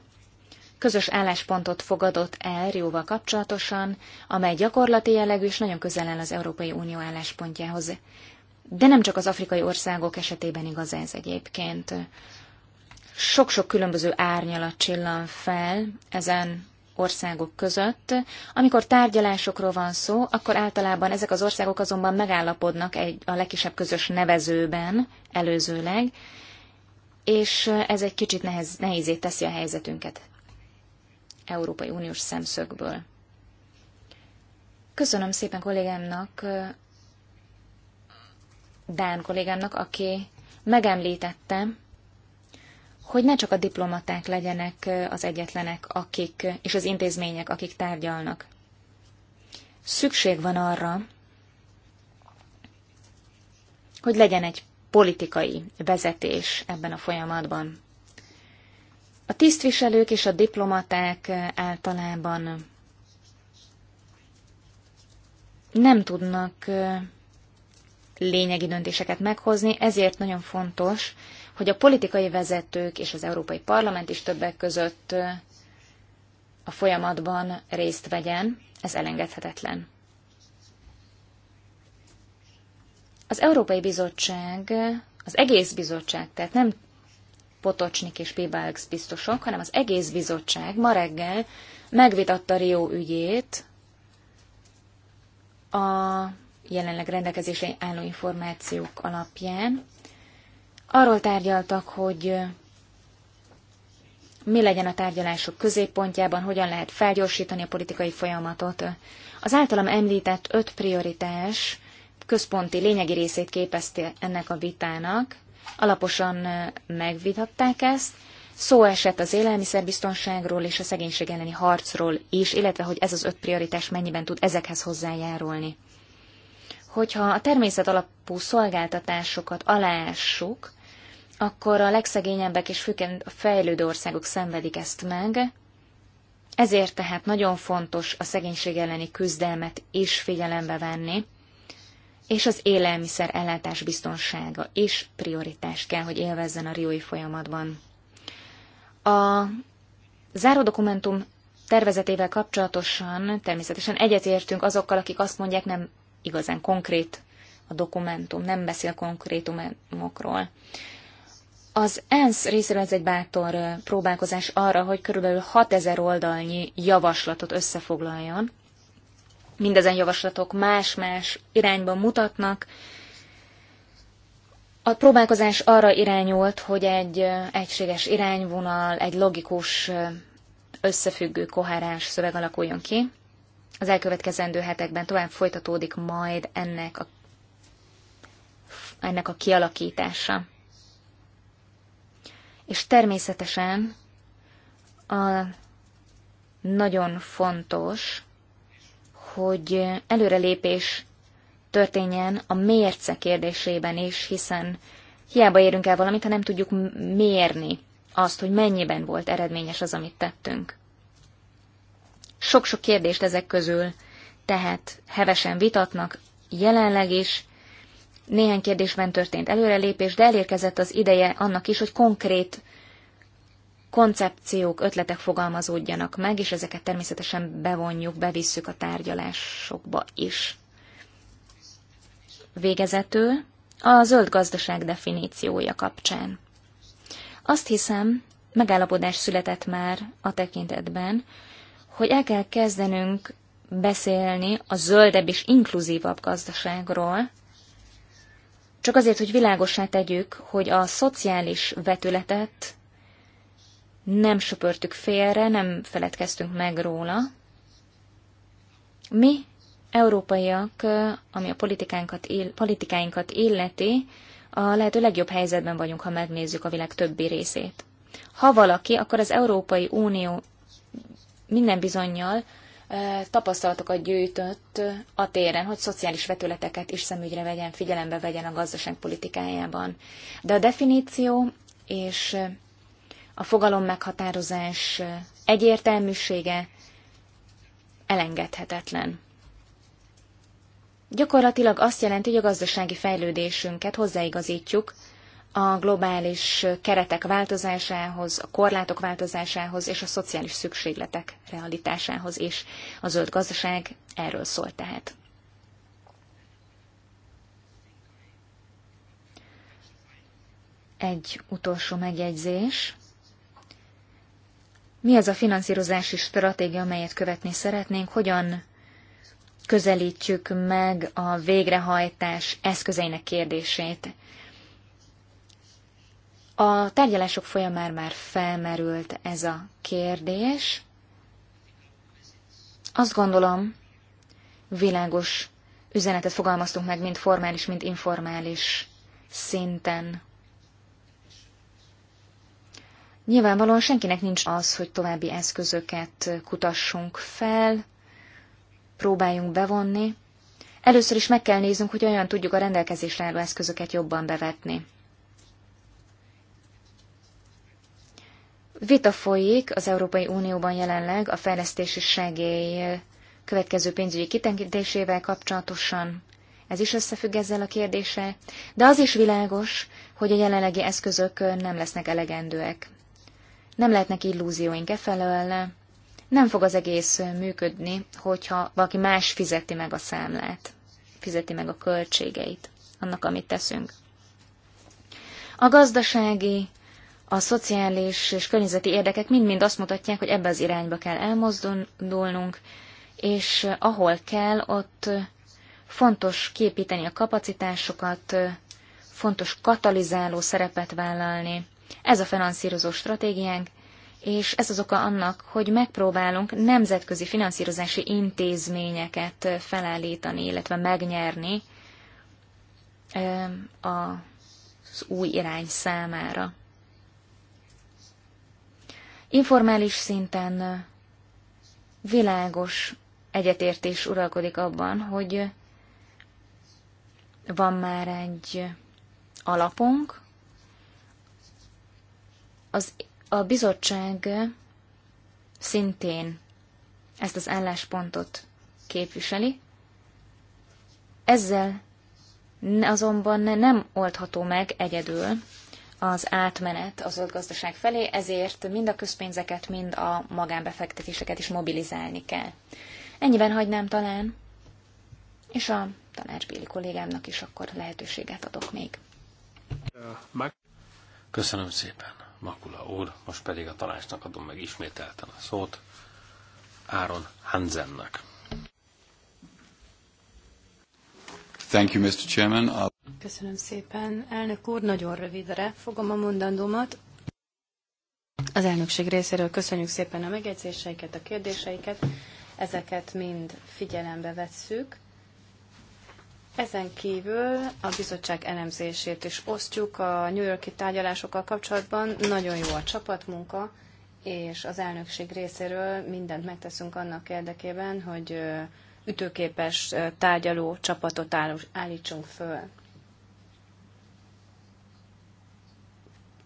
Speaker 3: közös álláspontot fogadott el Rióval kapcsolatosan, amely gyakorlati jellegű és nagyon közel áll az Európai Unió álláspontjához. De nem csak az afrikai országok esetében igaz ez egyébként. Sok-sok különböző árnyalat csillan fel ezen országok között. Amikor tárgyalásokról van szó, akkor általában ezek az országok azonban megállapodnak egy, a legkisebb közös nevezőben előzőleg, és ez egy kicsit nehez, nehézé teszi a helyzetünket Európai Uniós szemszögből. Köszönöm szépen kollégámnak Dán kollégámnak, aki megemlítette, hogy ne csak a diplomaták legyenek az egyetlenek, akik, és az intézmények, akik tárgyalnak. Szükség van arra, hogy legyen egy politikai vezetés ebben a folyamatban. A tisztviselők és a diplomaták általában nem tudnak lényegi döntéseket meghozni, ezért nagyon fontos, hogy a politikai vezetők és az Európai Parlament is többek között a folyamatban részt vegyen, ez elengedhetetlen. Az Európai Bizottság, az egész bizottság, tehát nem Potocsnik és Pibalx biztosok, hanem az egész bizottság ma reggel megvitatta Rio ügyét a jelenleg rendelkezésre álló információk alapján. Arról tárgyaltak, hogy mi legyen a tárgyalások középpontjában, hogyan lehet felgyorsítani a politikai folyamatot. Az általam említett öt prioritás központi lényegi részét képezte ennek a vitának. Alaposan megvitatták ezt. Szó esett az élelmiszerbiztonságról és a szegénység elleni harcról is, illetve hogy ez az öt prioritás mennyiben tud ezekhez hozzájárulni hogyha a természet alapú szolgáltatásokat aláássuk, akkor a legszegényebbek és főként a fejlődő országok szenvedik ezt meg. Ezért tehát nagyon fontos a szegénység elleni küzdelmet is figyelembe venni, és az élelmiszer ellátás biztonsága is prioritás kell, hogy élvezzen a riói folyamatban. A záró dokumentum tervezetével kapcsolatosan természetesen egyetértünk azokkal, akik azt mondják, nem igazán konkrét a dokumentum, nem beszél konkrétumokról. Az ENSZ részéről ez egy bátor próbálkozás arra, hogy körülbelül 6000 oldalnyi javaslatot összefoglaljon. Mindezen javaslatok más-más irányban mutatnak. A próbálkozás arra irányult, hogy egy egységes irányvonal, egy logikus, összefüggő, koherens szöveg alakuljon ki az elkövetkezendő hetekben tovább folytatódik majd ennek a, ennek a kialakítása. És természetesen a nagyon fontos, hogy előrelépés történjen a mérce kérdésében is, hiszen hiába érünk el valamit, ha nem tudjuk mérni azt, hogy mennyiben volt eredményes az, amit tettünk sok-sok kérdést ezek közül, tehát hevesen vitatnak, jelenleg is, néhány kérdésben történt előrelépés, de elérkezett az ideje annak is, hogy konkrét koncepciók, ötletek fogalmazódjanak meg, és ezeket természetesen bevonjuk, bevisszük a tárgyalásokba is. Végezetül a zöld gazdaság definíciója kapcsán. Azt hiszem, megállapodás született már a tekintetben, hogy el kell kezdenünk beszélni a zöldebb és inkluzívabb gazdaságról, csak azért, hogy világosá tegyük, hogy a szociális vetületet nem söpörtük félre, nem feledkeztünk meg róla. Mi, európaiak, ami a politikánkat, él, politikáinkat illeti, a lehető legjobb helyzetben vagyunk, ha megnézzük a világ többi részét. Ha valaki, akkor az Európai Unió minden bizonyal tapasztalatokat gyűjtött a téren, hogy szociális vetületeket is szemügyre vegyen, figyelembe vegyen a gazdaság politikájában. De a definíció és a fogalom meghatározás egyértelműsége elengedhetetlen. Gyakorlatilag azt jelenti, hogy a gazdasági fejlődésünket hozzáigazítjuk a globális keretek változásához, a korlátok változásához és a szociális szükségletek realitásához is. A zöld gazdaság erről szól tehát. Egy utolsó megjegyzés. Mi az a finanszírozási stratégia, amelyet követni szeretnénk? Hogyan közelítjük meg a végrehajtás eszközeinek kérdését? A tárgyalások folyamán már felmerült ez a kérdés. Azt gondolom, világos üzenetet fogalmaztunk meg, mind formális, mind informális szinten. Nyilvánvalóan senkinek nincs az, hogy további eszközöket kutassunk fel, próbáljunk bevonni. Először is meg kell néznünk, hogy olyan tudjuk a rendelkezésre álló eszközöket jobban bevetni. Vita folyik az Európai Unióban jelenleg a fejlesztési segély következő pénzügyi kitengítésével kapcsolatosan. Ez is összefügg ezzel a kérdéssel, de az is világos, hogy a jelenlegi eszközök nem lesznek elegendőek. Nem lehetnek illúzióink efelől, nem fog az egész működni, hogyha valaki más fizeti meg a számlát, fizeti meg a költségeit annak, amit teszünk. A gazdasági a szociális és környezeti érdekek mind-mind azt mutatják, hogy ebbe az irányba kell elmozdulnunk, és ahol kell, ott fontos képíteni a kapacitásokat, fontos katalizáló szerepet vállalni. Ez a finanszírozó stratégiánk, és ez az oka annak, hogy megpróbálunk nemzetközi finanszírozási intézményeket felállítani, illetve megnyerni az új irány számára. Informális szinten világos egyetértés uralkodik abban, hogy van már egy alapunk, az, a bizottság szintén ezt az álláspontot képviseli, ezzel azonban nem oldható meg egyedül az átmenet az zöld gazdaság felé, ezért mind a közpénzeket, mind a magánbefektetéseket is mobilizálni kell. Ennyiben hagynám talán, és a tanácsbéli kollégámnak is akkor lehetőséget adok még.
Speaker 1: Köszönöm szépen, Makula úr, most pedig a tanácsnak adom meg ismételten a szót Áron Hansennek.
Speaker 2: Thank you, Mr. Chairman. Uh... Köszönöm szépen. Elnök úr, nagyon rövidre fogom a mondandómat. Az elnökség részéről köszönjük szépen a megjegyzéseiket, a kérdéseiket. Ezeket mind figyelembe vesszük. Ezen kívül a bizottság elemzését is osztjuk a New Yorki tárgyalásokkal kapcsolatban. Nagyon jó a csapatmunka, és az elnökség részéről mindent megteszünk annak érdekében, hogy ütőképes tárgyaló csapatot állítsunk föl.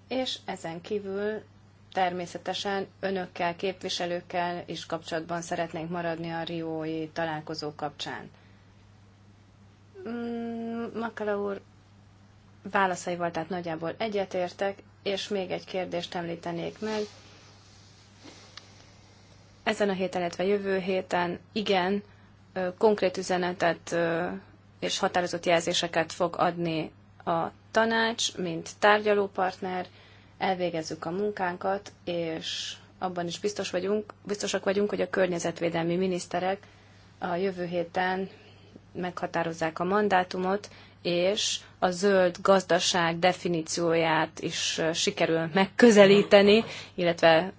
Speaker 2: És ezen kívül természetesen önökkel, képviselőkkel is kapcsolatban szeretnénk maradni a riói találkozó kapcsán. Mm, Makala úr válaszaival tehát nagyjából egyetértek, és még egy kérdést említenék meg. Ezen a héten, illetve jövő héten igen, konkrét üzenetet és határozott jelzéseket fog adni a tanács, mint tárgyalópartner, elvégezzük a munkánkat, és abban is biztos vagyunk, biztosak vagyunk, hogy a környezetvédelmi miniszterek a jövő héten meghatározzák a mandátumot, és a zöld gazdaság definícióját is sikerül megközelíteni, illetve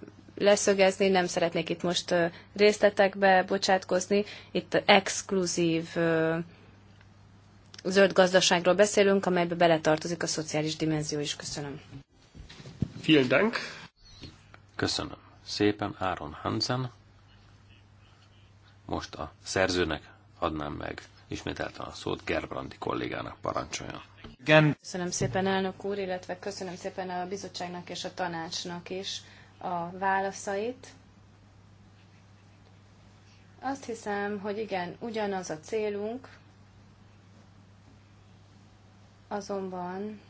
Speaker 2: leszögezni, nem szeretnék itt most részletekbe bocsátkozni. Itt exkluzív zöld gazdaságról beszélünk, amelybe beletartozik a szociális dimenzió is. Köszönöm.
Speaker 1: Vielen Dank. Köszönöm. Szépen Áron Hansen. Most a szerzőnek adnám meg ismételten a szót Gerbrandi kollégának parancsoljon.
Speaker 2: Köszönöm szépen elnök úr, illetve köszönöm szépen a bizottságnak és a tanácsnak is a válaszait. Azt hiszem, hogy igen, ugyanaz a célunk, azonban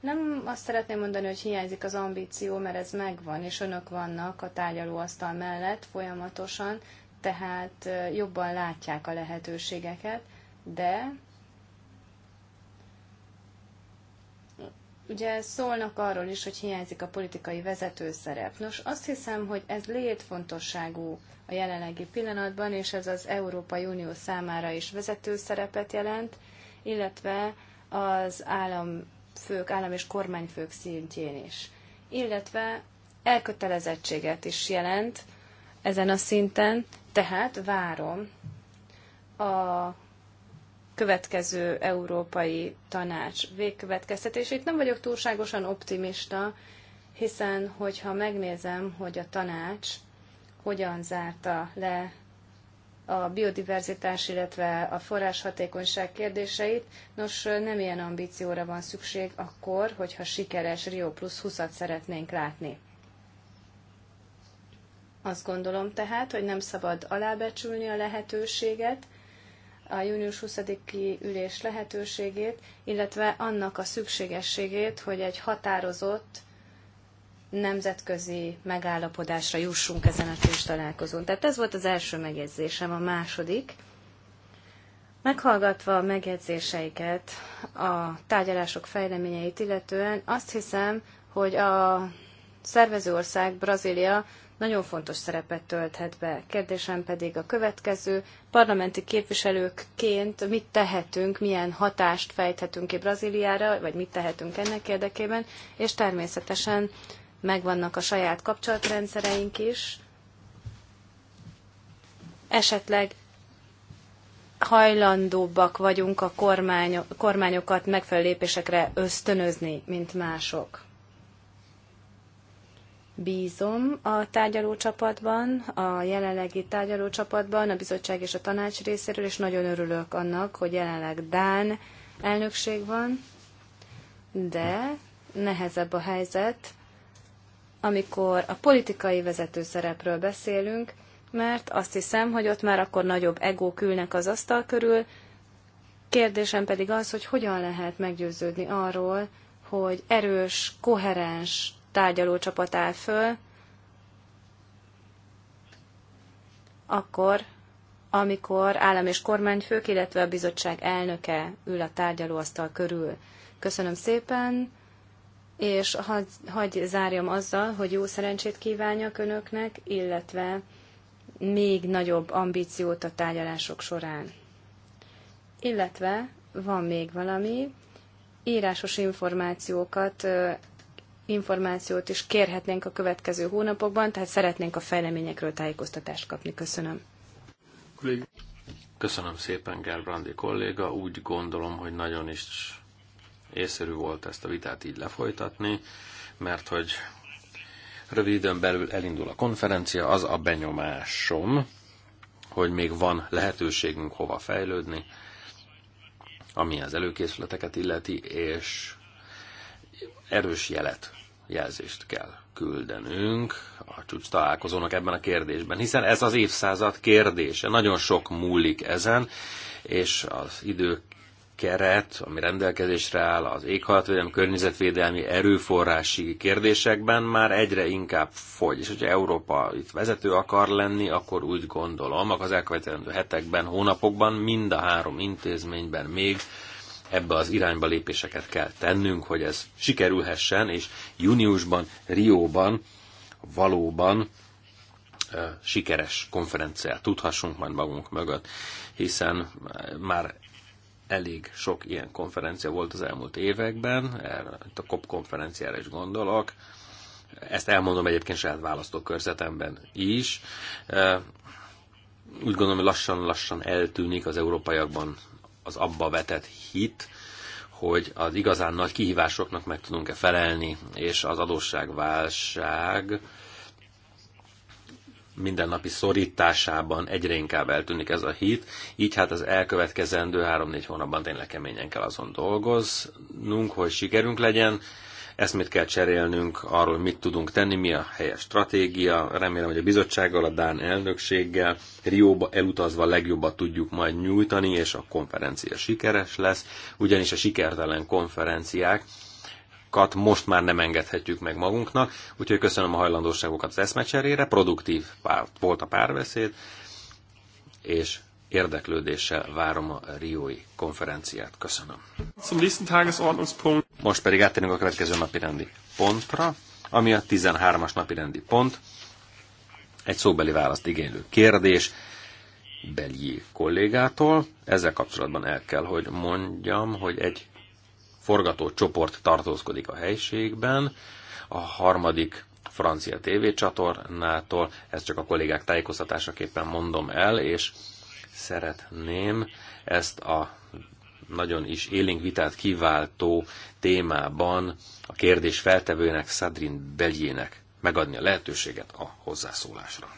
Speaker 2: nem azt szeretném mondani, hogy hiányzik az ambíció, mert ez megvan, és önök vannak a tárgyalóasztal mellett folyamatosan, tehát jobban látják a lehetőségeket, de ugye szólnak arról is, hogy hiányzik a politikai vezetőszerep. Nos, azt hiszem, hogy ez létfontosságú a jelenlegi pillanatban, és ez az Európai Unió számára is vezetőszerepet jelent, illetve az államfők, állam és kormányfők szintjén is. Illetve elkötelezettséget is jelent ezen a szinten, tehát várom a következő európai tanács végkövetkeztetését. Nem vagyok túlságosan optimista, hiszen hogyha megnézem, hogy a tanács hogyan zárta le a biodiverzitás, illetve a forráshatékonyság kérdéseit, nos nem ilyen ambícióra van szükség akkor, hogyha sikeres Rio Plus 20-at szeretnénk látni. Azt gondolom tehát, hogy nem szabad alábecsülni a lehetőséget, a június 20-i ülés lehetőségét, illetve annak a szükségességét, hogy egy határozott nemzetközi megállapodásra jussunk ezen a csúcs találkozón. Tehát ez volt az első megjegyzésem, a második. Meghallgatva a megjegyzéseiket, a tárgyalások fejleményeit illetően, azt hiszem, hogy a szervezőország Brazília nagyon fontos szerepet tölthet be. Kérdésem pedig a következő, parlamenti képviselőkként mit tehetünk, milyen hatást fejthetünk ki Brazíliára, vagy mit tehetünk ennek érdekében, és természetesen megvannak a saját kapcsolatrendszereink is. Esetleg hajlandóbbak vagyunk a kormányokat megfelelő lépésekre ösztönözni, mint mások bízom a tárgyalócsapatban, a jelenlegi tárgyalócsapatban, a bizottság és a tanács részéről, és nagyon örülök annak, hogy jelenleg Dán elnökség van, de nehezebb a helyzet, amikor a politikai vezető szerepről beszélünk, mert azt hiszem, hogy ott már akkor nagyobb egók ülnek az asztal körül. Kérdésem pedig az, hogy hogyan lehet meggyőződni arról, hogy erős, koherens tárgyalócsapat áll föl, akkor, amikor állam és kormányfők, illetve a bizottság elnöke ül a tárgyalóasztal körül. Köszönöm szépen, és hagy, hagy zárjam azzal, hogy jó szerencsét kívánjak önöknek, illetve még nagyobb ambíciót a tárgyalások során. Illetve van még valami, írásos információkat információt is kérhetnénk a következő hónapokban, tehát szeretnénk a fejleményekről tájékoztatást kapni. Köszönöm.
Speaker 1: Köszönöm szépen, Gerbrandi kolléga. Úgy gondolom, hogy nagyon is észszerű volt ezt a vitát így lefolytatni, mert hogy rövid időn belül elindul a konferencia, az a benyomásom, hogy még van lehetőségünk hova fejlődni, ami az előkészületeket illeti, és erős jelet jelzést kell küldenünk a csúcs találkozónak ebben a kérdésben, hiszen ez az évszázad kérdése. Nagyon sok múlik ezen, és az idő keret, ami rendelkezésre áll az éghajlatvédelmi, környezetvédelmi, erőforrási kérdésekben már egyre inkább fogy. És hogyha Európa itt vezető akar lenni, akkor úgy gondolom, az elkövetkező hetekben, hónapokban mind a három intézményben még ebbe az irányba lépéseket kell tennünk, hogy ez sikerülhessen, és júniusban, Rióban valóban sikeres konferenciát tudhassunk majd magunk mögött, hiszen már elég sok ilyen konferencia volt az elmúlt években, erre, itt a COP konferenciára is gondolok, ezt elmondom egyébként saját választókörzetemben is. Úgy gondolom, hogy lassan-lassan eltűnik az európaiakban az abba vetett hit, hogy az igazán nagy kihívásoknak meg tudunk-e felelni, és az adósságválság mindennapi szorításában egyre inkább eltűnik ez a hit, így hát az elkövetkezendő 3-4 hónapban tényleg keményen kell azon dolgoznunk, hogy sikerünk legyen, mit kell cserélnünk arról, mit tudunk tenni, mi a helyes stratégia. Remélem, hogy a bizottsággal, a Dán elnökséggel Rióba elutazva legjobbat tudjuk majd nyújtani, és a konferencia sikeres lesz, ugyanis a sikertelen konferenciák most már nem engedhetjük meg magunknak, úgyhogy köszönöm a hajlandóságokat az eszmecserére, produktív volt a párbeszéd, és érdeklődéssel várom a Riói konferenciát. Köszönöm. Most pedig áttérünk a következő napirendi pontra, ami a 13-as napirendi pont. Egy szóbeli választ igénylő kérdés beli kollégától. Ezzel kapcsolatban el kell, hogy mondjam, hogy egy forgatócsoport tartózkodik a helységben, a harmadik francia tévécsatornától, ezt csak a kollégák tájékoztatásaképpen mondom el, és szeretném ezt a nagyon is élénk vitát kiváltó témában a kérdés feltevőnek, Szadrin Beljének megadni a lehetőséget a hozzászólásra.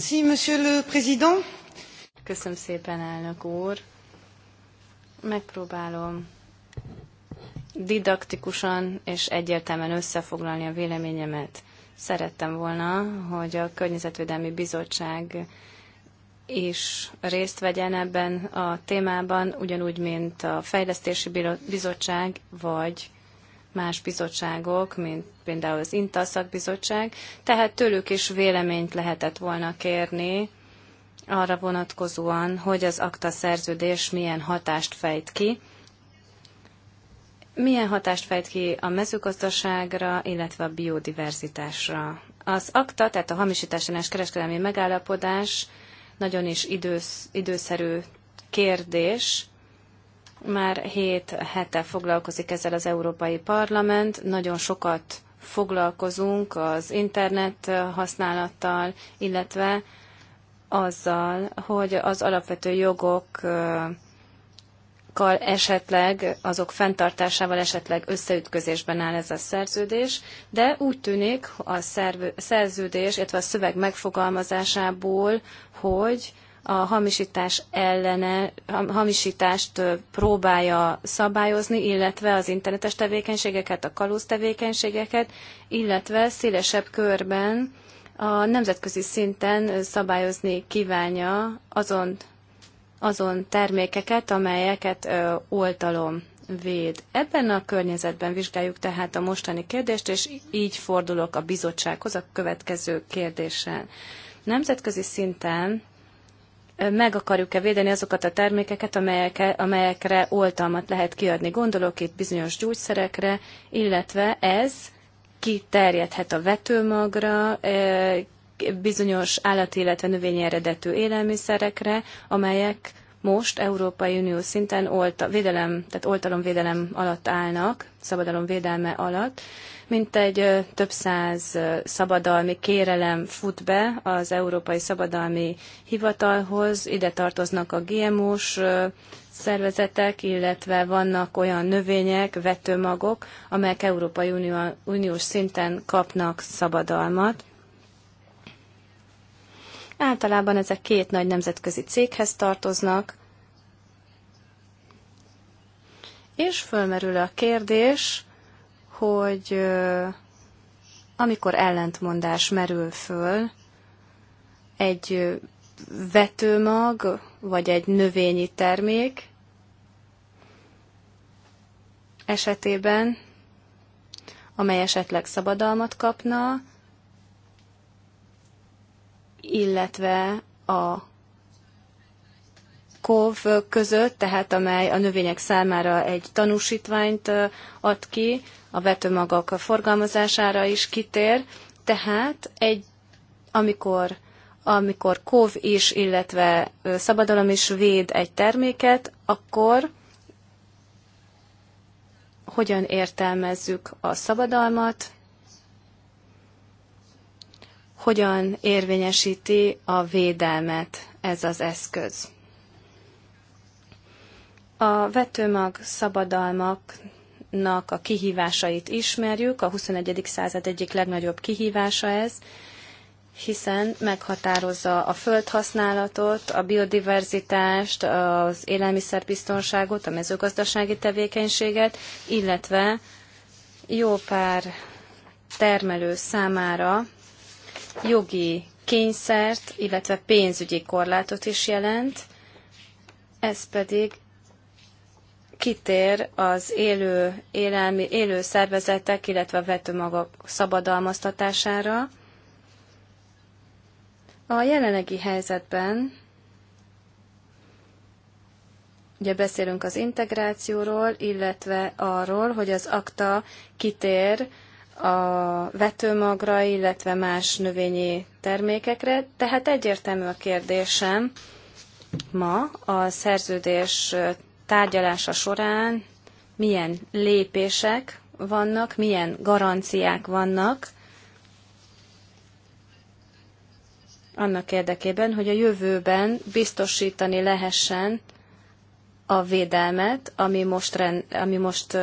Speaker 2: Sí, monsieur le président. Köszönöm szépen, elnök úr. Megpróbálom didaktikusan és egyértelműen összefoglalni a véleményemet. Szerettem volna, hogy a Környezetvédelmi Bizottság is részt vegyen ebben a témában, ugyanúgy, mint a Fejlesztési Bizottság, vagy más bizottságok, mint például az INTA szakbizottság, tehát tőlük is véleményt lehetett volna kérni arra vonatkozóan, hogy az akta szerződés milyen hatást fejt ki, milyen hatást fejt ki a mezőgazdaságra, illetve a biodiverzitásra. Az akta, tehát a hamisításenes kereskedelmi megállapodás nagyon is idősz, időszerű kérdés. Már hét hete foglalkozik ezzel az Európai Parlament. Nagyon sokat foglalkozunk az internet használattal, illetve azzal, hogy az alapvető jogok azokkal esetleg, azok fenntartásával esetleg összeütközésben áll ez a szerződés, de úgy tűnik a szerződés, illetve a szöveg megfogalmazásából, hogy a hamisítás ellene, hamisítást próbálja szabályozni, illetve az internetes tevékenységeket, a kalóz tevékenységeket, illetve szélesebb körben a nemzetközi szinten szabályozni kívánja azon azon termékeket, amelyeket ö, oltalom véd. Ebben a környezetben vizsgáljuk tehát a mostani kérdést, és így fordulok a bizottsághoz a következő kérdéssel. Nemzetközi szinten meg akarjuk-e védeni azokat a termékeket, amelyek, amelyekre oltalmat lehet kiadni. Gondolok itt bizonyos gyógyszerekre, illetve ez kiterjedhet a vetőmagra, bizonyos állati, illetve növényi eredetű élelmiszerekre, amelyek most Európai Unió szinten olta, védelem, tehát oltalomvédelem alatt állnak, szabadalom védelme alatt. Mint egy több száz szabadalmi kérelem fut be az Európai Szabadalmi Hivatalhoz. Ide tartoznak a GMO-s szervezetek, illetve vannak olyan növények, vetőmagok, amelyek Európai Unió, Uniós szinten kapnak szabadalmat. Általában ezek két nagy nemzetközi céghez tartoznak, és fölmerül a kérdés, hogy amikor ellentmondás merül föl, egy vetőmag, vagy egy növényi termék esetében, amely esetleg szabadalmat kapna, illetve a KOV között, tehát amely a növények számára egy tanúsítványt ad ki, a vetőmagok forgalmazására is kitér, tehát egy, amikor amikor KOV is, illetve szabadalom is véd egy terméket, akkor hogyan értelmezzük a szabadalmat, hogyan érvényesíti a védelmet ez az eszköz. A vetőmag szabadalmaknak a kihívásait ismerjük, a 21. század egyik legnagyobb kihívása ez, hiszen meghatározza a földhasználatot, a biodiverzitást, az élelmiszerbiztonságot, a mezőgazdasági tevékenységet, illetve jó pár termelő számára jogi kényszert, illetve pénzügyi korlátot is jelent, ez pedig kitér az élő, élelmi, élő szervezetek, illetve a vetőmagok szabadalmaztatására. A jelenlegi helyzetben ugye beszélünk az integrációról, illetve arról, hogy az akta kitér a vetőmagra, illetve más növényi termékekre. Tehát egyértelmű a kérdésem ma a szerződés tárgyalása során milyen lépések vannak, milyen garanciák vannak annak érdekében, hogy a jövőben biztosítani lehessen a védelmet, ami most, rend, ami most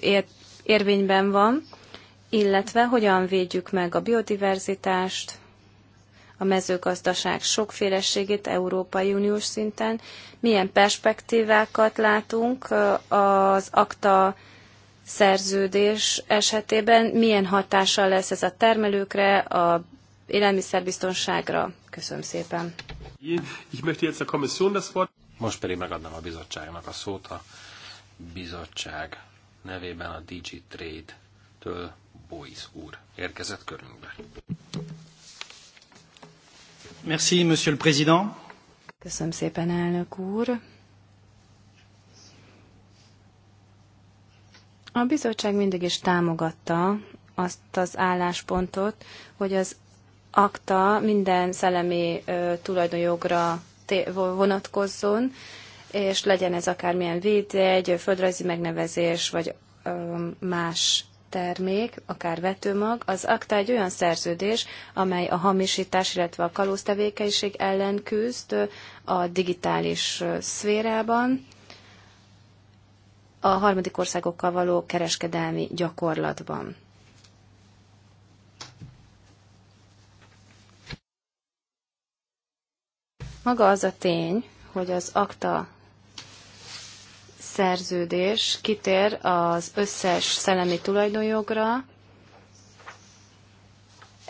Speaker 2: ért, érvényben van, illetve hogyan védjük meg a biodiverzitást, a mezőgazdaság sokféleségét Európai Uniós szinten, milyen perspektívákat látunk az akta szerződés esetében, milyen hatással lesz ez a termelőkre, a élelmiszerbiztonságra. Köszönöm szépen.
Speaker 1: Most pedig megadnám a bizottságnak a szót. A bizottság nevében a digitrade Trade-től Bois úr érkezett körünkbe.
Speaker 3: Merci, Monsieur le Président.
Speaker 2: Köszönöm szépen, elnök úr. A bizottság mindig is támogatta azt az álláspontot, hogy az akta minden szellemi ö, tulajdonjogra vonatkozzon, és legyen ez akármilyen védjegy, földrajzi megnevezés, vagy más termék, akár vetőmag, az akta egy olyan szerződés, amely a hamisítás, illetve a kalóz tevékenység ellen küzd a digitális szférában, a harmadik országokkal való kereskedelmi gyakorlatban. Maga az a tény, hogy az akta szerződés kitér az összes szellemi tulajdonjogra.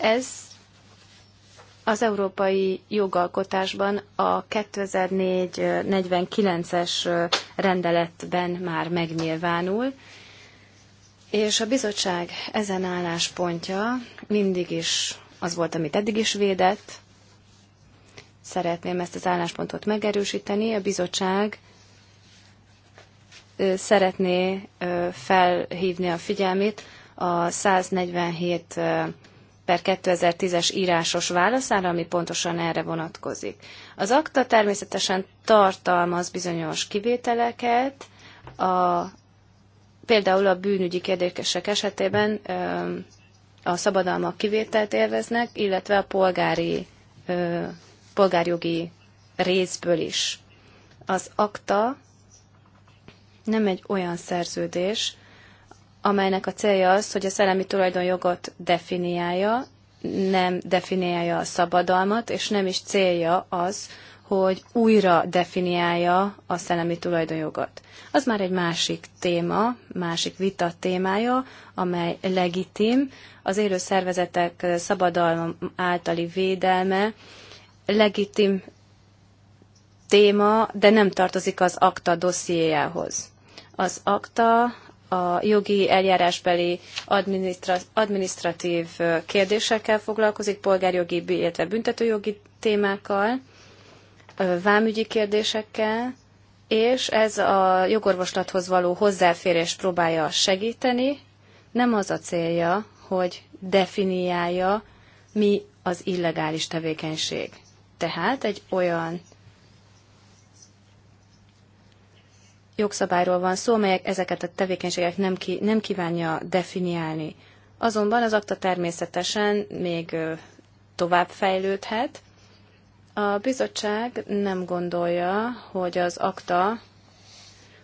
Speaker 2: Ez az európai jogalkotásban a 2004-49-es rendeletben már megnyilvánul, és a bizottság ezen álláspontja mindig is az volt, amit eddig is védett. Szeretném ezt az álláspontot megerősíteni. A bizottság szeretné felhívni a figyelmét a 147 per 2010-es írásos válaszára, ami pontosan erre vonatkozik. Az akta természetesen tartalmaz bizonyos kivételeket, a, például a bűnügyi kérdékesek esetében a szabadalmak kivételt élveznek, illetve a polgári, polgárjogi részből is. Az akta nem egy olyan szerződés, amelynek a célja az, hogy a szellemi tulajdonjogot definiálja, nem definiálja a szabadalmat, és nem is célja az, hogy újra definiálja a szellemi tulajdonjogot. Az már egy másik téma, másik vita témája, amely legitim. Az élő szervezetek szabadalom általi védelme legitim téma, de nem tartozik az akta dossziéjához. Az akta a jogi eljárásbeli adminisztra- adminisztratív kérdésekkel foglalkozik, polgárjogi, illetve büntetőjogi témákkal, vámügyi kérdésekkel, és ez a jogorvoslathoz való hozzáférés próbálja segíteni. Nem az a célja, hogy definiálja, mi az illegális tevékenység. Tehát egy olyan jogszabályról van szó, amelyek ezeket a tevékenységek nem, ki, nem kívánja definiálni. Azonban az akta természetesen még tovább fejlődhet. A bizottság nem gondolja, hogy az akta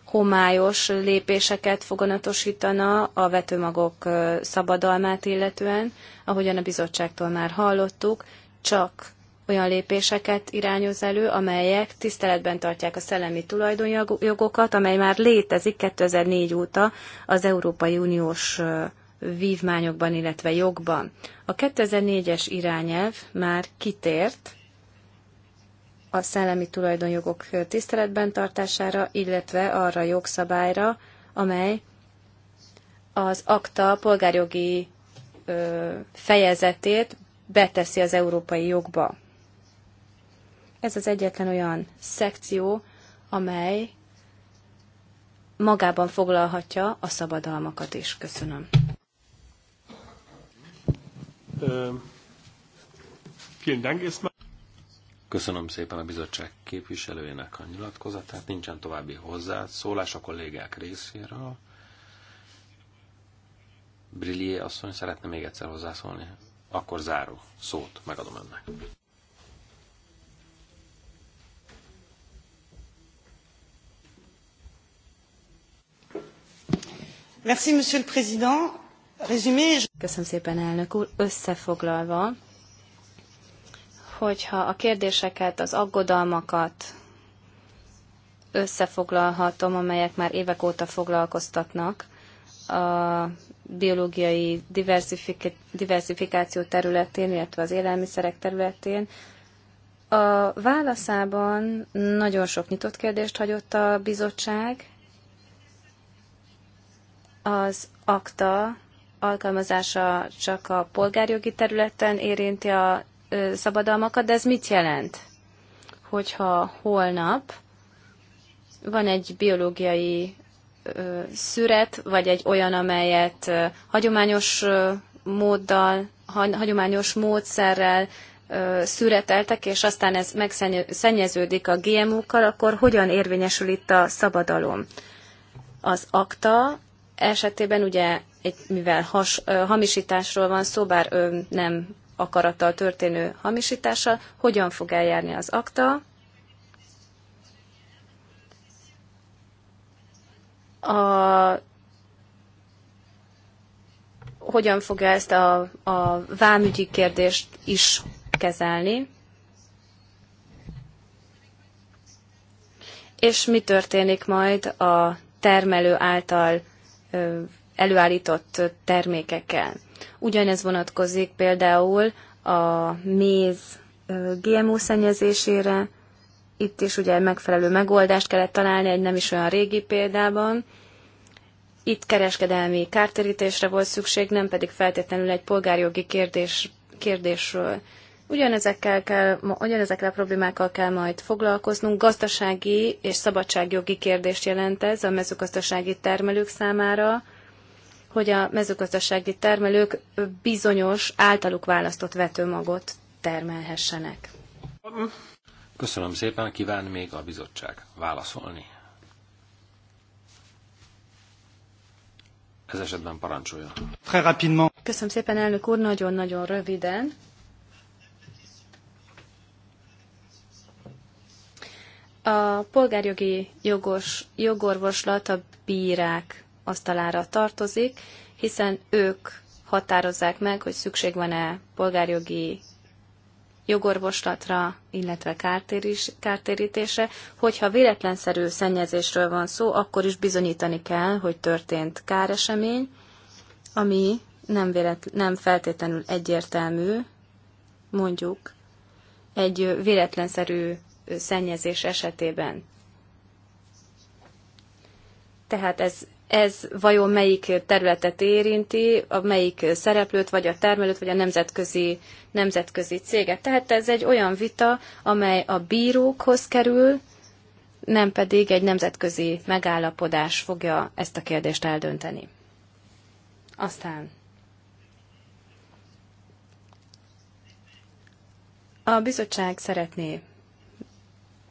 Speaker 2: homályos lépéseket foganatosítana a vetőmagok szabadalmát illetően, ahogyan a bizottságtól már hallottuk, csak olyan lépéseket irányoz elő, amelyek tiszteletben tartják a szellemi tulajdonjogokat, amely már létezik 2004 óta az Európai Uniós vívmányokban, illetve jogban. A 2004-es irányelv már kitért a szellemi tulajdonjogok tiszteletben tartására, illetve arra jogszabályra, amely az akta polgárjogi fejezetét beteszi az európai jogba. Ez az egyetlen olyan szekció, amely magában foglalhatja a szabadalmakat is. Köszönöm.
Speaker 1: Köszönöm szépen a bizottság képviselőjének a nyilatkozatát. Nincsen további hozzászólás a kollégák részéről. Brillié asszony szeretne még egyszer hozzászólni. Akkor záró szót megadom önnek.
Speaker 2: Köszönöm szépen, elnök úr. Összefoglalva, hogyha a kérdéseket, az aggodalmakat összefoglalhatom, amelyek már évek óta foglalkoztatnak, a biológiai diversifik- diversifikáció területén, illetve az élelmiszerek területén. A válaszában nagyon sok nyitott kérdést hagyott a bizottság, az akta alkalmazása csak a polgárjogi területen érinti a szabadalmakat, de ez mit jelent? Hogyha holnap van egy biológiai szüret, vagy egy olyan, amelyet hagyományos móddal, hagyományos módszerrel szüreteltek, és aztán ez megszennyeződik a GMO-kkal, akkor hogyan érvényesül itt a szabadalom? Az akta esetében ugye, egy, mivel has, hamisításról van szó, bár ö, nem akarattal történő hamisítással, hogyan fog eljárni az akta, a, hogyan fogja ezt a, a vámügyi kérdést is kezelni, és mi történik majd a termelő által előállított termékekkel. Ugyanez vonatkozik például a méz GMO szennyezésére. Itt is ugye megfelelő megoldást kellett találni egy nem is olyan régi példában. Itt kereskedelmi kártérítésre volt szükség, nem pedig feltétlenül egy polgárjogi kérdés, kérdésről. Ugyanezekkel kell, ugyanezekkel a problémákkal kell majd foglalkoznunk. Gazdasági és szabadságjogi kérdést jelent ez a mezőgazdasági termelők számára, hogy a mezőgazdasági termelők bizonyos általuk választott vetőmagot termelhessenek.
Speaker 1: Köszönöm szépen, kíván még a bizottság válaszolni. Ez esetben parancsoljon.
Speaker 2: Köszönöm szépen, elnök úr, nagyon-nagyon röviden. A polgárjogi jogos, jogorvoslat a bírák asztalára tartozik, hiszen ők határozzák meg, hogy szükség van-e polgárjogi jogorvoslatra, illetve kártérés, kártérítése. Hogyha véletlenszerű szennyezésről van szó, akkor is bizonyítani kell, hogy történt káresemény, ami nem, véletlen, nem feltétlenül egyértelmű, mondjuk egy véletlenszerű szennyezés esetében. Tehát ez, ez vajon melyik területet érinti, a melyik szereplőt, vagy a termelőt, vagy a nemzetközi, nemzetközi céget. Tehát ez egy olyan vita, amely a bírókhoz kerül, nem pedig egy nemzetközi megállapodás fogja ezt a kérdést eldönteni. Aztán a bizottság szeretné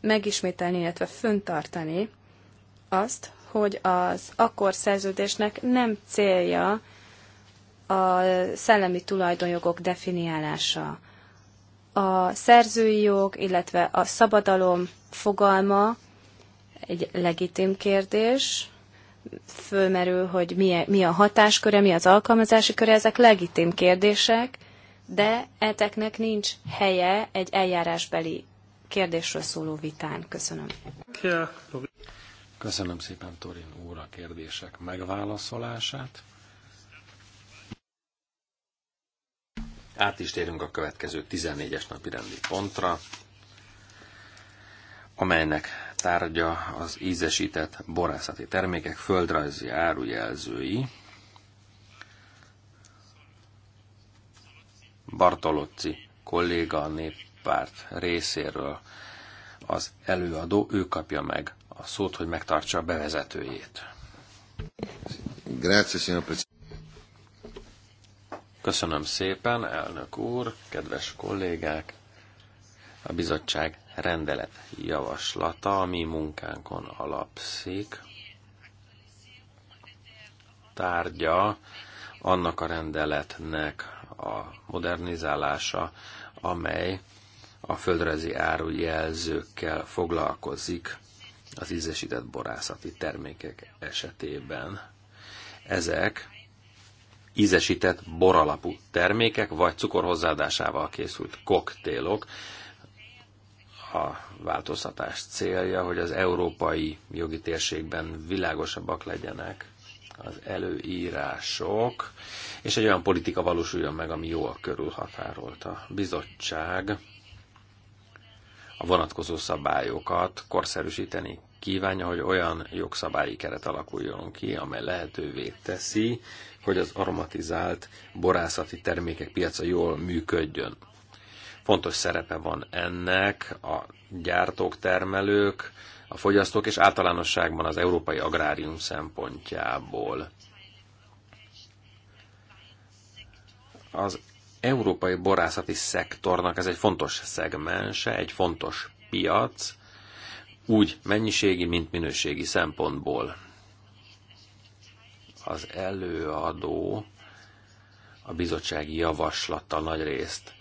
Speaker 2: megismételni, illetve föntartani azt, hogy az akkor szerződésnek nem célja a szellemi tulajdonjogok definiálása. A szerzői jog, illetve a szabadalom fogalma egy legitim kérdés, fölmerül, hogy mi, e- mi a hatásköre, mi az alkalmazási köre, ezek legitim kérdések, de eteknek nincs helye egy eljárásbeli kérdésről szóló vitán. Köszönöm. Köszönöm
Speaker 1: szépen Torin úr a kérdések megválaszolását. Át is térünk a következő 14-es napi rendi pontra, amelynek tárgya az ízesített borászati termékek földrajzi árujelzői. Bartolozzi kolléga a nép párt részéről az előadó, ő kapja meg a szót, hogy megtartsa a bevezetőjét. Grazie, signor Köszönöm szépen, elnök úr, kedves kollégák! A bizottság rendelet javaslata a mi munkánkon alapszik. Tárgya annak a rendeletnek a modernizálása, amely a földrajzi árujelzőkkel foglalkozik az ízesített borászati termékek esetében. Ezek ízesített boralapú termékek, vagy cukor hozzáadásával készült koktélok. A változtatás célja, hogy az európai jogi térségben világosabbak legyenek az előírások, és egy olyan politika valósuljon meg, ami jól körülhatárolt a bizottság a vonatkozó szabályokat korszerűsíteni kívánja, hogy olyan jogszabályi keret alakuljon ki, amely lehetővé teszi, hogy az aromatizált borászati termékek piaca jól működjön. Fontos szerepe van ennek a gyártók, termelők, a fogyasztók és általánosságban az európai agrárium szempontjából. Az európai borászati szektornak ez egy fontos szegmense, egy fontos piac, úgy mennyiségi, mint minőségi szempontból. Az előadó a bizottsági javaslattal nagy részt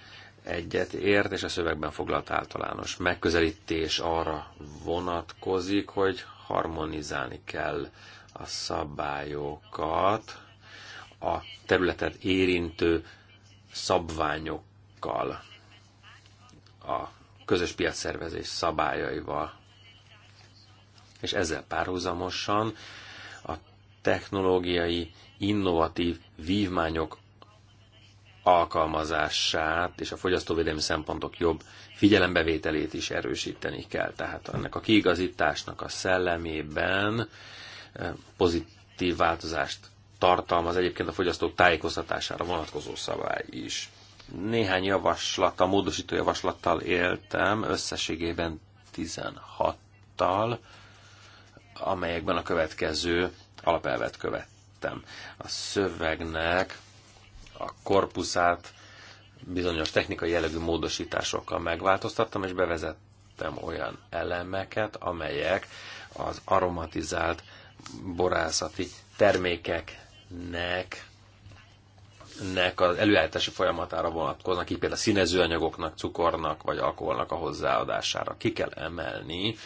Speaker 1: egyet ért, és a szövegben foglalt általános megközelítés arra vonatkozik, hogy harmonizálni kell a szabályokat a területet érintő szabványokkal, a közös piacszervezés szabályaival, és ezzel párhuzamosan a technológiai innovatív vívmányok alkalmazását és a fogyasztóvédelmi szempontok jobb figyelembevételét is erősíteni kell. Tehát ennek a kiigazításnak a szellemében eh, pozitív változást tartalmaz egyébként a fogyasztók tájékoztatására vonatkozó szabály is. Néhány javaslattal, módosító javaslattal éltem, összességében 16-tal, amelyekben a következő alapelvet követtem. A szövegnek a korpuszát bizonyos technikai jellegű módosításokkal megváltoztattam, és bevezettem olyan elemeket, amelyek az aromatizált borászati termékek nek nek az előállítási folyamatára vonatkoznak, így például színezőanyagoknak, cukornak vagy alkoholnak a hozzáadására. Ki kell emelni,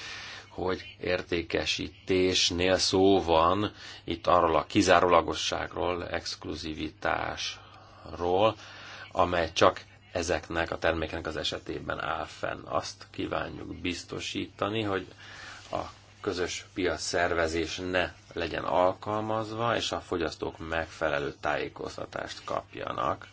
Speaker 1: hogy értékesítésnél szó van itt arról a kizárólagosságról, exkluzivitásról, amely csak ezeknek a termékenek az esetében áll fenn. Azt kívánjuk biztosítani, hogy a közös piac szervezés ne legyen alkalmazva, és a fogyasztók megfelelő tájékoztatást kapjanak.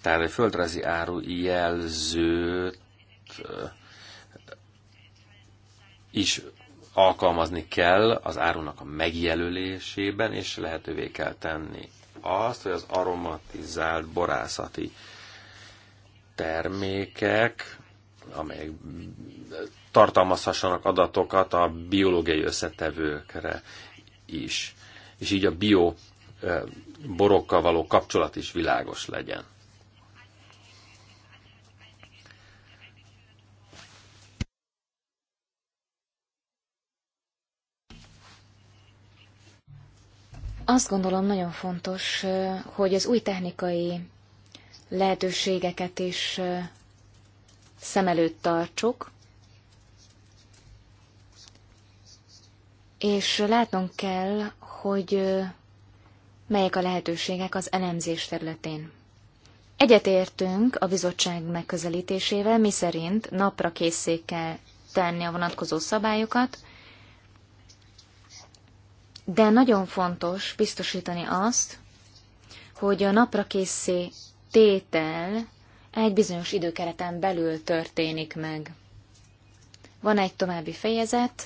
Speaker 1: Tehát egy földrajzi áru jelzőt is alkalmazni kell az árunak a megjelölésében, és lehetővé kell tenni azt, hogy az aromatizált borászati termékek, amelyek tartalmazhassanak adatokat a biológiai összetevőkre is. És így a bio borokkal való kapcsolat is világos legyen.
Speaker 3: Azt gondolom nagyon fontos, hogy az új technikai lehetőségeket is szem előtt tartsuk, és látnunk kell, hogy melyek a lehetőségek az elemzés területén. Egyetértünk a bizottság megközelítésével, miszerint napra készé kell tenni a vonatkozó szabályokat, de nagyon fontos biztosítani azt, hogy a napra készé tétel egy bizonyos időkereten belül történik meg. Van egy további fejezet,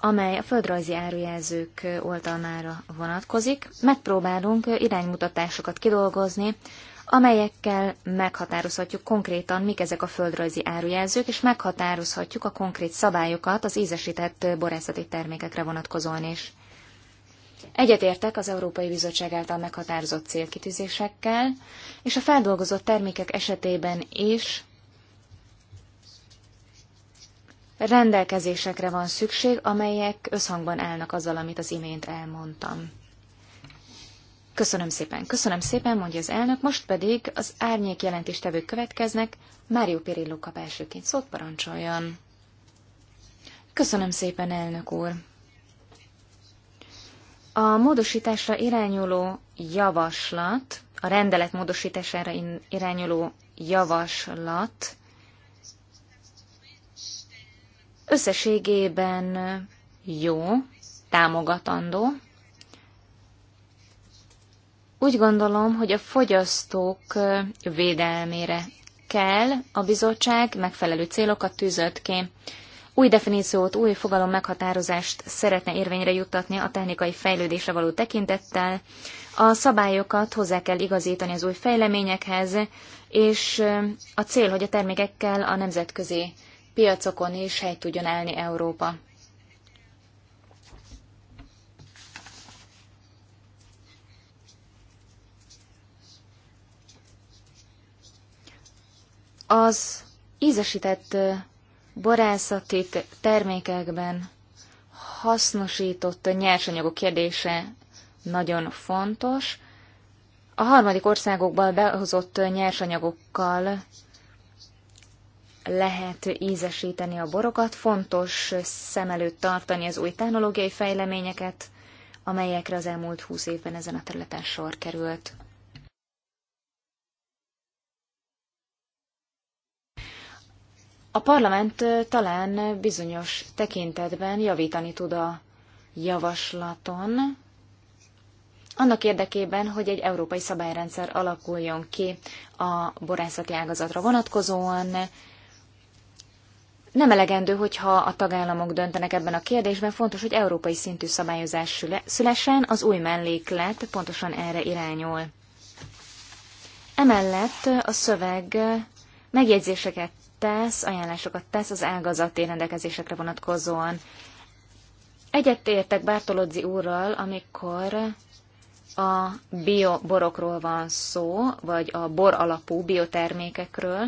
Speaker 3: amely a földrajzi árujelzők oltalmára vonatkozik. Megpróbálunk iránymutatásokat kidolgozni, amelyekkel meghatározhatjuk konkrétan, mik ezek a földrajzi árujelzők, és meghatározhatjuk a konkrét szabályokat az ízesített borászati termékekre vonatkozóan is. Egyetértek az Európai Bizottság által meghatározott célkitűzésekkel, és a feldolgozott termékek esetében is rendelkezésekre van szükség, amelyek összhangban állnak azzal, amit az imént elmondtam. Köszönöm szépen, köszönöm szépen, mondja az elnök, most pedig az árnyék jelentéstevők következnek, Mário Pirillo kap elsőként szót parancsoljon. Köszönöm szépen, elnök úr! A módosításra irányuló javaslat, a rendelet módosítására irányuló javaslat összességében jó, támogatandó. Úgy gondolom, hogy a fogyasztók védelmére kell a bizottság megfelelő célokat tűzött ki új definíciót, új fogalom meghatározást szeretne érvényre juttatni a technikai fejlődésre való tekintettel. A szabályokat hozzá kell igazítani az új fejleményekhez, és a cél, hogy a termékekkel a nemzetközi piacokon is helyt tudjon állni Európa. Az ízesített borászati termékekben hasznosított nyersanyagok kérdése nagyon fontos. A harmadik országokból behozott nyersanyagokkal lehet ízesíteni a borokat, fontos szem előtt tartani az új technológiai fejleményeket, amelyekre az elmúlt húsz évben ezen a területen sor került. A parlament talán bizonyos tekintetben javítani tud a javaslaton, annak érdekében, hogy egy európai szabályrendszer alakuljon ki a borászati ágazatra vonatkozóan, nem elegendő, hogyha a tagállamok döntenek ebben a kérdésben, fontos, hogy európai szintű szabályozás szülesen, az új melléklet pontosan erre irányul. Emellett a szöveg megjegyzéseket tesz, ajánlásokat tesz az ágazati rendelkezésekre vonatkozóan. Egyet értek Bártolodzi úrral, amikor a bioborokról van szó, vagy a bor alapú biotermékekről.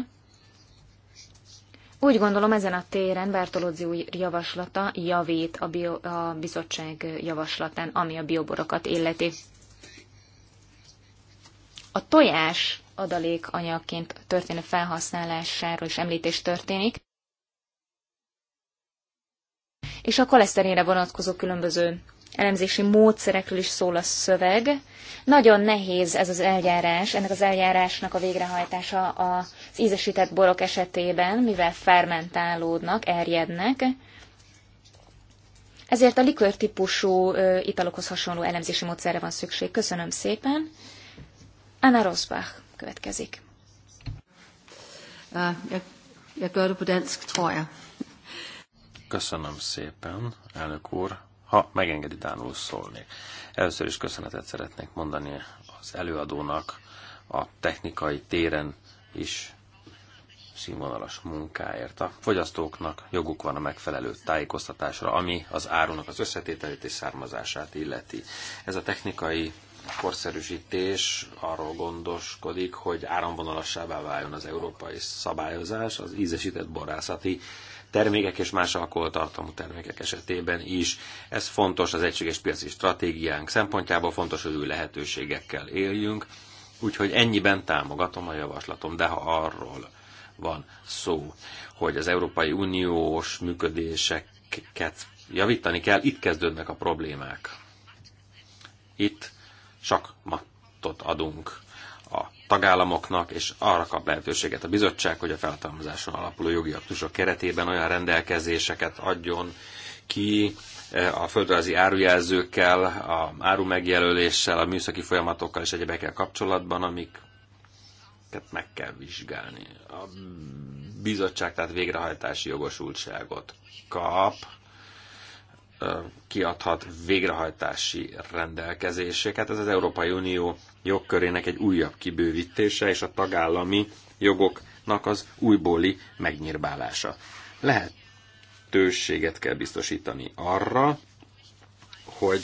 Speaker 3: Úgy gondolom, ezen a téren Bártolodzi úr javaslata javít a, bio, a bizottság javaslatán, ami a bioborokat illeti. A tojás adalékanyagként történő felhasználásáról is említés történik, és a koleszterinre vonatkozó különböző elemzési módszerekről is szól a szöveg. Nagyon nehéz ez az eljárás, ennek az eljárásnak a végrehajtása az ízesített borok esetében, mivel fermentálódnak, erjednek. Ezért a likör típusú italokhoz hasonló elemzési módszerre van szükség. Köszönöm szépen. Anna Rosbach következik.
Speaker 1: Köszönöm szépen, elnök úr. Ha megengedi, Dánul szólnék. Először is köszönetet szeretnék mondani az előadónak a technikai téren is színvonalas munkáért. A fogyasztóknak joguk van a megfelelő tájékoztatásra, ami az árunak az összetételét és származását illeti. Ez a technikai korszerűsítés arról gondoskodik, hogy áramvonalassábbá váljon az európai szabályozás az ízesített borászati termékek és más alkoholtartalmú termékek esetében is. Ez fontos az egységes piaci stratégiánk szempontjából, fontos, hogy új lehetőségekkel éljünk, úgyhogy ennyiben támogatom a javaslatom, de ha arról van szó, hogy az Európai Uniós működéseket javítani kell, itt kezdődnek a problémák. Itt matot adunk a tagállamoknak, és arra kap lehetőséget a bizottság, hogy a feltalmazáson alapuló jogi aktusok keretében olyan rendelkezéseket adjon ki e, a földrajzi árujelzőkkel, a áru megjelöléssel, a műszaki folyamatokkal és egyebekkel kapcsolatban, amiket meg kell vizsgálni. A bizottság tehát végrehajtási jogosultságot kap kiadhat végrehajtási rendelkezéseket. Ez az Európai Unió jogkörének egy újabb kibővítése és a tagállami jogoknak az újbóli megnyírbálása. Lehetőséget kell biztosítani arra, hogy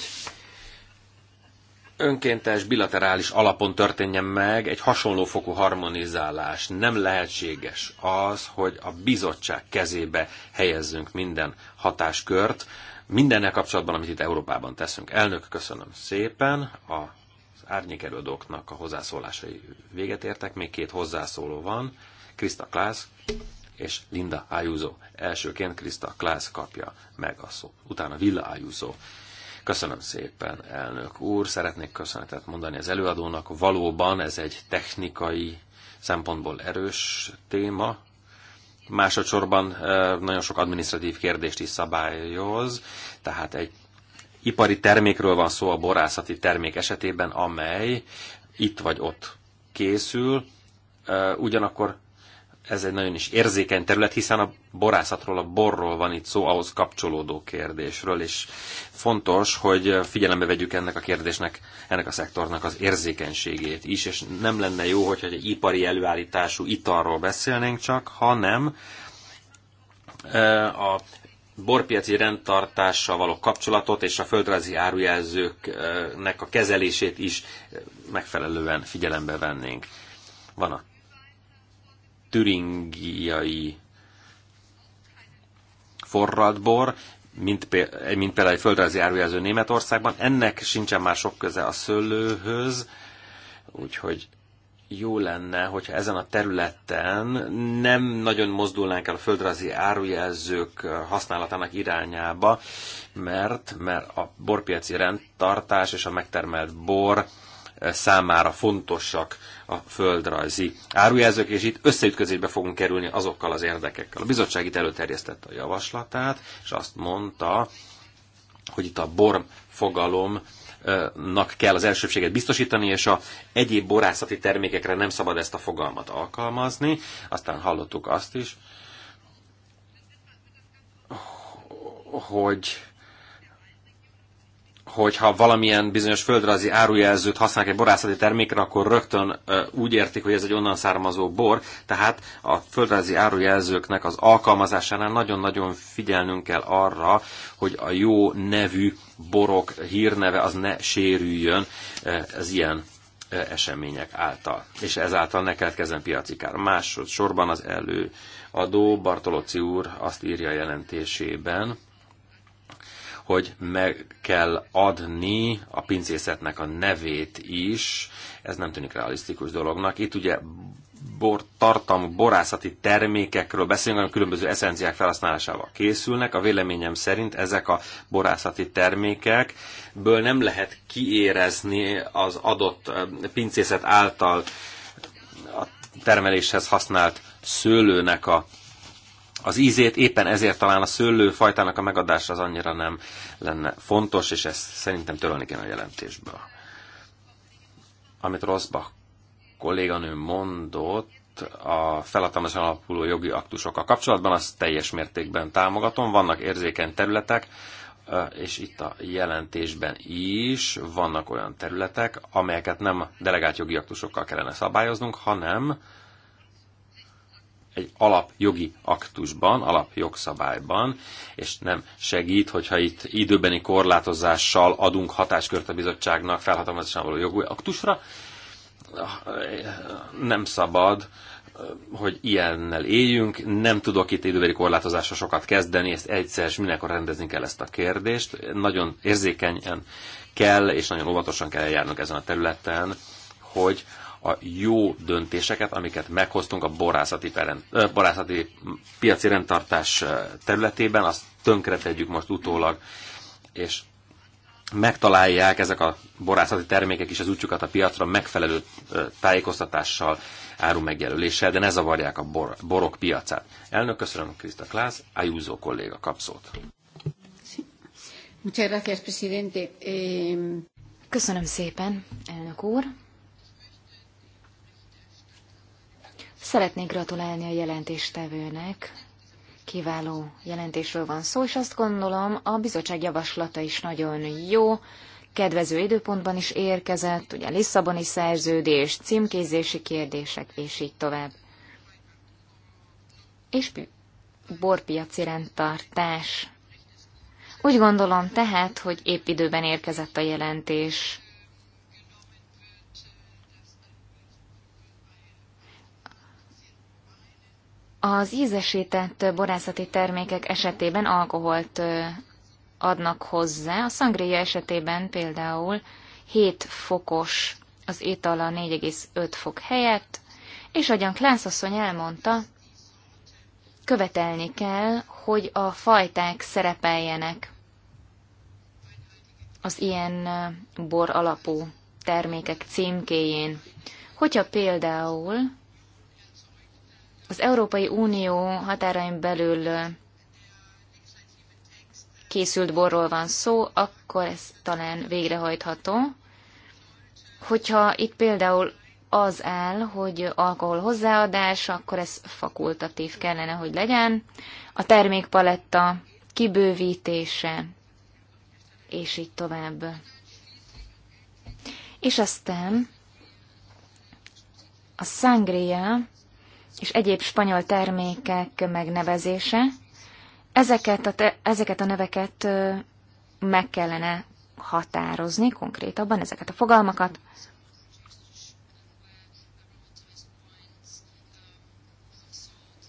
Speaker 1: önkéntes, bilaterális alapon történjen meg egy hasonló fokú harmonizálás. Nem lehetséges az, hogy a bizottság kezébe helyezzünk minden hatáskört, mindennel kapcsolatban, amit itt Európában teszünk. Elnök, köszönöm szépen. A árnyékelődóknak a hozzászólásai véget értek. Még két hozzászóló van, Krista Klász és Linda Ayuso. Elsőként Krista Klász kapja meg a szó. utána Villa Ayuso. Köszönöm szépen, elnök úr. Szeretnék köszönetet mondani az előadónak. Valóban ez egy technikai szempontból erős téma, Másodszorban eh, nagyon sok adminisztratív kérdést is szabályoz, tehát egy ipari termékről van szó a borászati termék esetében, amely itt vagy ott készül, eh, ugyanakkor ez egy nagyon is érzékeny terület, hiszen a borászatról, a borról van itt szó, ahhoz kapcsolódó kérdésről, és fontos, hogy figyelembe vegyük ennek a kérdésnek, ennek a szektornak az érzékenységét is, és nem lenne jó, hogyha egy ipari előállítású italról beszélnénk csak, hanem e, a borpiaci rendtartással való kapcsolatot és a földrajzi árujelzőknek a kezelését is megfelelően figyelembe vennénk. Van a türingiai forradbor, mint, például, eh, mint például egy földrajzi árujelző Németországban. Ennek sincsen már sok köze a szőlőhöz, úgyhogy jó lenne, hogyha ezen a területen nem nagyon mozdulnánk el a földrajzi árujelzők használatának irányába, mert, mert a borpiaci rendtartás és a megtermelt bor számára fontosak a földrajzi árujelzők, és itt összeütközésbe fogunk kerülni azokkal az érdekekkel. A bizottság itt előterjesztette a javaslatát, és azt mondta, hogy itt a bor fogalom nak kell az elsőbséget biztosítani, és a egyéb borászati termékekre nem szabad ezt a fogalmat alkalmazni. Aztán hallottuk azt is, hogy hogyha valamilyen bizonyos földrajzi árujelzőt használnak egy borászati termékre, akkor rögtön úgy értik, hogy ez egy onnan származó bor, tehát a földrajzi árujelzőknek az alkalmazásánál nagyon-nagyon figyelnünk kell arra, hogy a jó nevű borok hírneve az ne sérüljön az ilyen események által, és ezáltal ne keletkezzen piaci kár. Másodszorban az előadó Bartolozzi úr azt írja jelentésében, hogy meg kell adni a pincészetnek a nevét is. Ez nem tűnik realisztikus dolognak. Itt ugye bor, tartalmú borászati termékekről beszélünk, amik különböző eszenciák felhasználásával készülnek. A véleményem szerint ezek a borászati termékekből nem lehet kiérezni az adott pincészet által a termeléshez használt szőlőnek a az ízét, éppen ezért talán a szőlőfajtának a megadása az annyira nem lenne fontos, és ezt szerintem törölni kéne a jelentésből. Amit Rosbach kolléganő mondott, a felhatalmazáson alapuló jogi aktusokkal kapcsolatban, azt teljes mértékben támogatom. Vannak érzékeny területek, és itt a jelentésben is vannak olyan területek, amelyeket nem delegált jogi aktusokkal kellene szabályoznunk, hanem egy alapjogi aktusban, alapjogszabályban, és nem segít, hogyha itt időbeni korlátozással adunk hatáskört a bizottságnak felhatalmazásán való jogi aktusra. Nem szabad, hogy ilyennel éljünk. Nem tudok itt időbeli korlátozásra sokat kezdeni, ezt egyszer és mindenkor rendezni kell ezt a kérdést. Nagyon érzékenyen kell, és nagyon óvatosan kell eljárnunk ezen a területen, hogy a jó döntéseket, amiket meghoztunk a borászati, peren, borászati piaci rendtartás területében, azt tönkretegyük most utólag, és megtalálják ezek a borászati termékek is az útjukat a piacra megfelelő tájékoztatással, áru megjelöléssel, de ne zavarják a bor, borok piacát. Elnök, köszönöm Krista Klász, Ayuso kolléga kapszót.
Speaker 3: Muchas gracias, presidente. Eh, köszönöm szépen, elnök úr. Szeretnék gratulálni a jelentéstevőnek. Kiváló jelentésről van szó, és azt gondolom, a bizottság javaslata is nagyon jó. Kedvező időpontban is érkezett, ugye Lisszaboni szerződés, címkézési kérdések, és így tovább. És borpiaci rendtartás. Úgy gondolom tehát, hogy épp időben érkezett a jelentés. Az ízesített borászati termékek esetében alkoholt adnak hozzá, a szangréja esetében például 7 fokos az étala 4,5 fok helyett, és ahogyan Klász asszony elmondta, követelni kell, hogy a fajták szerepeljenek az ilyen bor alapú termékek címkéjén. Hogyha például az Európai Unió határain belül készült borról van szó, akkor ez talán végrehajtható. Hogyha itt például az áll, hogy alkohol hozzáadás, akkor ez fakultatív kellene, hogy legyen. A termékpaletta kibővítése, és így tovább. És aztán a szangria és egyéb spanyol termékek megnevezése. Ezeket a, te, ezeket a neveket meg kellene határozni konkrétabban, ezeket a fogalmakat.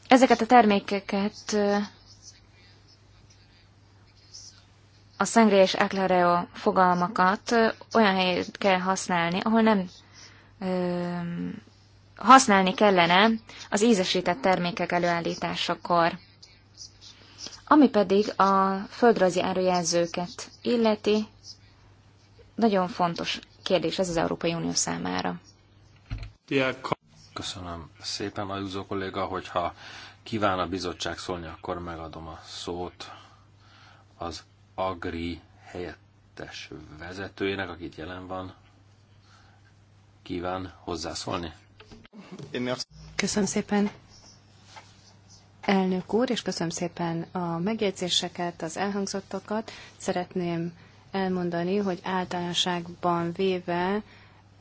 Speaker 3: Ezeket a termékeket a szengre és aclareo fogalmakat olyan helyet kell használni, ahol nem használni kellene az ízesített termékek előállításakor. Ami pedig a földrajzi árujelzőket illeti, nagyon fontos kérdés ez az Európai Unió számára.
Speaker 1: Köszönöm szépen, Ajuzó kolléga, hogyha kíván a bizottság szólni, akkor megadom a szót az Agri helyettes vezetőjének, akit jelen van. Kíván hozzászólni?
Speaker 2: Köszönöm szépen, elnök úr, és köszönöm szépen a megjegyzéseket, az elhangzottakat. Szeretném elmondani, hogy általánosságban véve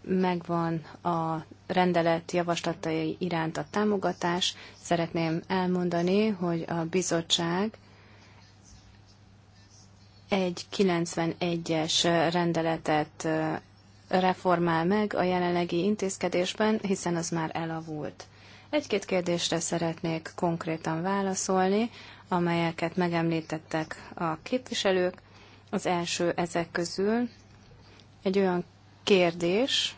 Speaker 2: megvan a rendelet javaslatai iránt a támogatás. Szeretném elmondani, hogy a bizottság egy 91-es rendeletet reformál meg a jelenlegi intézkedésben, hiszen az már elavult. Egy-két kérdésre szeretnék konkrétan válaszolni, amelyeket megemlítettek a képviselők. Az első ezek közül egy olyan kérdés,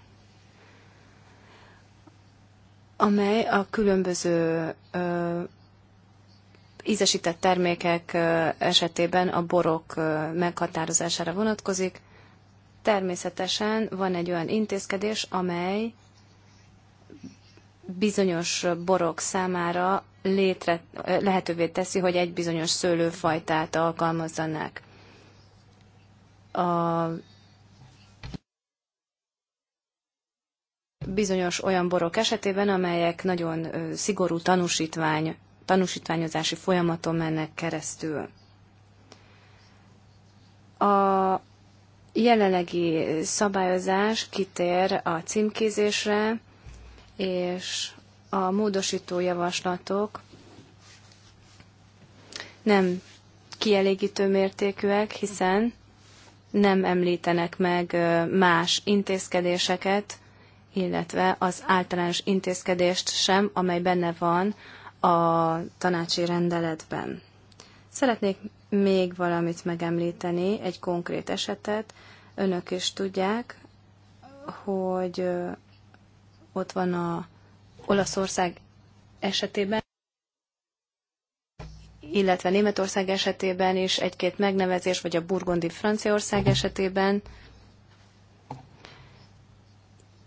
Speaker 2: amely a különböző ö, ízesített termékek ö, esetében a borok ö, meghatározására vonatkozik. Természetesen van egy olyan intézkedés, amely bizonyos borok számára létre, lehetővé teszi, hogy egy bizonyos szőlőfajtát alkalmazzanak. A bizonyos olyan borok esetében, amelyek nagyon szigorú tanúsítvány, tanúsítványozási folyamaton mennek keresztül. A jelenlegi szabályozás kitér a címkézésre, és a módosító javaslatok nem kielégítő mértékűek, hiszen nem említenek meg más intézkedéseket, illetve az általános intézkedést sem, amely benne van a tanácsi rendeletben. Szeretnék még valamit megemlíteni, egy konkrét esetet. Önök is tudják, hogy ott van a Olaszország esetében, illetve Németország esetében is egy-két megnevezés, vagy a burgundi Franciaország esetében.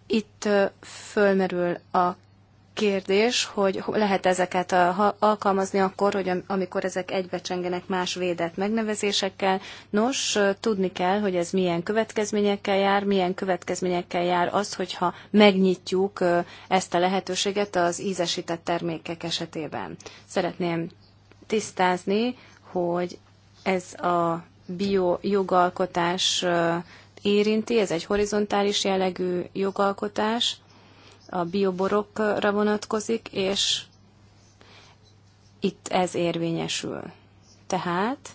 Speaker 2: Itt fölmerül a kérdés, hogy lehet ezeket a, alkalmazni akkor, hogy amikor ezek egybecsengenek más védett megnevezésekkel. Nos, tudni kell, hogy ez milyen következményekkel jár, milyen következményekkel jár az, hogyha megnyitjuk ezt a lehetőséget az ízesített termékek esetében. Szeretném tisztázni, hogy ez a bio jogalkotás érinti, ez egy horizontális jellegű jogalkotás, a bioborokra vonatkozik, és itt ez érvényesül. Tehát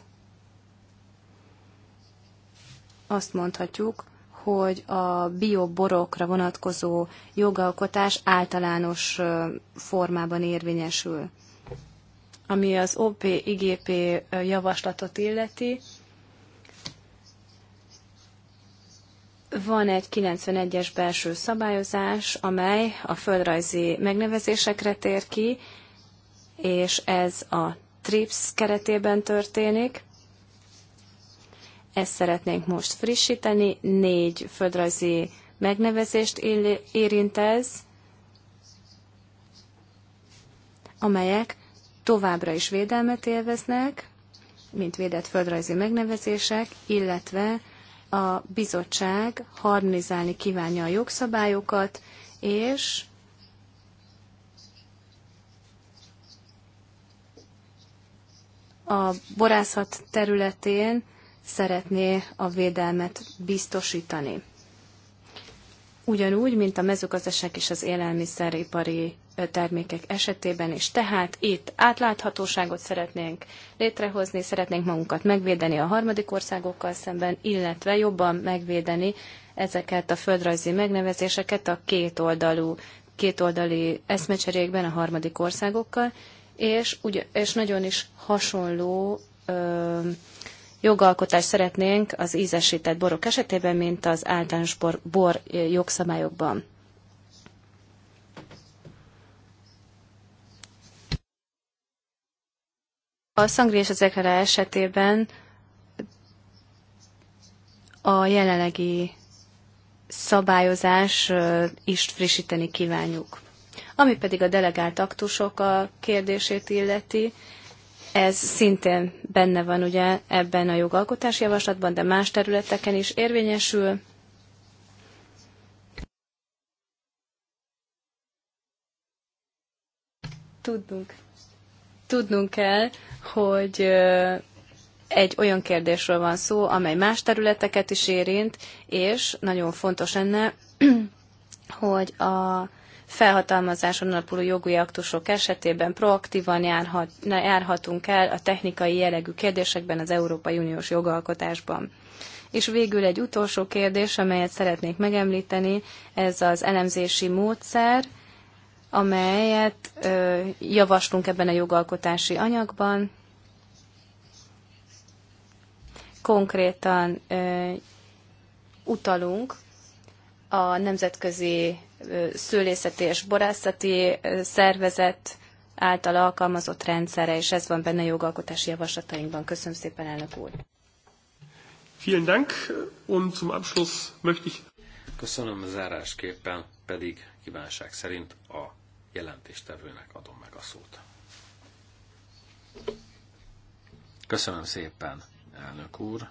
Speaker 2: azt mondhatjuk, hogy a bioborokra vonatkozó jogalkotás általános formában érvényesül. Ami az OP-IGP javaslatot illeti, Van egy 91-es belső szabályozás, amely a földrajzi megnevezésekre tér ki, és ez a TRIPS keretében történik. Ezt szeretnénk most frissíteni. Négy földrajzi megnevezést érint ez, amelyek továbbra is védelmet élveznek, mint védett földrajzi megnevezések, illetve a bizottság harmonizálni kívánja a jogszabályokat, és a borászat területén szeretné a védelmet biztosítani. Ugyanúgy, mint a mezőgazdaság és az élelmiszeripari termékek esetében is. Tehát itt átláthatóságot szeretnénk létrehozni, szeretnénk magunkat megvédeni a harmadik országokkal szemben, illetve jobban megvédeni ezeket a földrajzi megnevezéseket a kétoldalú, kétoldali eszmecserékben a harmadik országokkal, és, ugye, és nagyon is hasonló ö, jogalkotást szeretnénk az ízesített borok esetében, mint az általános bor, bor jogszabályokban. A Szangri és az Ekara esetében a jelenlegi szabályozás is frissíteni kívánjuk. Ami pedig a delegált aktusok a kérdését illeti, ez szintén benne van ugye ebben a jogalkotási javaslatban, de más területeken is érvényesül. Tudunk. Tudnunk kell, hogy egy olyan kérdésről van szó, amely más területeket is érint, és nagyon fontos enne, hogy a felhatalmazáson alapuló jogi aktusok esetében proaktívan járhat, járhatunk el a technikai jellegű kérdésekben az Európai Uniós jogalkotásban. És végül egy utolsó kérdés, amelyet szeretnék megemlíteni, ez az elemzési módszer – amelyet ö, javaslunk ebben a jogalkotási anyagban. Konkrétan ö, utalunk a Nemzetközi Szőlészeti és Borászati Szervezet által alkalmazott rendszere, és ez van benne a jogalkotási javaslatainkban. Köszönöm szépen, elnök úr! Vielen Dank, und
Speaker 1: zum Abschluss möchte ich... Köszönöm zárásképpen, pedig kívánság szerint a jelentéstevőnek adom meg a szót. Köszönöm szépen, elnök úr.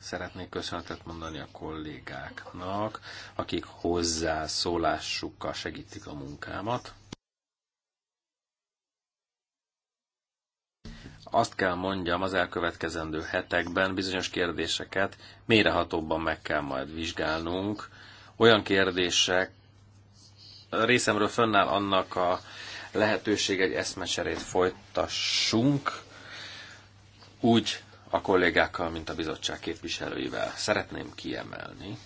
Speaker 1: Szeretnék köszönetet mondani a kollégáknak, akik hozzászólásukkal segítik a munkámat. Azt kell mondjam, az elkövetkezendő hetekben bizonyos kérdéseket mélyrehatóbban meg kell majd vizsgálnunk. Olyan kérdések, részemről fönnáll annak a lehetőség egy eszmecserét folytassunk, úgy a kollégákkal, mint a bizottság képviselőivel. Szeretném kiemelni,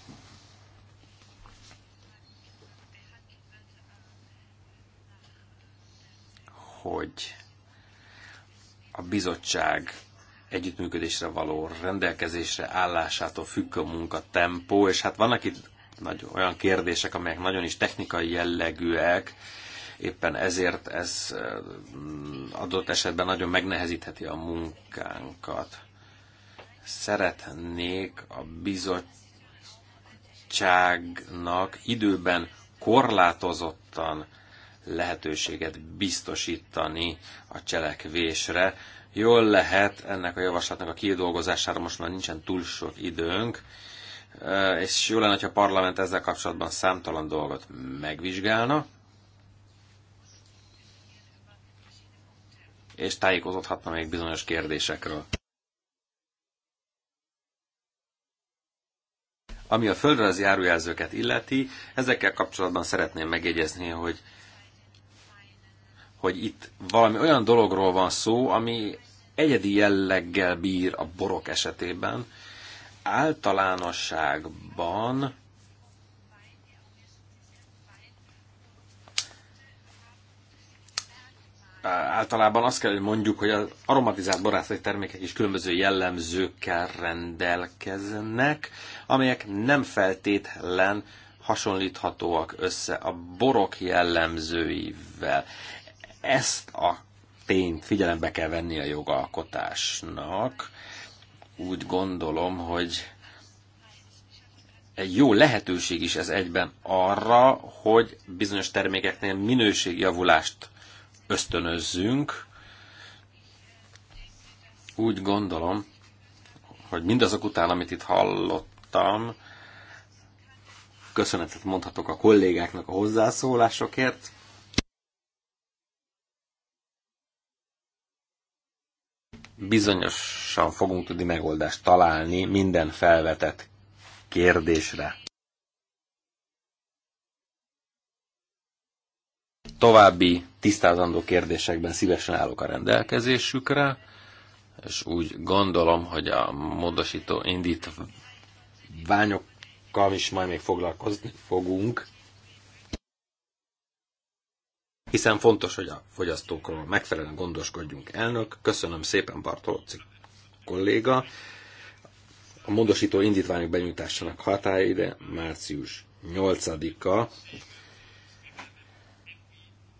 Speaker 1: hogy a bizottság együttműködésre való rendelkezésre állásától függ a munkatempó, és hát vannak itt nagy, olyan kérdések, amelyek nagyon is technikai jellegűek, éppen ezért ez mm, adott esetben nagyon megnehezítheti a munkánkat. Szeretnék a bizottságnak időben korlátozottan lehetőséget biztosítani a cselekvésre. Jól lehet ennek a javaslatnak a kidolgozására most már nincsen túl sok időnk, és jó lenne, ha a parlament ezzel kapcsolatban számtalan dolgot megvizsgálna, és tájékozódhatna még bizonyos kérdésekről. Ami a földrajzi árujelzőket illeti, ezekkel kapcsolatban szeretném megjegyezni, hogy, hogy itt valami olyan dologról van szó, ami egyedi jelleggel bír a borok esetében, általánosságban általában azt kell, hogy mondjuk, hogy az aromatizált borászati termékek is különböző jellemzőkkel rendelkeznek, amelyek nem feltétlen hasonlíthatóak össze a borok jellemzőivel. Ezt a tényt figyelembe kell venni a jogalkotásnak, úgy gondolom, hogy egy jó lehetőség is ez egyben arra, hogy bizonyos termékeknél minőségjavulást ösztönözzünk. Úgy gondolom, hogy mindazok után, amit itt hallottam, köszönetet mondhatok a kollégáknak a hozzászólásokért, bizonyosan fogunk tudni megoldást találni minden felvetett kérdésre. További tisztázandó kérdésekben szívesen állok a rendelkezésükre, és úgy gondolom, hogy a módosító indítványokkal is majd még foglalkozni fogunk hiszen fontos, hogy a fogyasztókról megfelelően gondoskodjunk. Elnök, köszönöm szépen Bartolci kolléga. A módosító indítványok benyújtásának hatáide március 8-a.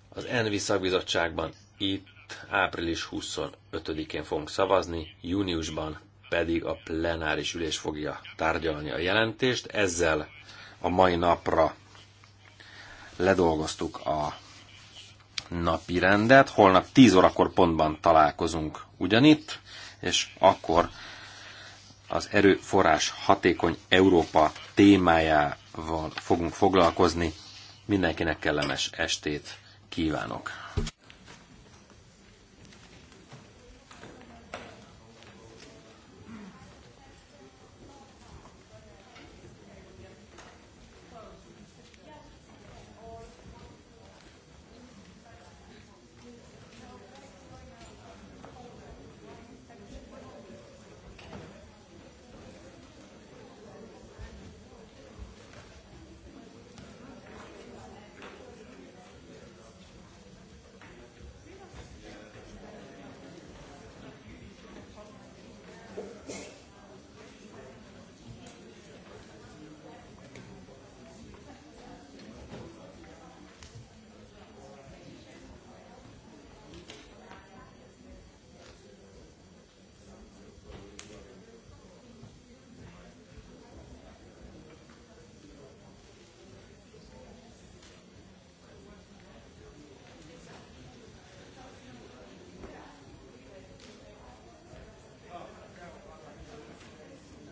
Speaker 1: Az ENVI szakbizottságban itt április 25-én fogunk szavazni, júniusban pedig a plenáris ülés fogja tárgyalni a jelentést. Ezzel a mai napra ledolgoztuk a napi rendet. Holnap 10 órakor pontban találkozunk ugyanitt, és akkor az erőforrás hatékony Európa témájával fogunk foglalkozni. Mindenkinek kellemes estét kívánok!